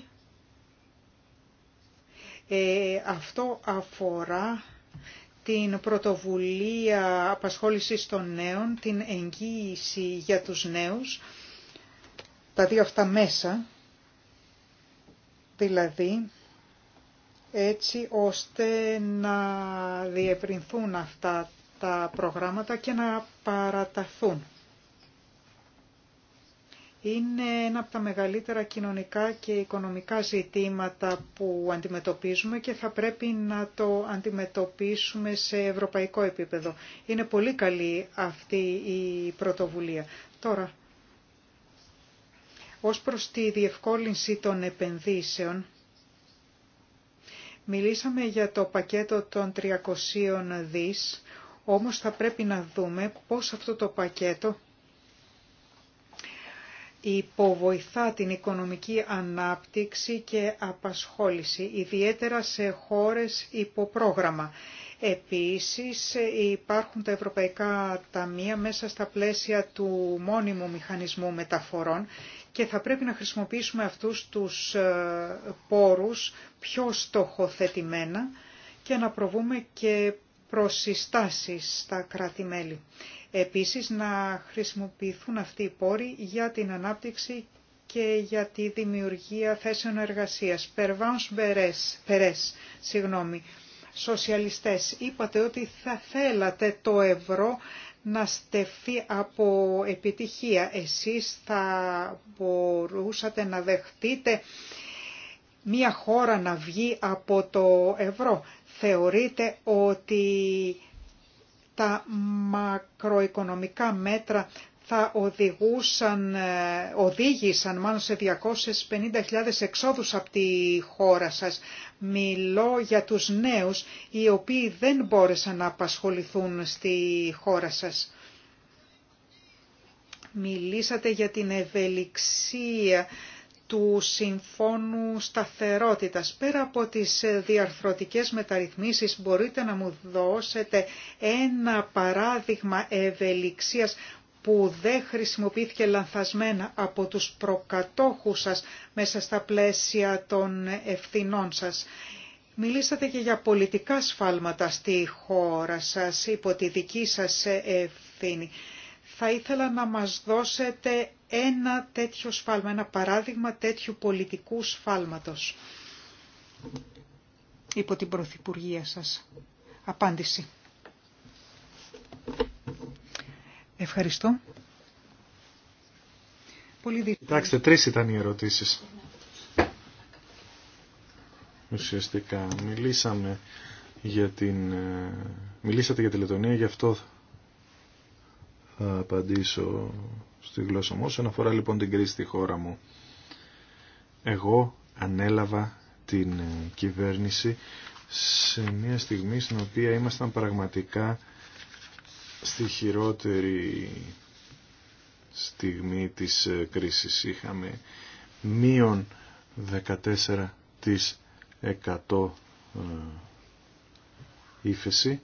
C: ε, αυτό αφορά την πρωτοβουλία απασχόλησης των νέων, την εγγύηση για τους νέους, τα δύο αυτά μέσα, δηλαδή έτσι ώστε να διευρυνθούν αυτά τα προγράμματα και να παραταθούν είναι ένα από τα μεγαλύτερα κοινωνικά και οικονομικά ζητήματα που αντιμετωπίζουμε και θα πρέπει να το αντιμετωπίσουμε σε ευρωπαϊκό επίπεδο. Είναι πολύ καλή αυτή η πρωτοβουλία. Τώρα, ως προς τη διευκόλυνση των επενδύσεων, μιλήσαμε για το πακέτο των 300 δις, όμως θα πρέπει να δούμε πώς αυτό το πακέτο υποβοηθά την οικονομική ανάπτυξη και απασχόληση, ιδιαίτερα σε χώρες υποπρόγραμμα. Επίσης υπάρχουν τα ευρωπαϊκά ταμεία μέσα στα πλαίσια του μόνιμου μηχανισμού μεταφορών και θα πρέπει να χρησιμοποιήσουμε αυτούς τους ε, πόρους πιο στοχοθετημένα και να προβούμε και προσυστάσεις στα κράτη-μέλη. Επίσης να χρησιμοποιηθούν αυτοί οι πόροι για την ανάπτυξη και για τη δημιουργία θέσεων εργασίας. Περβάνς Περές, συγγνώμη, σοσιαλιστές, είπατε ότι θα θέλατε το ευρώ να στεφθεί από επιτυχία. Εσείς θα μπορούσατε να δεχτείτε μία χώρα να βγει από το ευρώ. Θεωρείτε ότι τα μακροοικονομικά μέτρα θα οδηγούσαν, ε, οδήγησαν μάλλον σε 250.000 εξόδους από τη χώρα σας. Μιλώ για τους νέους οι οποίοι δεν μπόρεσαν να απασχοληθούν στη χώρα σας. Μιλήσατε για την ευελιξία του Συμφώνου Σταθερότητας. Πέρα από τις διαρθρωτικές μεταρρυθμίσεις μπορείτε να μου δώσετε ένα παράδειγμα ευελιξίας που δεν χρησιμοποιήθηκε λανθασμένα από τους προκατόχους σας μέσα στα πλαίσια των ευθυνών σας. Μιλήσατε και για πολιτικά σφάλματα στη χώρα σας, υπό τη δική σας ευθύνη. Θα ήθελα να μας δώσετε ένα τέτοιο σφάλμα, ένα παράδειγμα τέτοιου πολιτικού σφάλματος υπό την Πρωθυπουργία σας. Απάντηση. Ευχαριστώ.
B: Πολύ Κοιτάξτε, τρεις ήταν οι ερωτήσεις. Ουσιαστικά, μιλήσαμε για την... Ε, μιλήσατε για τη Λετωνία, γι' αυτό θα απαντήσω στη γλώσσα μου. Όσον αφορά λοιπόν την κρίση στη χώρα μου, εγώ ανέλαβα την ε, κυβέρνηση σε μια στιγμή στην οποία ήμασταν πραγματικά στη χειρότερη στιγμή της ε, κρίσης. Είχαμε μείον 14% ε, ύφεση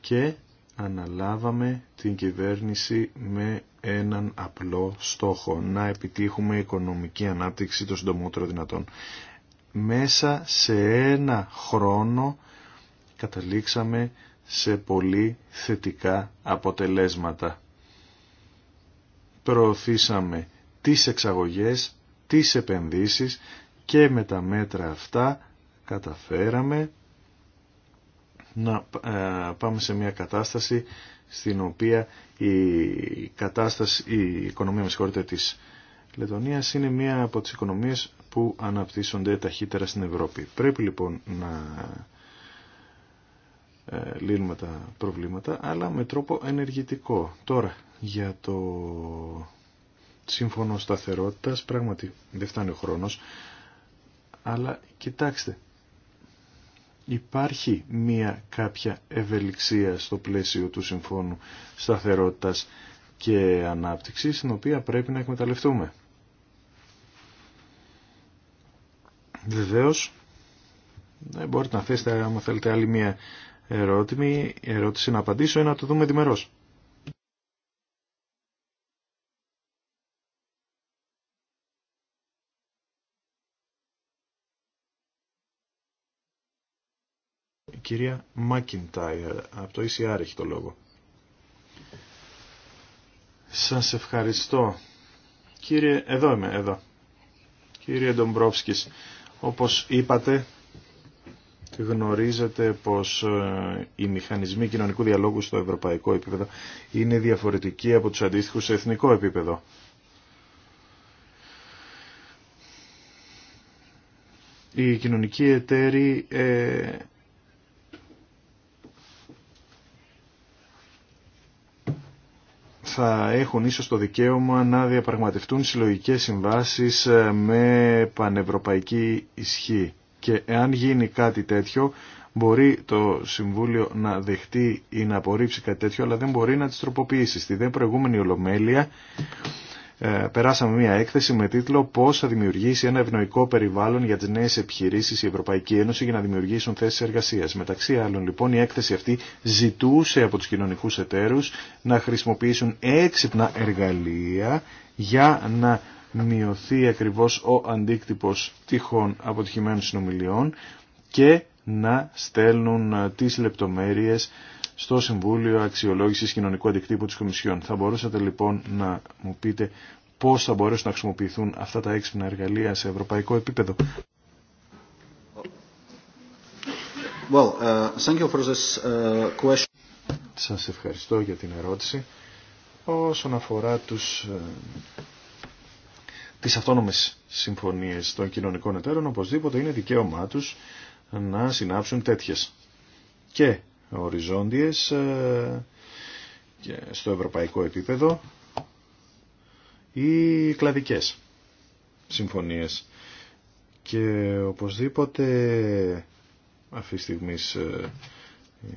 B: και αναλάβαμε την κυβέρνηση με έναν απλό στόχο, να επιτύχουμε οικονομική ανάπτυξη το συντομότερο δυνατόν. Μέσα σε ένα χρόνο καταλήξαμε σε πολύ θετικά αποτελέσματα. Προωθήσαμε τις εξαγωγές, τις επενδύσεις και με τα μέτρα αυτά καταφέραμε να ε, πάμε σε μια κατάσταση στην οποία η κατάσταση, η οικονομία με συγχωρείτε της Λετωνίας είναι μία από τις οικονομίες που αναπτύσσονται ταχύτερα στην Ευρώπη. Πρέπει λοιπόν να ε, λύνουμε τα προβλήματα, αλλά με τρόπο ενεργητικό. Τώρα, για το σύμφωνο σταθερότητας, πράγματι δεν φτάνει ο χρόνος, αλλά κοιτάξτε, υπάρχει μία κάποια ευελιξία στο πλαίσιο του Συμφώνου Σταθερότητας και Ανάπτυξης, την οποία πρέπει να εκμεταλλευτούμε. Βεβαίως, ε, μπορείτε να θέσετε, άμα θέλετε, άλλη μία ερώτημη, ερώτηση να απαντήσω ή να το δούμε διμερώς. κυρία Μάκιντάιρ από το ECR έχει το λόγο. Σας ευχαριστώ. Κύριε, εδώ είμαι, εδώ. Κύριε Ντομπρόφσκης, όπως είπατε, γνωρίζετε πως ε, οι μηχανισμοί κοινωνικού διαλόγου στο ευρωπαϊκό επίπεδο είναι διαφορετικοί από τους αντίστοιχους σε εθνικό επίπεδο. Η κοινωνική εταίροι ε, θα έχουν ίσως το δικαίωμα να διαπραγματευτούν συλλογικές συμβάσεις ε, με πανευρωπαϊκή ισχύ. Και εάν γίνει κάτι τέτοιο, μπορεί το Συμβούλιο να δεχτεί ή να απορρίψει κάτι τέτοιο, αλλά δεν μπορεί να τις τροποποιήσει. Στη δεν προηγούμενη ολομέλεια ε, περάσαμε μια έκθεση με τίτλο «Πώς θα δημιουργήσει ένα ευνοϊκό περιβάλλον για τις νέες επιχειρήσεις η Ευρωπαϊκή Ένωση για να δημιουργήσουν θέσεις εργασίας». Μεταξύ άλλων λοιπόν η έκθεση αυτή ζητούσε από τους κοινωνικούς εταίρους να χρησιμοποιήσουν έξυπνα εργαλεία για να μειωθεί ακριβώς ο αντίκτυπος τυχών αποτυχημένων συνομιλιών και να στέλνουν ε, τις λεπτομέρειες στο Συμβούλιο Αξιολόγησης Κοινωνικού Αντικτύπου της Κομισιόν. Θα μπορούσατε λοιπόν να μου πείτε πώς θα μπορέσουν να χρησιμοποιηθούν αυτά τα έξυπνα εργαλεία σε ευρωπαϊκό επίπεδο. Well, uh, uh, question. Σας ευχαριστώ για την ερώτηση. Όσον αφορά τους, ε, τις αυτόνομες συμφωνίες των κοινωνικών εταίρων, οπωσδήποτε είναι δικαίωμά τους να συνάψουν τέτοιες. Και οριζόντιες ε, και στο ευρωπαϊκό επίπεδο ή κλαδικές συμφωνίες. Και οπωσδήποτε αυτή τη στιγμή ε,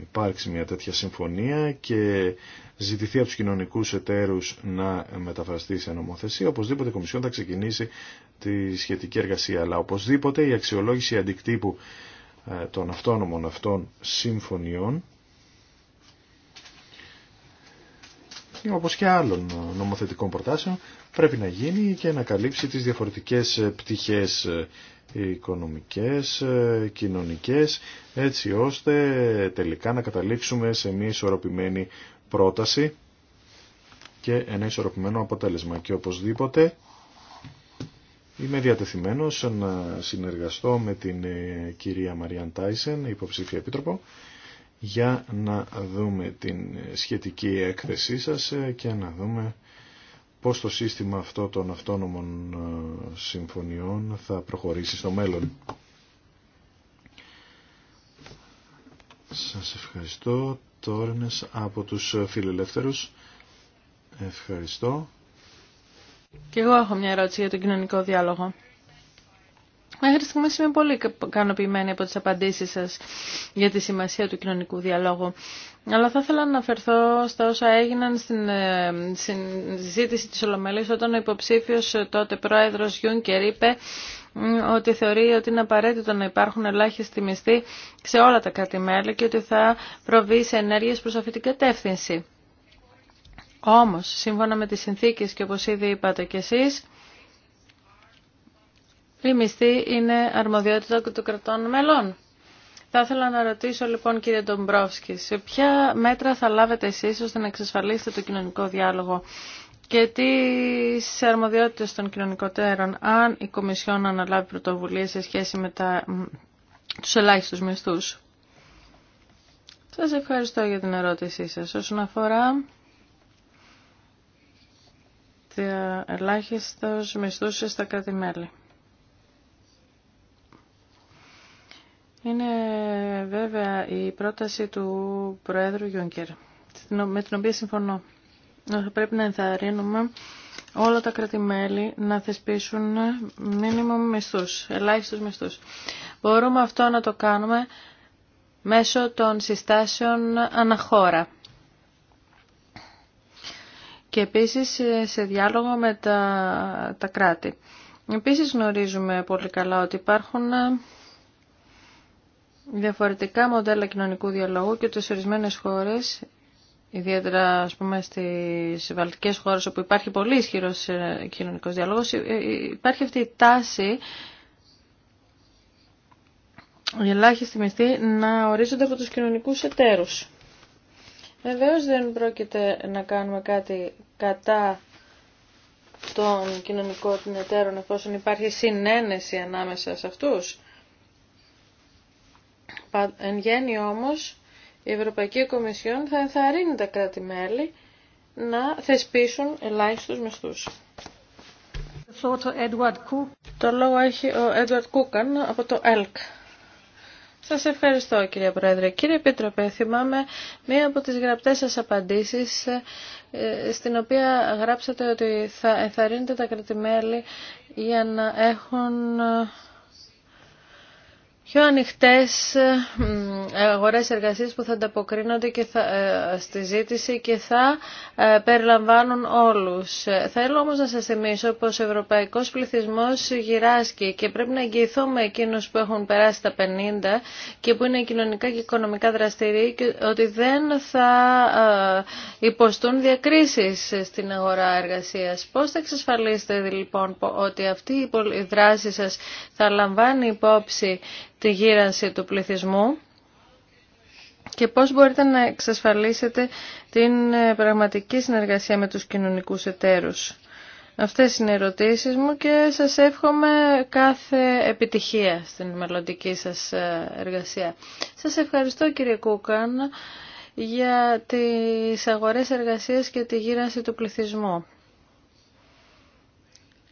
B: υπάρξει μια τέτοια συμφωνία και ζητηθεί από τους κοινωνικούς εταίρους να μεταφραστεί σε νομοθεσία, οπωσδήποτε η Κομισιόν θα ξεκινήσει τη σχετική εργασία. Αλλά οπωσδήποτε η αξιολόγηση αντικτύπου ε, των αυτόνομων αυτών συμφωνιών όπως και άλλων νομοθετικών προτάσεων πρέπει να γίνει και να καλύψει τις διαφορετικές ε, πτυχές ε, οικονομικές, κοινωνικές έτσι ώστε τελικά να καταλήξουμε σε μια ισορροπημένη πρόταση και ένα ισορροπημένο αποτέλεσμα και οπωσδήποτε Είμαι διατεθειμένος να συνεργαστώ με την ε, κυρία Μαριάν Τάισεν, υποψήφια επίτροπο, για να δούμε την σχετική έκθεσή σας ε, και να δούμε πώς το σύστημα αυτό των αυτόνομων ε, συμφωνιών θα προχωρήσει στο μέλλον. Σας ευχαριστώ. Τόρνες από τους φιλελεύθερους. Ευχαριστώ.
A: Και εγώ έχω μια ερώτηση για τον κοινωνικό διάλογο. Μέχρι στιγμή είμαι πολύ ικανοποιημένη από τις απαντήσεις σας για τη σημασία του κοινωνικού διαλόγου. Αλλά θα ήθελα να αναφερθώ στα όσα έγιναν στην ε, συζήτηση της Ολομέλης όταν ο υποψήφιος ε, τότε πρόεδρος Γιούνκερ είπε ότι θεωρεί ότι είναι απαραίτητο να υπάρχουν ελάχιστοι μισθοί σε όλα τα κράτη-μέλη και ότι θα προβεί σε ενέργειες προς αυτή την κατεύθυνση. Όμως, σύμφωνα με τις συνθήκες και όπως ήδη είπατε κι εσείς, η μισθή είναι αρμοδιότητα του κρατών μελών. Θα ήθελα να ρωτήσω λοιπόν κύριε Ντομπρόφσκη, σε ποια μέτρα θα λάβετε εσείς ώστε να εξασφαλίσετε το κοινωνικό διάλογο και τι αρμοδιότητες των κοινωνικότερων αν η Κομισιόν αναλάβει πρωτοβουλίες σε σχέση με τα, τους ελάχιστους μισθούς. Σας ευχαριστώ για την ερώτησή σας. Όσον αφορά τα ε, ελάχιστος μισθούς στα κράτη-μέλη. Είναι βέβαια η πρόταση του Προέδρου Γιούγκερ με την οποία συμφωνώ. Θα πρέπει να ενθαρρύνουμε όλα τα κράτη-μέλη να θεσπίσουν μήνυμο μισθούς, ελάχιστος μισθούς. Μπορούμε αυτό να το κάνουμε μέσω των συστάσεων αναχώρα και επίσης ε, σε διάλογο με τα, κράτη. Επίσης γνωρίζουμε πολύ καλά ότι υπάρχουν ε, διαφορετικά μοντέλα κοινωνικού διαλόγου και σε ορισμένε χώρες, ιδιαίτερα ας πούμε στις βαλτικές χώρες όπου υπάρχει πολύ ισχυρό ε, κοινωνικό διαλόγος, υπάρχει αυτή η τάση οι ελάχιστη μισθοί να ορίζονται από τους κοινωνικούς εταίρους. Βεβαίω δεν πρόκειται να κάνουμε κάτι κατά των κοινωνικών εταίρων εφόσον υπάρχει συνένεση ανάμεσα σε αυτούς. Εν γέννη όμως η Ευρωπαϊκή Κομισιόν θα ενθαρρύνει τα κράτη-μέλη να θεσπίσουν ελάχιστους μισθούς. Το λόγο έχει ο Έντουαρτ Κούκαν από το ΕΛΚ. Σα ευχαριστώ κύριε Πρόεδρε. Κύριε Επίτροπε, θυμάμαι μία από τις γραπτές σας απαντήσεις ε, στην οποία γράψατε ότι θα ενθαρρύνετε τα κρατημέλη για να έχουν ε, πιο ανοιχτέ ε, αγορέ εργασία που θα ανταποκρίνονται και θα, ε, στη ζήτηση και θα ε, περιλαμβάνουν όλους. Θέλω όμως να σας θυμίσω πως ο ευρωπαϊκός πληθυσμό γυράσκει και πρέπει να εγγυηθούμε εκείνου που έχουν περάσει τα 50 και που είναι κοινωνικά και οικονομικά δραστηροί και ότι δεν θα υποστούν διακρίσεις στην αγορά εργασία. Πώ θα εξασφαλίσετε λοιπόν ότι αυτή η δράση σα θα λαμβάνει υπόψη τη γύρανση του πληθυσμού και πώς μπορείτε να εξασφαλίσετε την ε, πραγματική συνεργασία με τους κοινωνικούς εταίρους. Αυτές είναι οι ερωτήσεις μου και σας εύχομαι κάθε επιτυχία στην μελλοντική σας ε, εργασία. Σας ευχαριστώ κύριε Κούκαν για τις αγορές εργασίας και τη γύρανση του πληθυσμού.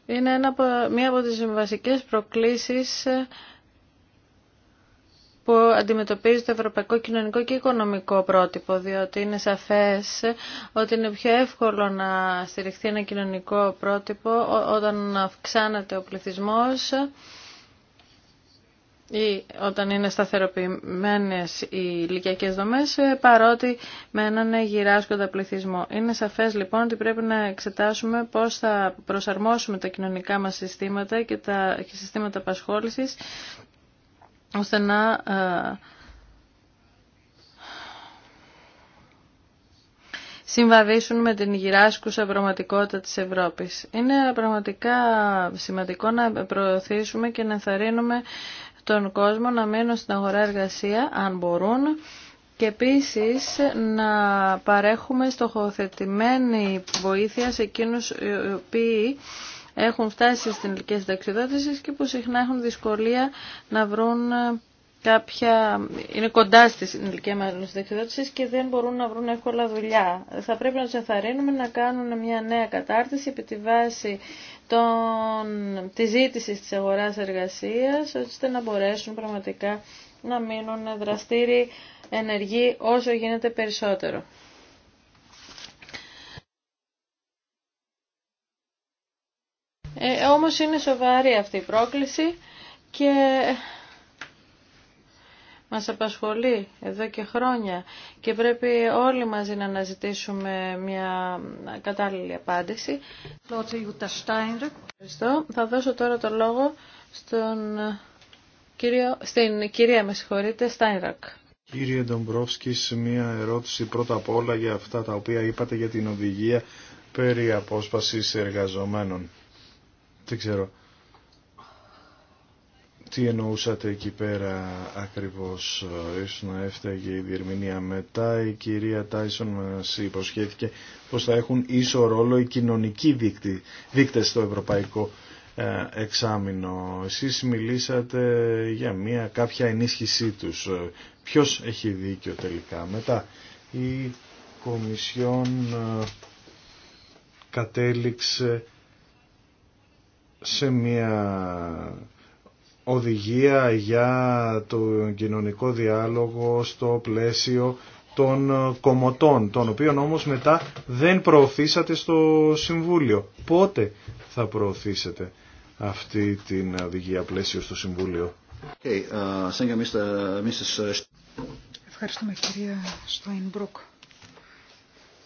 A: Είναι μία από τις βασικές προκλήσεις ε, που αντιμετωπίζει το ευρωπαϊκό κοινωνικό και οικονομικό πρότυπο, διότι είναι σαφές ότι είναι πιο εύκολο να στηριχθεί ένα κοινωνικό πρότυπο όταν αυξάνεται ο πληθυσμός ή όταν είναι σταθεροποιημένες οι ηλικιακέ δομές παρότι με έναν γυράσκοντα πληθυσμό. Είναι σαφές λοιπόν ότι πρέπει να εξετάσουμε πώς θα προσαρμόσουμε τα κοινωνικά μας συστήματα και τα συστήματα απασχόλησης ώστε να ε, συμβαδίσουν με την γυράσκουσα πραγματικότητα της Ευρώπης. Είναι πραγματικά σημαντικό να προωθήσουμε και να ενθαρρύνουμε τον κόσμο να μείνουν στην αγορά εργασία, αν μπορούν, και επίσης να παρέχουμε στοχοθετημένη βοήθεια σε εκείνους οι οποίοι έχουν φτάσει στην ηλικία συνταξιδότησης και που συχνά έχουν δυσκολία να βρουν ε, κάποια είναι κοντά στην ηλικία μάλλον συνταξιδότηση και δεν μπορούν να βρουν εύκολα δουλειά. Θα πρέπει να του ενθαρρύνουμε να κάνουν μια νέα κατάρτιση επί τη βάση των... τη ζήτηση τη αγορά εργασία, ώστε να μπορέσουν πραγματικά να μείνουν δραστήριοι ενεργοί όσο γίνεται περισσότερο. Ε, όμως είναι σοβαρή αυτή η πρόκληση και μας απασχολεί εδώ και χρόνια και πρέπει όλοι μαζί να αναζητήσουμε μια κατάλληλη απάντηση. Ευχαριστώ. Θα δώσω τώρα το λόγο στον κύριο, στην κυρία, με συγχωρείτε, Στάινρακ. Κύριε
B: σε μια ερώτηση πρώτα απ' όλα για αυτά τα οποία είπατε για την οδηγία περί απόσπασης εργαζομένων. Δεν ξέρω τι εννοούσατε εκεί πέρα ακριβώς. Ε, ίσως να έφταγε η διερμηνία μετά. Η κυρία Τάισον μας υποσχέθηκε πως θα έχουν ίσο ρόλο οι κοινωνικοί δείκτες στο ευρωπαϊκό ε, εξάμεινο. Εσείς μιλήσατε για μια κάποια ενίσχυσή τους. Ε, ποιος έχει δίκιο τελικά. Μετά η Κομισιόν κατέληξε σε μια οδηγία για το κοινωνικό διάλογο στο πλαίσιο των κομωτών, των οποίων όμως μετά δεν προωθήσατε στο Συμβούλιο. Πότε θα προωθήσετε αυτή την οδηγία πλαίσιο στο Συμβούλιο. Okay, uh,
C: Ευχαριστούμε κυρία Σταϊνμπρουκ.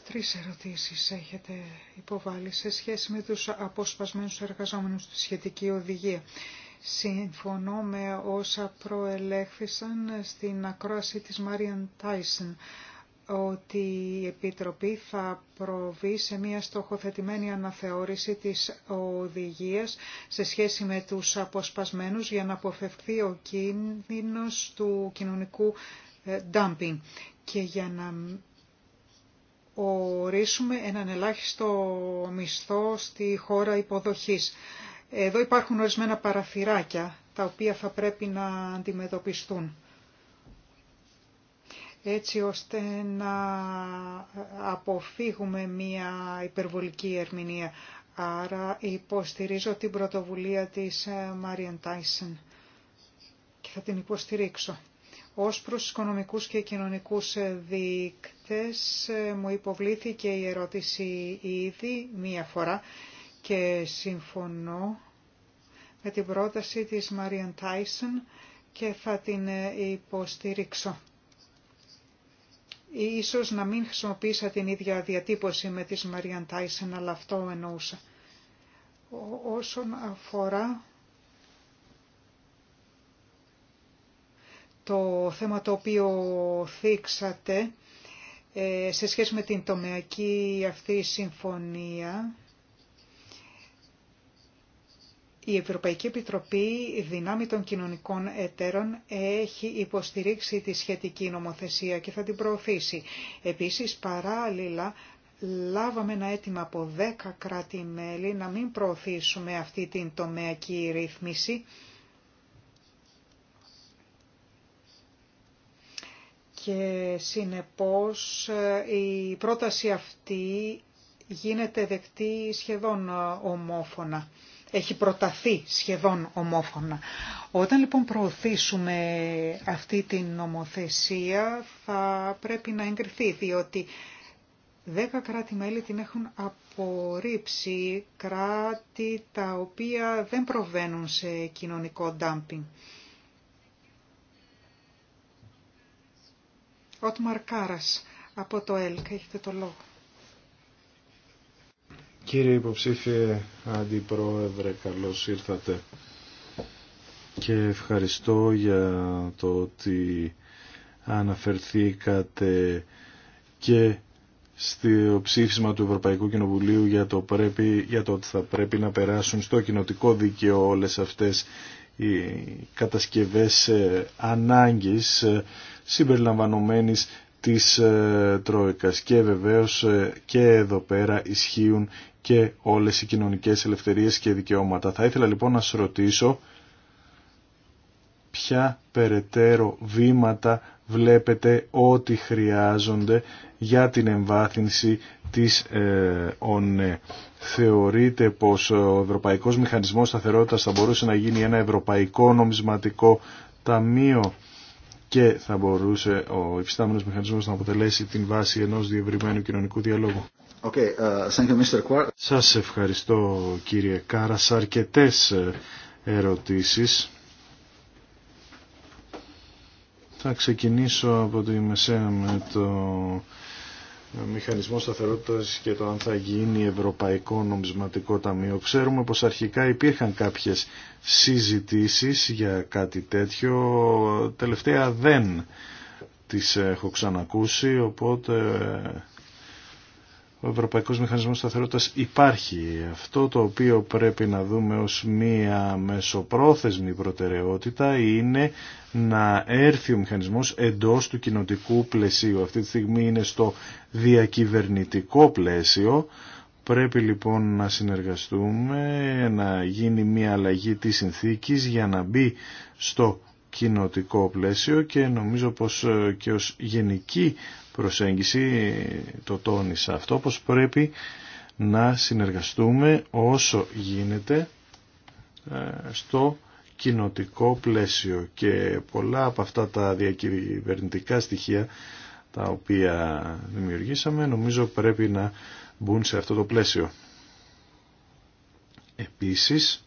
C: Τρεις ερωτήσεις έχετε υποβάλει σε σχέση με τους αποσπασμένους εργαζόμενους στη σχετική οδηγία. Συμφωνώ με όσα προελέχθησαν στην ακρόαση της Μάριαν Τάισεν ότι η Επιτροπή θα προβεί σε μια στοχοθετημένη αναθεώρηση της οδηγίας σε σχέση με τους αποσπασμένους για να αποφευχθεί ο κίνδυνος του κοινωνικού ε, dumping και για να ορίσουμε έναν ελάχιστο μισθό στη χώρα υποδοχής. Εδώ υπάρχουν ορισμένα παραθυράκια τα οποία θα πρέπει να αντιμετωπιστούν έτσι ώστε να αποφύγουμε μία υπερβολική ερμηνεία. Άρα υποστηρίζω την πρωτοβουλία της Μάριαν Τάισεν και θα την υποστηρίξω. Ως προς οικονομικούς και κοινωνικούς δείκτες ε, μου υποβλήθηκε η ερώτηση ήδη μία φορά και συμφωνώ με την πρόταση της Μαρίαν Τάισον και θα την ε, υποστηρίξω. Ε, ίσως να μην χρησιμοποίησα την ίδια διατύπωση με της Μαρίαν Τάισεν, αλλά αυτό εννοούσα. Όσον αφορά το θέμα το οποίο θίξατε ε, σε σχέση με την τομεακή αυτή συμφωνία. Η Ευρωπαϊκή Επιτροπή Δυνάμει των Κοινωνικών Εταίρων έχει υποστηρίξει τη σχετική νομοθεσία και θα την προωθήσει. Επίσης, παράλληλα, λάβαμε ένα αίτημα από 10 κράτη-μέλη να μην προωθήσουμε αυτή την τομεακή ρύθμιση και συνεπώς ε, η πρόταση αυτή γίνεται δεκτή σχεδόν ε, ομόφωνα. Έχει προταθεί σχεδόν ομόφωνα. Όταν λοιπόν προωθήσουμε αυτή την νομοθεσία θα πρέπει να εγκριθεί, διότι δέκα κράτη-μέλη την έχουν απορρίψει, κράτη τα οποία δεν προβαίνουν σε κοινωνικό ντάμπινγκ. Ότμαρ Μαρκάρας από το ΕΛΚ. Έχετε το λόγο.
B: Κύριε υποψήφιε Αντιπρόεδρε, καλώς ήρθατε και ευχαριστώ για το ότι αναφερθήκατε και στο ψήφισμα του Ευρωπαϊκού Κοινοβουλίου για το, πρέπει, για το ότι θα πρέπει να περάσουν στο κοινοτικό δίκαιο όλες αυτές οι κατασκευές ε, ανάγκης ε, συμπεριλαμβανομένης της ε, Τρόικας. Και βεβαίως ε, και εδώ πέρα ισχύουν και όλες οι κοινωνικές ελευθερίες και δικαιώματα. Θα ήθελα λοιπόν να σας ρωτήσω ποια περαιτέρω βήματα βλέπετε ότι χρειάζονται για την εμβάθυνση της ε, ΟΝΕ. Θεωρείτε πως ο Ευρωπαϊκός Μηχανισμός Σταθερότητας θα μπορούσε να γίνει ένα Ευρωπαϊκό Νομισματικό Ταμείο και θα μπορούσε ο υφιστάμενος μηχανισμός να αποτελέσει την βάση ενός διευρυμένου κοινωνικού διαλόγου.
D: Okay, uh,
B: Σας ευχαριστώ κύριε Κάρας. Αρκετές ε, ερωτήσεις. Θα ξεκινήσω από τη μεσαία με το μηχανισμό σταθερότητας και το αν θα γίνει Ευρωπαϊκό Νομισματικό Ταμείο. Ξέρουμε πως αρχικά υπήρχαν κάποιες συζητήσεις για κάτι τέτοιο. Τελευταία δεν τις έχω ξανακούσει, οπότε ο Ευρωπαϊκός Μηχανισμός Σταθερότητας υπάρχει. Αυτό το οποίο πρέπει να δούμε ως μία μεσοπρόθεσμη προτεραιότητα είναι να έρθει ο μηχανισμός εντός του κοινοτικού πλαισίου. Αυτή τη στιγμή είναι στο διακυβερνητικό πλαίσιο. Πρέπει λοιπόν να συνεργαστούμε, να γίνει μία αλλαγή της συνθήκης για να μπει στο κοινοτικό πλαίσιο και νομίζω πως και ως γενική προσέγγιση, το τόνισα αυτό, πως πρέπει να συνεργαστούμε όσο γίνεται ε, στο κοινοτικό πλαίσιο και πολλά από αυτά τα διακυβερνητικά στοιχεία τα οποία δημιουργήσαμε νομίζω πρέπει να μπουν σε αυτό το πλαίσιο. Επίσης,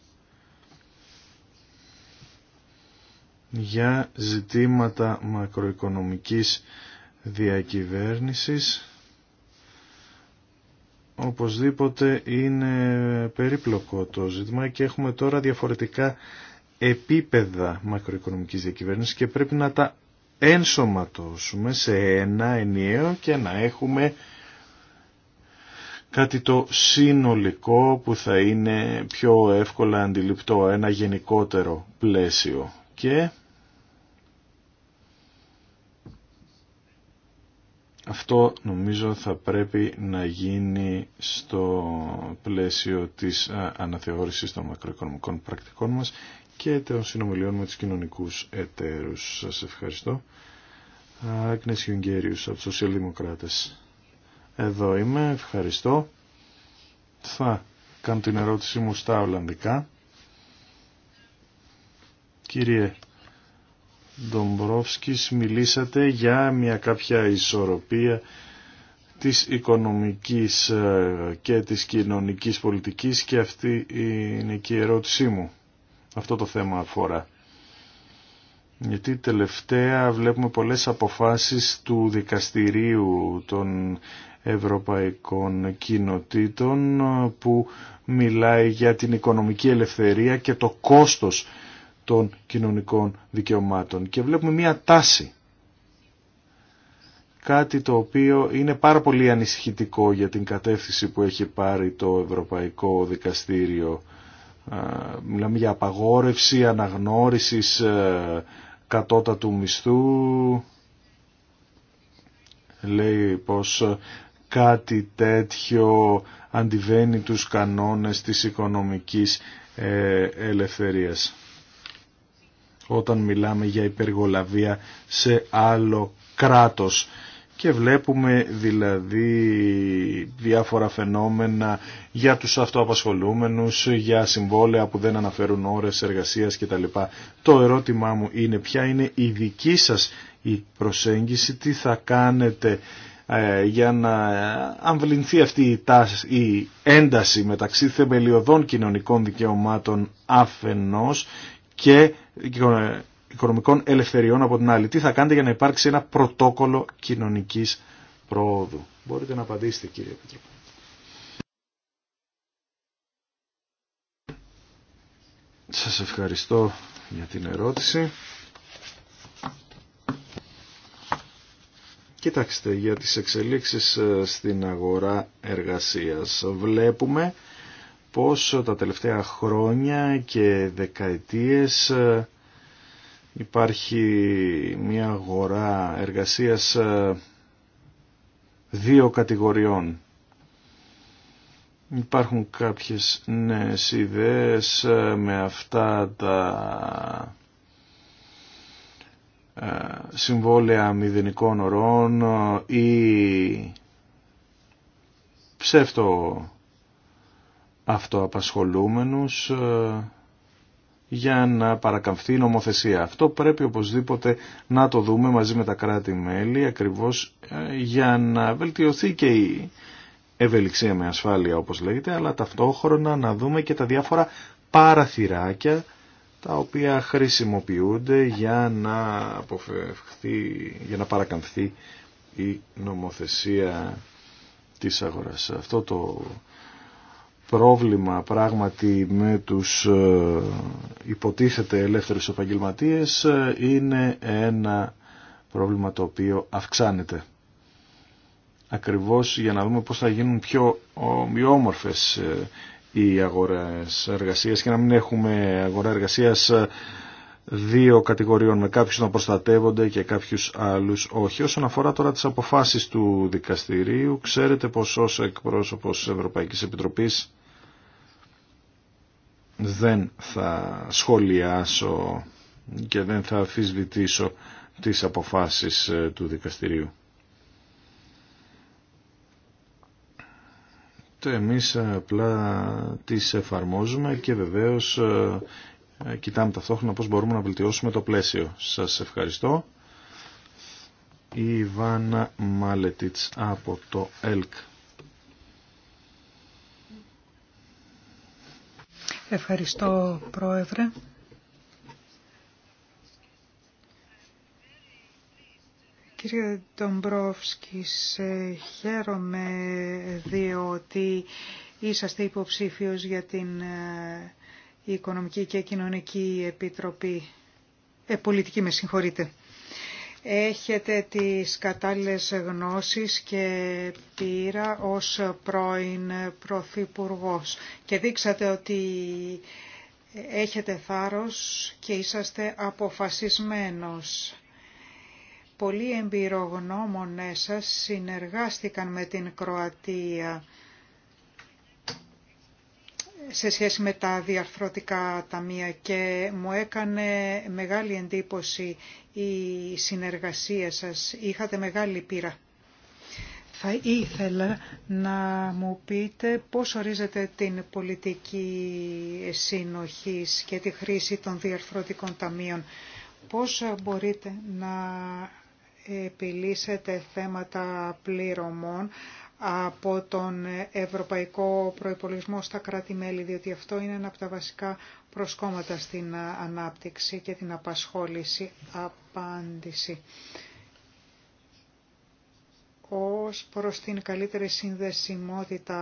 B: για ζητήματα μακροοικονομικής διακυβέρνησης οπωσδήποτε είναι περίπλοκο το ζήτημα και έχουμε τώρα διαφορετικά επίπεδα μακροοικονομικής διακυβέρνησης και πρέπει να τα ενσωματώσουμε σε ένα ενιαίο και να έχουμε κάτι το συνολικό που θα είναι πιο εύκολα αντιληπτό, ένα γενικότερο πλαίσιο. Και Αυτό νομίζω θα πρέπει να γίνει στο πλαίσιο της αναθεώρησης των μακροοικονομικών πρακτικών μας και των συνομιλιών με τους κοινωνικούς εταίρους. Σας ευχαριστώ. Άγνες Ιουγγέριους από τους Σοσιαλδημοκράτες. Εδώ είμαι, ευχαριστώ. Θα κάνω την ερώτησή μου στα Ολλανδικά. Κύριε Ντομπρόφσκης μιλήσατε για μια κάποια ισορροπία της οικονομικής ε, και της κοινωνικής πολιτικής και αυτή είναι και η ερώτησή μου. Αυτό το θέμα αφορά. Γιατί τελευταία βλέπουμε πολλές αποφάσεις του δικαστηρίου των ευρωπαϊκών κοινοτήτων ε, που μιλάει για την οικονομική ελευθερία και το κόστος των κοινωνικών δικαιωμάτων. Και βλέπουμε μία τάση. Κάτι το οποίο είναι πάρα πολύ ανησυχητικό για την κατεύθυνση που έχει πάρει το Ευρωπαϊκό Δικαστήριο. Μιλάμε για απαγόρευση αναγνώρισης ε, κατώτατου μισθού. Λέει πως κάτι τέτοιο αντιβαίνει τους κανόνες της οικονομικής ε, ελευθερίας όταν μιλάμε για υπεργολαβία σε άλλο κράτος. Και βλέπουμε δηλαδή διάφορα φαινόμενα για τους αυτοαπασχολούμενους, για συμβόλαια που δεν αναφέρουν ώρες εργασίας κτλ. Το ερώτημά μου είναι ποια είναι η δική σας η προσέγγιση, τι θα κάνετε ε, για να αμβληνθεί αυτή η, τάση, η ένταση μεταξύ θεμελιωδών κοινωνικών δικαιωμάτων αφενός και οικονομικών ελευθεριών από την άλλη. Τι θα κάνετε για να υπάρξει ένα πρωτόκολλο κοινωνικής προόδου. Μπορείτε να απαντήσετε κύριε Επιτροπή. Σας ευχαριστώ για την ερώτηση. Κοιτάξτε, για τις εξελίξεις ε, στην αγορά εργασίας βλέπουμε πως τα τελευταία χρόνια και δεκαετίες ε, υπάρχει μια αγορά εργασίας ε, δύο κατηγοριών. Υπάρχουν κάποιες νέες ιδέες ε, με αυτά τα συμβόλαια μηδενικών ορών ή ψεύτο αυτοαπασχολούμενους ε, για να παρακαμφθεί η νομοθεσία. Αυτό πρέπει οπωσδήποτε να το δούμε μαζί με τα κράτη-μέλη ακριβώς ε, για να βελτιωθεί και η ευελιξία με ασφάλεια όπως λέγεται αλλά ταυτόχρονα να δούμε και τα διάφορα παραθυράκια τα οποία χρησιμοποιούνται για να, αποφευχθεί, για να παρακαμφθεί η νομοθεσία της αγοράς. Αυτό το πρόβλημα πράγματι με τους ε, υποτίθεται ελεύθερους επαγγελματίες ε, είναι ένα πρόβλημα το οποίο αυξάνεται. Ακριβώς για να δούμε πώς θα γίνουν πιο ομοιόμορφες ε, οι αγορές εργασίας και να μην έχουμε αγορά εργασίας δύο κατηγοριών με κάποιους να προστατεύονται και κάποιους άλλους όχι. Όσον αφορά τώρα τις αποφάσεις του δικαστηρίου, ξέρετε πως ως εκπρόσωπος Ευρωπαϊκής Επιτροπής δεν θα σχολιάσω και δεν θα αφισβητήσω τις αποφάσεις ε, του δικαστηρίου. Το εμείς απλά τις εφαρμόζουμε και βεβαίως ε, ε, κοιτάμε ταυτόχρονα πώς μπορούμε να βελτιώσουμε το πλαίσιο. Σας ευχαριστώ. Η Ιβάνα Μάλετιτς από το ΕΛΚ.
C: Ευχαριστώ, Πρόεδρε. Κύριε Ντομπρόφσκη, σε χαίρομαι διότι είσαστε υποψήφιος για την ε, Οικονομική και Κοινωνική Επιτροπή. Ε, πολιτική, με συγχωρείτε έχετε τις κατάλληλες γνώσεις και πείρα ως πρώην Πρωθυπουργός. και δείξατε ότι έχετε θάρρος και είσαστε αποφασισμένος. Πολλοί εμπειρογνώμονές σας συνεργάστηκαν με την Κροατία σε σχέση με τα διαρθρωτικά ταμεία και μου έκανε μεγάλη εντύπωση η συνεργασία σας. Είχατε μεγάλη πείρα. Θα ήθελα να μου πείτε πώς ορίζετε την πολιτική συνοχή και τη χρήση των διαρθρωτικών ταμείων. Πώς μπορείτε να επιλύσετε θέματα πληρωμών από τον Ευρωπαϊκό Προϋπολογισμό στα κράτη-μέλη, διότι αυτό είναι ένα από τα βασικά προσκόμματα στην ανάπτυξη και την απασχόληση. Απάντηση. Ως προς την καλύτερη συνδεσιμότητα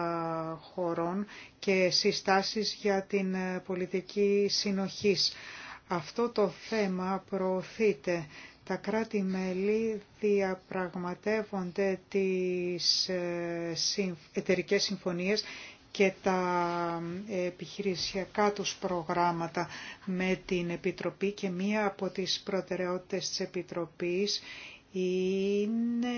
C: χωρών και συστάσεις για την πολιτική συνοχής. Αυτό το θέμα προωθείται τα κράτη-μέλη διαπραγματεύονται τις ε, εταιρικές συμφωνίες και τα ε, επιχειρησιακά τους προγράμματα με την Επιτροπή και μία από τις προτεραιότητες της Επιτροπής είναι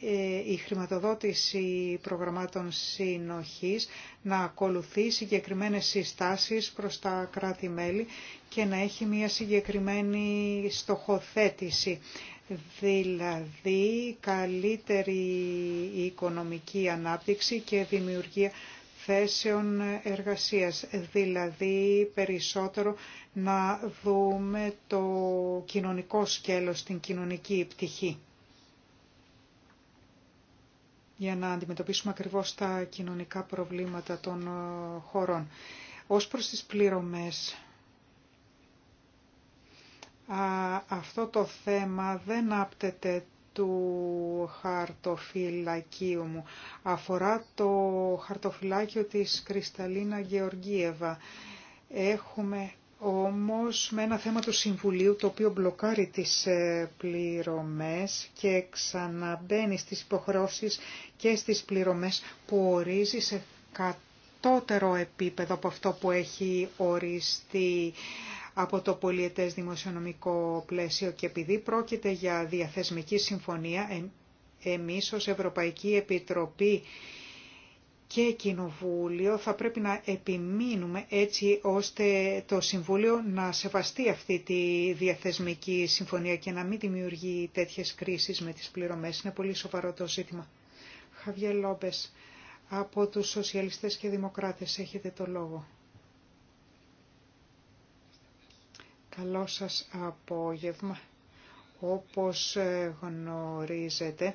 C: ε, η χρηματοδότηση προγραμμάτων συνοχής να ακολουθεί συγκεκριμένες συστάσεις προς τα κράτη-μέλη και να έχει μια συγκεκριμένη στοχοθέτηση. Δηλαδή καλύτερη οικονομική ανάπτυξη και δημιουργία θέσεων εργασίας, δηλαδή περισσότερο να δούμε το κοινωνικό σκέλος, την κοινωνική πτυχή. Για να αντιμετωπίσουμε ακριβώς τα κοινωνικά προβλήματα των ε, χωρών. Ως προς τις πληρωμές, αυτό το θέμα δεν άπτεται του χαρτοφυλακίου μου. Αφορά το χαρτοφυλάκιο της Κρυσταλίνα Γεωργίεβα. Έχουμε όμως με ένα θέμα του Συμβουλίου το οποίο μπλοκάρει τις ε, πληρωμές και ξαναμπαίνει στις υποχρεώσεις και στις πληρωμές που ορίζει σε κατώτερο επίπεδο από αυτό που έχει οριστεί από το πολιετές δημοσιονομικό πλαίσιο και επειδή πρόκειται για διαθεσμική συμφωνία, εμείς ως Ευρωπαϊκή Επιτροπή και Κοινοβούλιο θα πρέπει να επιμείνουμε έτσι ώστε το Συμβούλιο να σεβαστεί αυτή τη διαθεσμική συμφωνία και να μην δημιουργεί τέτοιες κρίσεις με τις πληρωμές. Είναι πολύ σοβαρό το ζήτημα. Χαβιέ από τους Σοσιαλιστές και Δημοκράτες έχετε το λόγο. Καλό σας απόγευμα. Όπως ε, γνωρίζετε,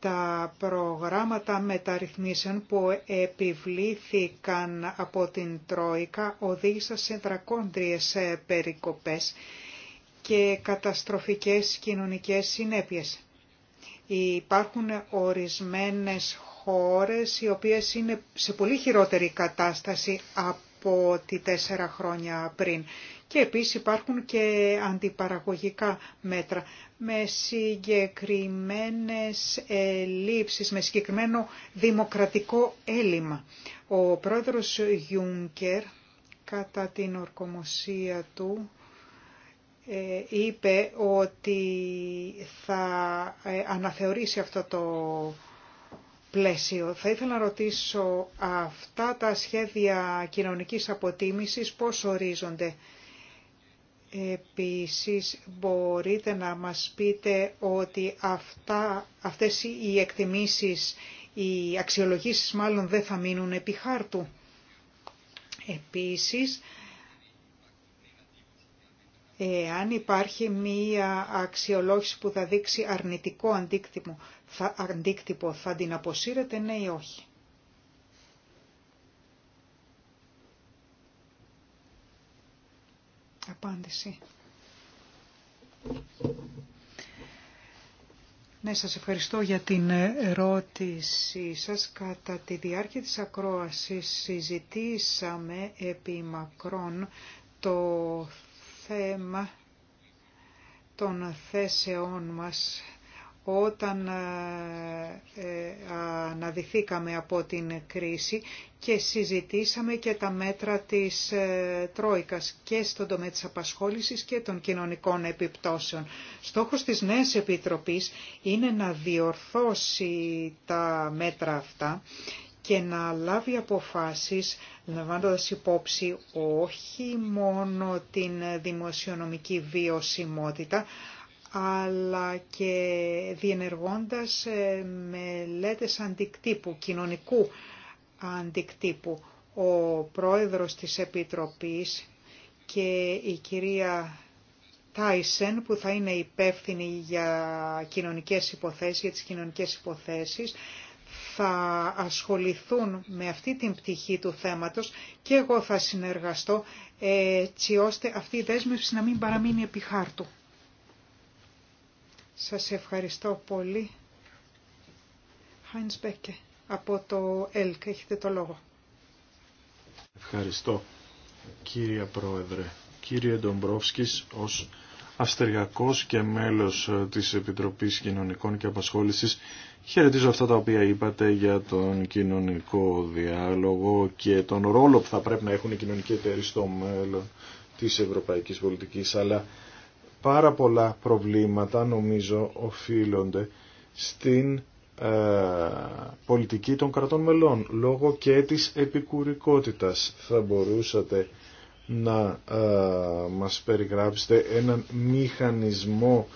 C: τα προγράμματα μεταρρυθμίσεων που επιβλήθηκαν από την Τρόικα οδήγησαν σε δρακόντριες ε, περικοπές και καταστροφικές κοινωνικές συνέπειες. Υπάρχουν ορισμένες χώρες οι οποίες είναι σε πολύ χειρότερη κατάσταση από τη τέσσερα χρόνια πριν και επίσης υπάρχουν και αντιπαραγωγικά μέτρα με συγκεκριμένες ελλείψεις, με συγκεκριμένο δημοκρατικό έλλειμμα. Ο πρόεδρος Γιούνκερ κατά την ορκομοσία του ε, είπε ότι θα ε, αναθεωρήσει αυτό το πλαίσιο. Θα ήθελα να ρωτήσω αυτά τα σχέδια κοινωνικής αποτίμησης πώς ορίζονται Επίσης μπορείτε να μας πείτε ότι αυτά, αυτές οι εκτιμήσεις, οι αξιολογήσεις μάλλον δεν θα μείνουν επί χάρτου. Επίσης, εάν υπάρχει μία αξιολόγηση που θα δείξει αρνητικό αντίκτυπο, θα, αντίκτυπο, θα την αποσύρετε ναι ή όχι. απάντηση. Ναι, σας ευχαριστώ για την ερώτησή σας. Κατά τη διάρκεια της ακρόασης συζητήσαμε επί μακρόν το θέμα των θέσεών μας όταν ε, ε, αναδυθήκαμε από την κρίση και συζητήσαμε και τα μέτρα της ε, Τρόικας και στον τομέα της απασχόλησης και των κοινωνικών επιπτώσεων. Στόχος της νέας Επιτροπής είναι να διορθώσει τα μέτρα αυτά και να λάβει αποφάσεις λαμβάνοντα υπόψη όχι μόνο την δημοσιονομική βιωσιμότητα, αλλά και διενεργώντας ε, μελέτες αντικτύπου, κοινωνικού αντικτύπου. Ο πρόεδρος της Επιτροπής και η κυρία Τάισεν που θα είναι υπεύθυνη για κοινωνικές υποθέσεις, για τις κοινωνικές υποθέσεις, θα ασχοληθούν με αυτή την πτυχή του θέματος και εγώ θα συνεργαστώ έτσι ώστε αυτή η δέσμευση να μην παραμείνει επί χάρτου. Σας ευχαριστώ πολύ. Χάινς Μπέκε από το ΕΛΚ. Έχετε το λόγο.
B: Ευχαριστώ κύριε Πρόεδρε. Κύριε Ντομπρόφσκης ως αστεριακός και μέλος ε, της Επιτροπής Κοινωνικών και Απασχόλησης χαιρετίζω αυτά τα οποία είπατε για τον κοινωνικό διάλογο και τον ρόλο που θα πρέπει να έχουν οι κοινωνικοί εταίροι στο μέλλον της ευρωπαϊκής πολιτικής αλλά πάρα πολλά προβλήματα νομίζω οφείλονται στην ε, πολιτική των κρατών μελών λόγω και της επικουρικότητας. Θα μπορούσατε να ε, μας περιγράψετε έναν μηχανισμό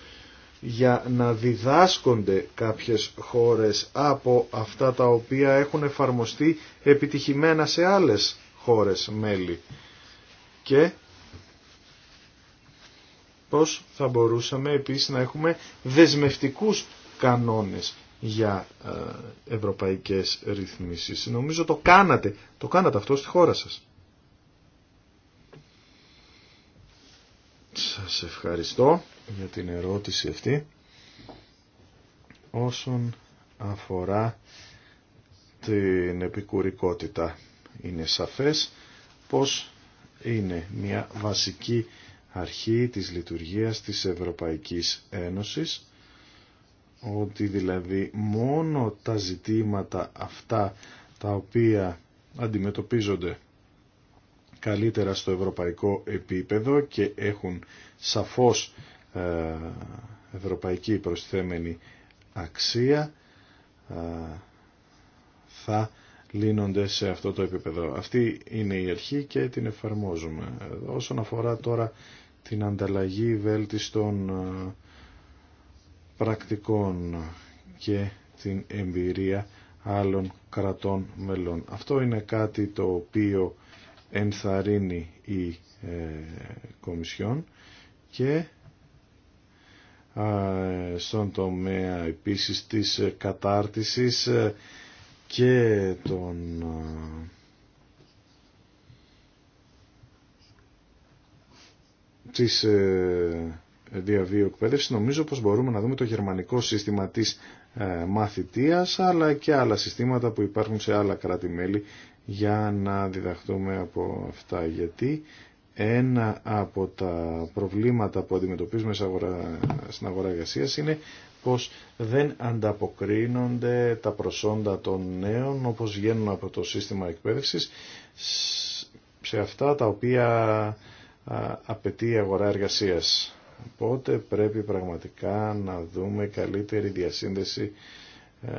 B: για να διδάσκονται κάποιες χώρες από αυτά τα οποία έχουν εφαρμοστεί επιτυχημένα σε άλλες χώρες μέλη. Και πώς θα μπορούσαμε επίσης να έχουμε δεσμευτικούς κανόνες για ε, ευρωπαϊκές ρυθμίσεις. Νομίζω το κάνατε, το κάνατε αυτό στη χώρα σας. Σας ευχαριστώ για την ερώτηση αυτή. Όσον αφορά την επικουρικότητα, είναι σαφές πως είναι μια βασική αρχή της λειτουργίας της Ευρωπαϊκής Ένωσης, ότι δηλαδή μόνο τα ζητήματα αυτά τα οποία αντιμετωπίζονται καλύτερα στο ευρωπαϊκό επίπεδο και έχουν σαφώς ε, ευρωπαϊκή προσθέμενη αξία ε, θα λύνονται σε αυτό το επίπεδο. Αυτή είναι η αρχή και την εφαρμόζουμε. Όσον αφορά τώρα την ανταλλαγή βέλτιστων ε, πρακτικών και την εμπειρία άλλων κρατών μελών. Αυτό είναι κάτι το οποίο ενθαρρύνει η ε, Κομισιόν και στον τομέα επίσης της ε, κατάρτισης ε, και των της ε, διαβίου εκπαίδευση νομίζω πως μπορούμε να δούμε το γερμανικό σύστημα της ε, μαθητείας αλλά και άλλα συστήματα που υπάρχουν σε άλλα κράτη-μέλη για να διδαχτούμε από αυτά γιατί ένα από τα προβλήματα που αντιμετωπίζουμε στην αγορά εργασία είναι πως δεν ανταποκρίνονται τα προσόντα των νέων όπως βγαίνουν από το σύστημα εκπαίδευσης σε αυτά τα οποία απαιτεί η αγορά εργασίας. Οπότε πρέπει πραγματικά να δούμε καλύτερη διασύνδεση ε,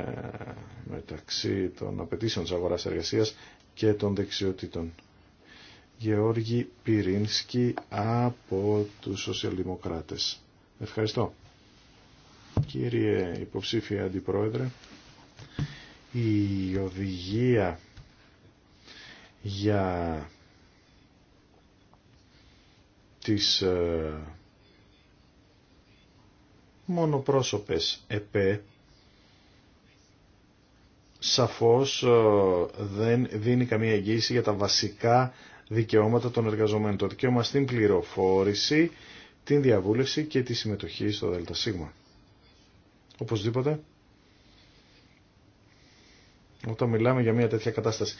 B: μεταξύ των απαιτήσεων της αγοράς εργασίας και των δεξιοτήτων. Γεώργη Πυρίνσκι από τους Σοσιαλδημοκράτες. Ευχαριστώ. Κύριε υποψήφια Αντιπρόεδρε, η οδηγία για τις ε, μονοπρόσωπες ΕΠΕ σαφώς ε, δεν δίνει καμία εγγύηση για τα βασικά δικαιώματα των εργαζομένων. Το δικαίωμα στην πληροφόρηση, την διαβούλευση και τη συμμετοχή στο ΔΣ. Οπωσδήποτε, όταν μιλάμε για μια τέτοια κατάσταση,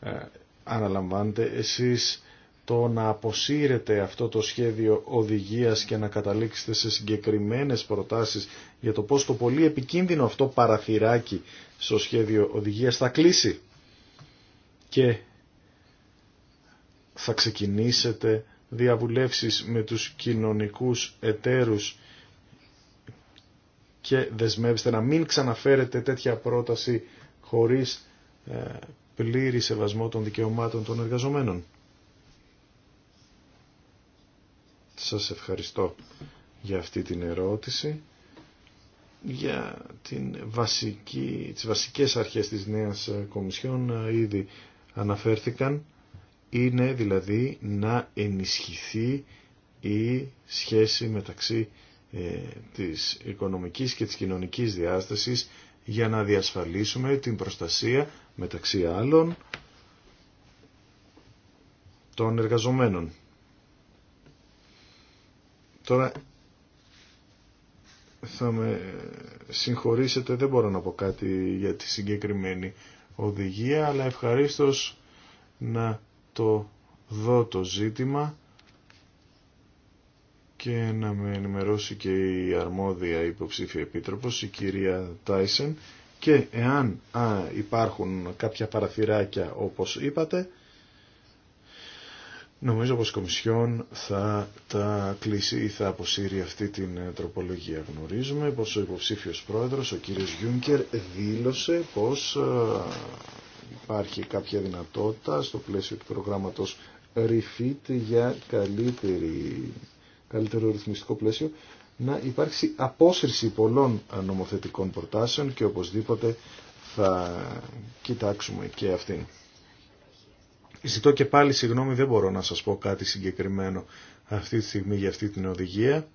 B: ε, αναλαμβάνετε εσείς το να αποσύρετε αυτό το σχέδιο οδηγίας και να καταλήξετε σε συγκεκριμένες προτάσεις για το πώς το πολύ επικίνδυνο αυτό παραθυράκι στο σχέδιο οδηγίας θα κλείσει και θα ξεκινήσετε διαβουλεύσεις με τους κοινωνικούς εταίρους και δεσμεύστε να μην ξαναφέρετε τέτοια πρόταση χωρίς ε, πλήρη σεβασμό των δικαιωμάτων των εργαζομένων. Σας ευχαριστώ για αυτή την ερώτηση για την βασική, τις βασικές αρχές της νέας Κομισιόν ε, ήδη αναφέρθηκαν είναι δηλαδή να ενισχυθεί η σχέση μεταξύ ε, της οικονομικής και της κοινωνικής διάστασης για να διασφαλίσουμε την προστασία μεταξύ άλλων των εργαζομένων. Τώρα θα με συγχωρήσετε, δεν μπορώ να πω κάτι για τη συγκεκριμένη οδηγία, αλλά ευχαρίστως να το δω το ζήτημα και να με ενημερώσει και η αρμόδια υποψήφια επίτροπος, η κυρία Τάισεν, και εάν α, υπάρχουν κάποια παραθυράκια όπως είπατε, Νομίζω πως η Κομισιόν θα τα κλείσει ή θα αποσύρει αυτή την ε, τροπολογία. Γνωρίζουμε πως ο υποψήφιος πρόεδρος, ο κύριος Γιούνκερ, δήλωσε πως ε, υπάρχει κάποια δυνατότητα στο πλαίσιο του προγράμματος Refit για καλύτερη, καλύτερο ρυθμιστικό πλαίσιο να υπάρξει απόσυρση πολλών ε, νομοθετικών προτάσεων και οπωσδήποτε θα κοιτάξουμε και αυτήν. Ζητώ και πάλι συγγνώμη, δεν μπορώ να σας πω κάτι συγκεκριμένο αυτή τη στιγμή για αυτή την οδηγία.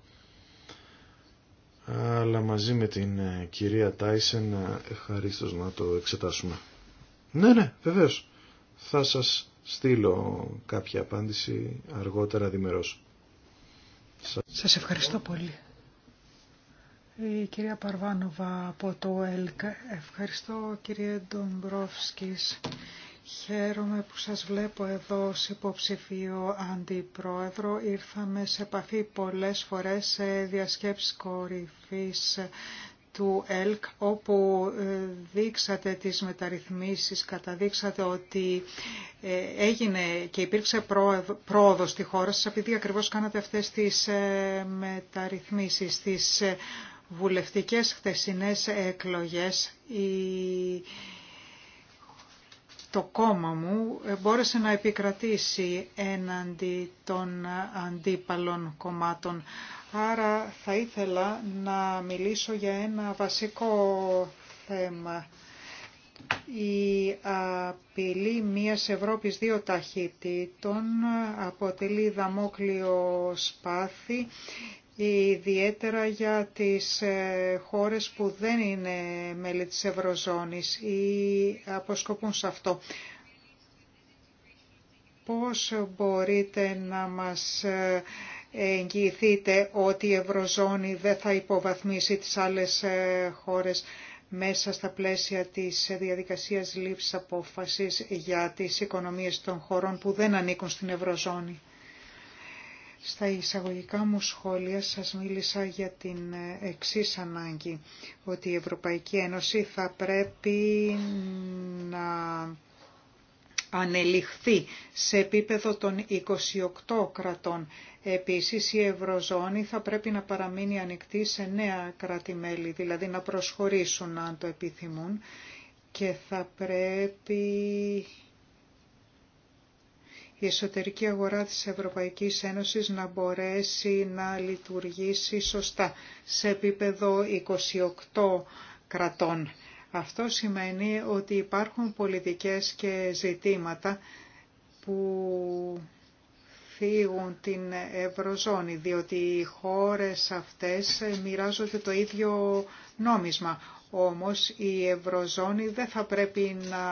B: Αλλά μαζί με την ε, κυρία Τάισεν ε, ευχαρίστως να το εξετάσουμε. Ναι, ναι, βεβαίως. Θα σας στείλω κάποια απάντηση αργότερα διμερώς.
C: Σας ευχαριστώ πολύ. Η κυρία Παρβάνοβα από το ΕΛΚ. Ευχαριστώ κύριε Ντομπρόφσκης Χαίρομαι που σας βλέπω εδώ ως υποψηφίο αντιπρόεδρο. Ήρθαμε σε επαφή πολλές φορές σε διασκέψεις κορυφής του ΕΛΚ όπου ε, δείξατε τις μεταρρυθμίσεις, καταδείξατε ότι ε, έγινε και υπήρξε πρόοδος στη χώρα σας επειδή ακριβώς κάνατε αυτές τις ε, μεταρρυθμίσεις, τις βουλευτικές χτεσινές εκλογές. Η το κόμμα μου ε, μπόρεσε να επικρατήσει έναντι των αντίπαλων κομμάτων. Άρα θα ήθελα να μιλήσω για ένα βασικό θέμα. Η απειλή μιας Ευρώπης δύο ταχύτητων αποτελεί δαμόκλειο σπάθη ιδιαίτερα για τις ε, χώρες που δεν είναι μέλη της Ευρωζώνης ή αποσκοπούν σε αυτό. Πώς μπορείτε να μας ε, εγγυηθείτε ότι η Ευρωζώνη δεν θα υποβαθμίσει τις άλλες ε, χώρες μέσα στα πλαίσια της διαδικασίας λήψης απόφασης για τις οικονομίες των χωρών που δεν ανήκουν στην Ευρωζώνη. Στα εισαγωγικά μου σχόλια σας μίλησα για την εξής ανάγκη, ότι η Ευρωπαϊκή Ένωση θα πρέπει να ανελιχθεί σε επίπεδο των 28 κρατών. Επίσης η Ευρωζώνη θα πρέπει να παραμείνει ανοιχτή σε νέα κράτη-μέλη, δηλαδή να προσχωρήσουν αν το επιθυμούν και θα πρέπει η εσωτερική αγορά της Ευρωπαϊκής Ένωσης να μπορέσει να λειτουργήσει σωστά σε επίπεδο 28 κρατών. Αυτό σημαίνει ότι υπάρχουν πολιτικές και ζητήματα που φύγουν την Ευρωζώνη, διότι οι χώρες αυτές μοιράζονται το ίδιο νόμισμα. Όμως η Ευρωζώνη δεν θα πρέπει να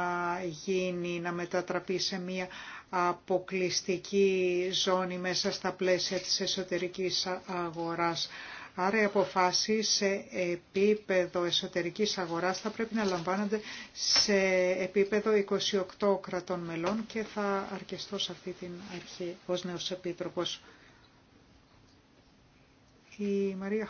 C: γίνει, να μετατραπεί σε μία αποκλειστική ζώνη μέσα στα πλαίσια της εσωτερικής αγοράς. Άρα οι αποφάσεις σε επίπεδο εσωτερικής αγοράς θα πρέπει να λαμβάνονται σε επίπεδο 28 κρατών μελών και θα αρκεστώ σε αυτή την αρχή ως νέος επίτροπος. Η Μαρία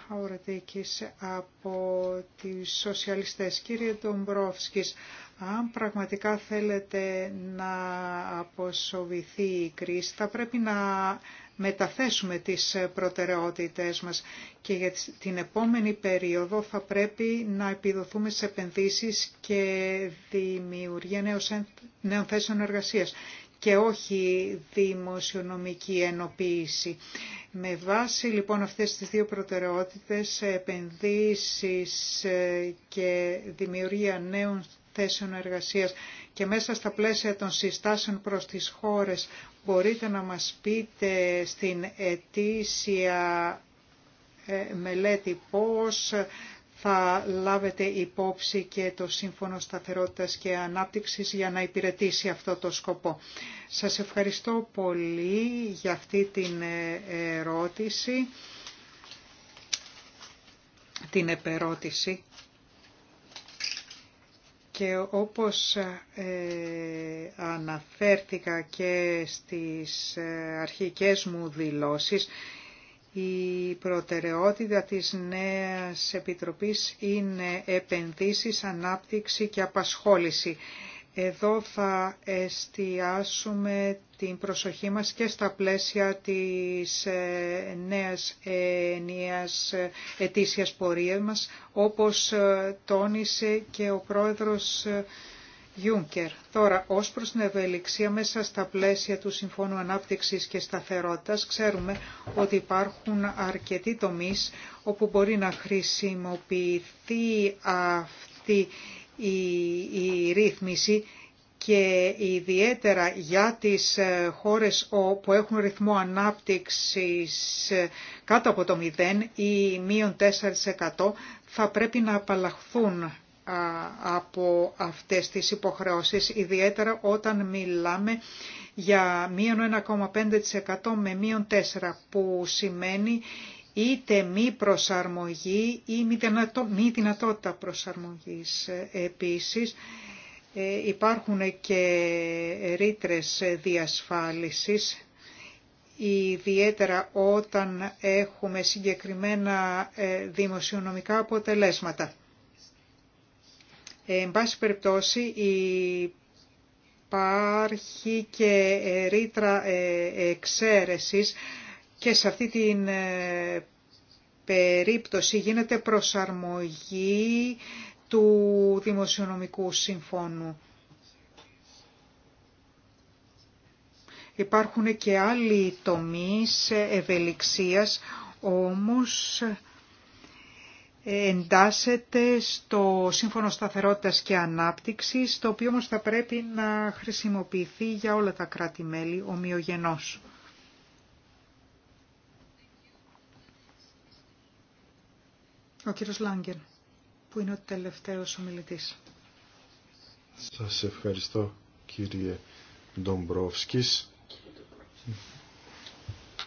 C: από τις Σοσιαλιστές. Κύριε Ντομπρόφσκης, αν πραγματικά θέλετε να αποσοβηθεί η κρίση, θα πρέπει να μεταθέσουμε τις προτεραιότητες μας και για την επόμενη περίοδο θα πρέπει να επιδοθούμε σε επενδύσεις και δημιουργία νέων θέσεων εργασίας και όχι δημοσιονομική ενοποίηση. Με βάση λοιπόν αυτές τις δύο προτεραιότητες, επενδύσεις ε, και δημιουργία νέων θέσεων εργασίας και μέσα στα πλαίσια των συστάσεων προς τις χώρες μπορείτε να μας πείτε στην ετήσια ε, μελέτη πώς θα λάβετε υπόψη και το Σύμφωνο Σταθερότητας και Ανάπτυξης για να υπηρετήσει αυτό το σκοπό. Σας ευχαριστώ πολύ για αυτή την ε, ερώτηση, την επερώτηση. Και όπως ε, αναφέρθηκα και στις ε, αρχικές μου δηλώσεις, η προτεραιότητα της νέας Επιτροπής είναι επενδύσεις, ανάπτυξη και απασχόληση. Εδώ θα εστιάσουμε την προσοχή μας και στα πλαίσια της ε, νέας ενιαίας ετήσιας πορείας μας, όπως ε, τόνισε και ο πρόεδρος Juncker. Ε, Τώρα, ως προς την ευελιξία μέσα στα πλαίσια του Συμφώνου Ανάπτυξης και Σταθερότητας, ξέρουμε ότι υπάρχουν αρκετοί τομείς όπου μπορεί να χρησιμοποιηθεί αυτή η, ρύθμιση και ιδιαίτερα για τις ε, χώρες που έχουν ρυθμό ανάπτυξης ε, κάτω από το 0 ή μείον 4% θα πρέπει να απαλλαχθούν από αυτές τις υποχρεώσεις, ιδιαίτερα όταν μιλάμε για μείον 1,5% με μείον 4% που σημαίνει είτε μη προσαρμογή ή μη δυνατότητα προσαρμογής. Ε, επίσης ε, υπάρχουν και ρήτρες διασφάλισης, ιδιαίτερα όταν έχουμε συγκεκριμένα ε, δημοσιονομικά αποτελέσματα. Εν πάση περιπτώσει υπάρχει και ρήτρα εξαίρεσης και σε αυτή την ε, περίπτωση γίνεται προσαρμογή του Δημοσιονομικού Συμφώνου. Υπάρχουν και άλλοι τομείς ευελιξίας, όμως ε, εντάσσεται στο Σύμφωνο Σταθερότητας και Ανάπτυξης, το οποίο όμως θα πρέπει να χρησιμοποιηθεί για όλα τα κράτη-μέλη ομοιογενώς. Ο κύριος Λάγκεν, που είναι ο τελευταίος ομιλητής.
B: Σας ευχαριστώ κύριε Ντομπρόφσκης.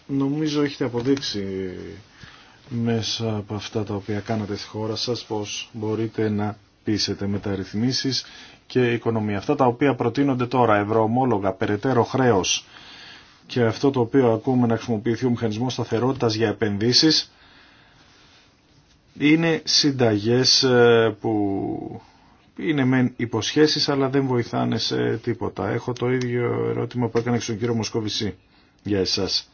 B: Νομίζω έχετε αποδείξει μέσα από αυτά τα οποία κάνατε στη χώρα σας πως μπορείτε να πείσετε μεταρρυθμίσεις και οικονομία. Αυτά τα οποία προτείνονται τώρα, ευρωομόλογα, περαιτέρω χρέος και αυτό το οποίο ακούμε να χρησιμοποιηθεί ο μηχανισμός σταθερότητας για επενδύσεις είναι συνταγές ε, που είναι μεν υποσχέσεις αλλά δεν βοηθάνε σε τίποτα. Έχω το ίδιο ερώτημα που έκανε στον κύριο Μοσκοβησή για εσάς.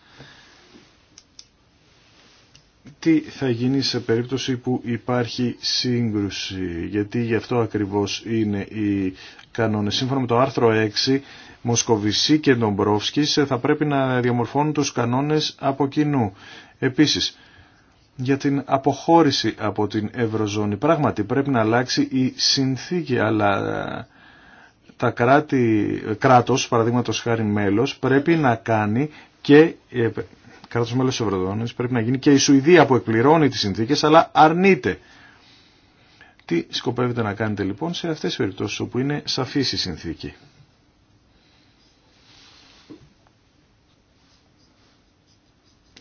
B: Τι θα γίνει σε περίπτωση που υπάρχει σύγκρουση, γιατί γι' αυτό ακριβώς είναι οι κανόνες. Σύμφωνα με το άρθρο 6, Μοσκοβησή και Ντομπρόφσκης θα πρέπει να διαμορφώνουν τους κανόνες από κοινού. Επίσης, για την αποχώρηση από την Ευρωζώνη. Πράγματι πρέπει να αλλάξει η συνθήκη, αλλά ε, τα κράτη, ε, κράτος, παραδείγματος χάρη μέλος, πρέπει να κάνει και ε, κράτος μέλος Ευρωζώνης, πρέπει να γίνει και η Σουηδία που εκπληρώνει τις συνθήκες, αλλά αρνείται. Τι σκοπεύετε να κάνετε λοιπόν σε αυτές τις περιπτώσεις όπου είναι σαφής η συνθήκη.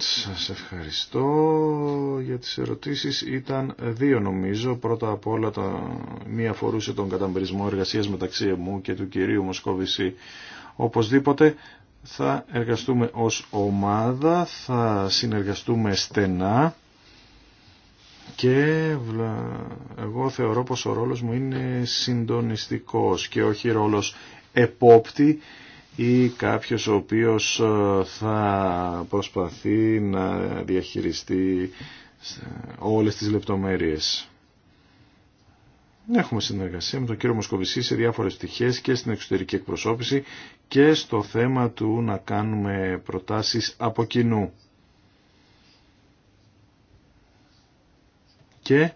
B: Σας ευχαριστώ για τις ερωτήσεις. Ήταν δύο νομίζω. Πρώτα απ' όλα τα... μία αφορούσε τον καταμπερισμό εργασίας μεταξύ μου και του κυρίου Μοσκόβηση. Οπωσδήποτε θα εργαστούμε ως ομάδα, θα συνεργαστούμε στενά και εγώ θεωρώ πως ο ρόλος μου είναι συντονιστικός και όχι ρόλος επόπτη ή κάποιος ο οποίος ε, θα προσπαθεί να διαχειριστεί ε, όλες τις λεπτομέρειες. Έχουμε συνεργασία με τον κύριο Μοσκοβησή σε διάφορες πτυχές και στην εξωτερική εκπροσώπηση και στο θέμα του να κάνουμε προτάσεις από κοινού. Και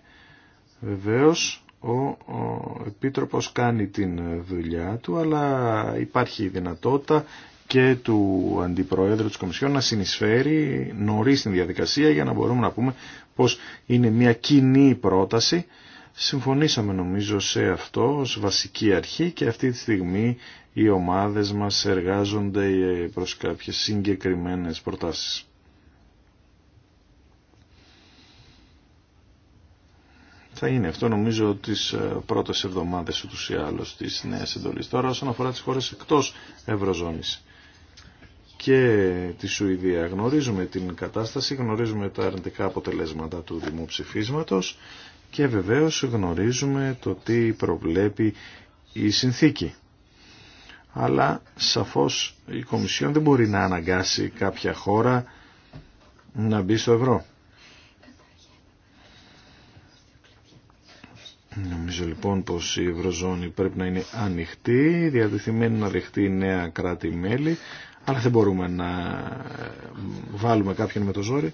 B: βεβαίως ο Επίτροπος κάνει την δουλειά του, αλλά υπάρχει η δυνατότητα και του Αντιπροέδρου της Κομισιόν να συνεισφέρει νωρίς στην διαδικασία για να μπορούμε να πούμε πως είναι μια κοινή πρόταση. Συμφωνήσαμε νομίζω σε αυτό ως βασική αρχή και αυτή τη στιγμή οι ομάδες μας εργάζονται προς κάποιες συγκεκριμένες προτάσεις. θα είναι αυτό νομίζω τις ε, πρώτες εβδομάδες ούτως ή άλλως της νέας εντολής. Τώρα όσον αφορά τις χώρες εκτός Ευρωζώνης και τη Σουηδία γνωρίζουμε την κατάσταση, γνωρίζουμε τα αρνητικά αποτελέσματα του δημοψηφίσματος και βεβαίως γνωρίζουμε το τι προβλέπει η συνθήκη. Αλλά σαφώς η Κομισιόν δεν μπορεί να αναγκάσει κάποια χώρα να μπει στο ευρώ. Νομίζω λοιπόν πως η Ευρωζώνη πρέπει να είναι ανοιχτή, διατεθειμένη να δεχτεί νέα κράτη-μέλη, αλλά δεν μπορούμε να ε, βάλουμε κάποιον με το ζόρι.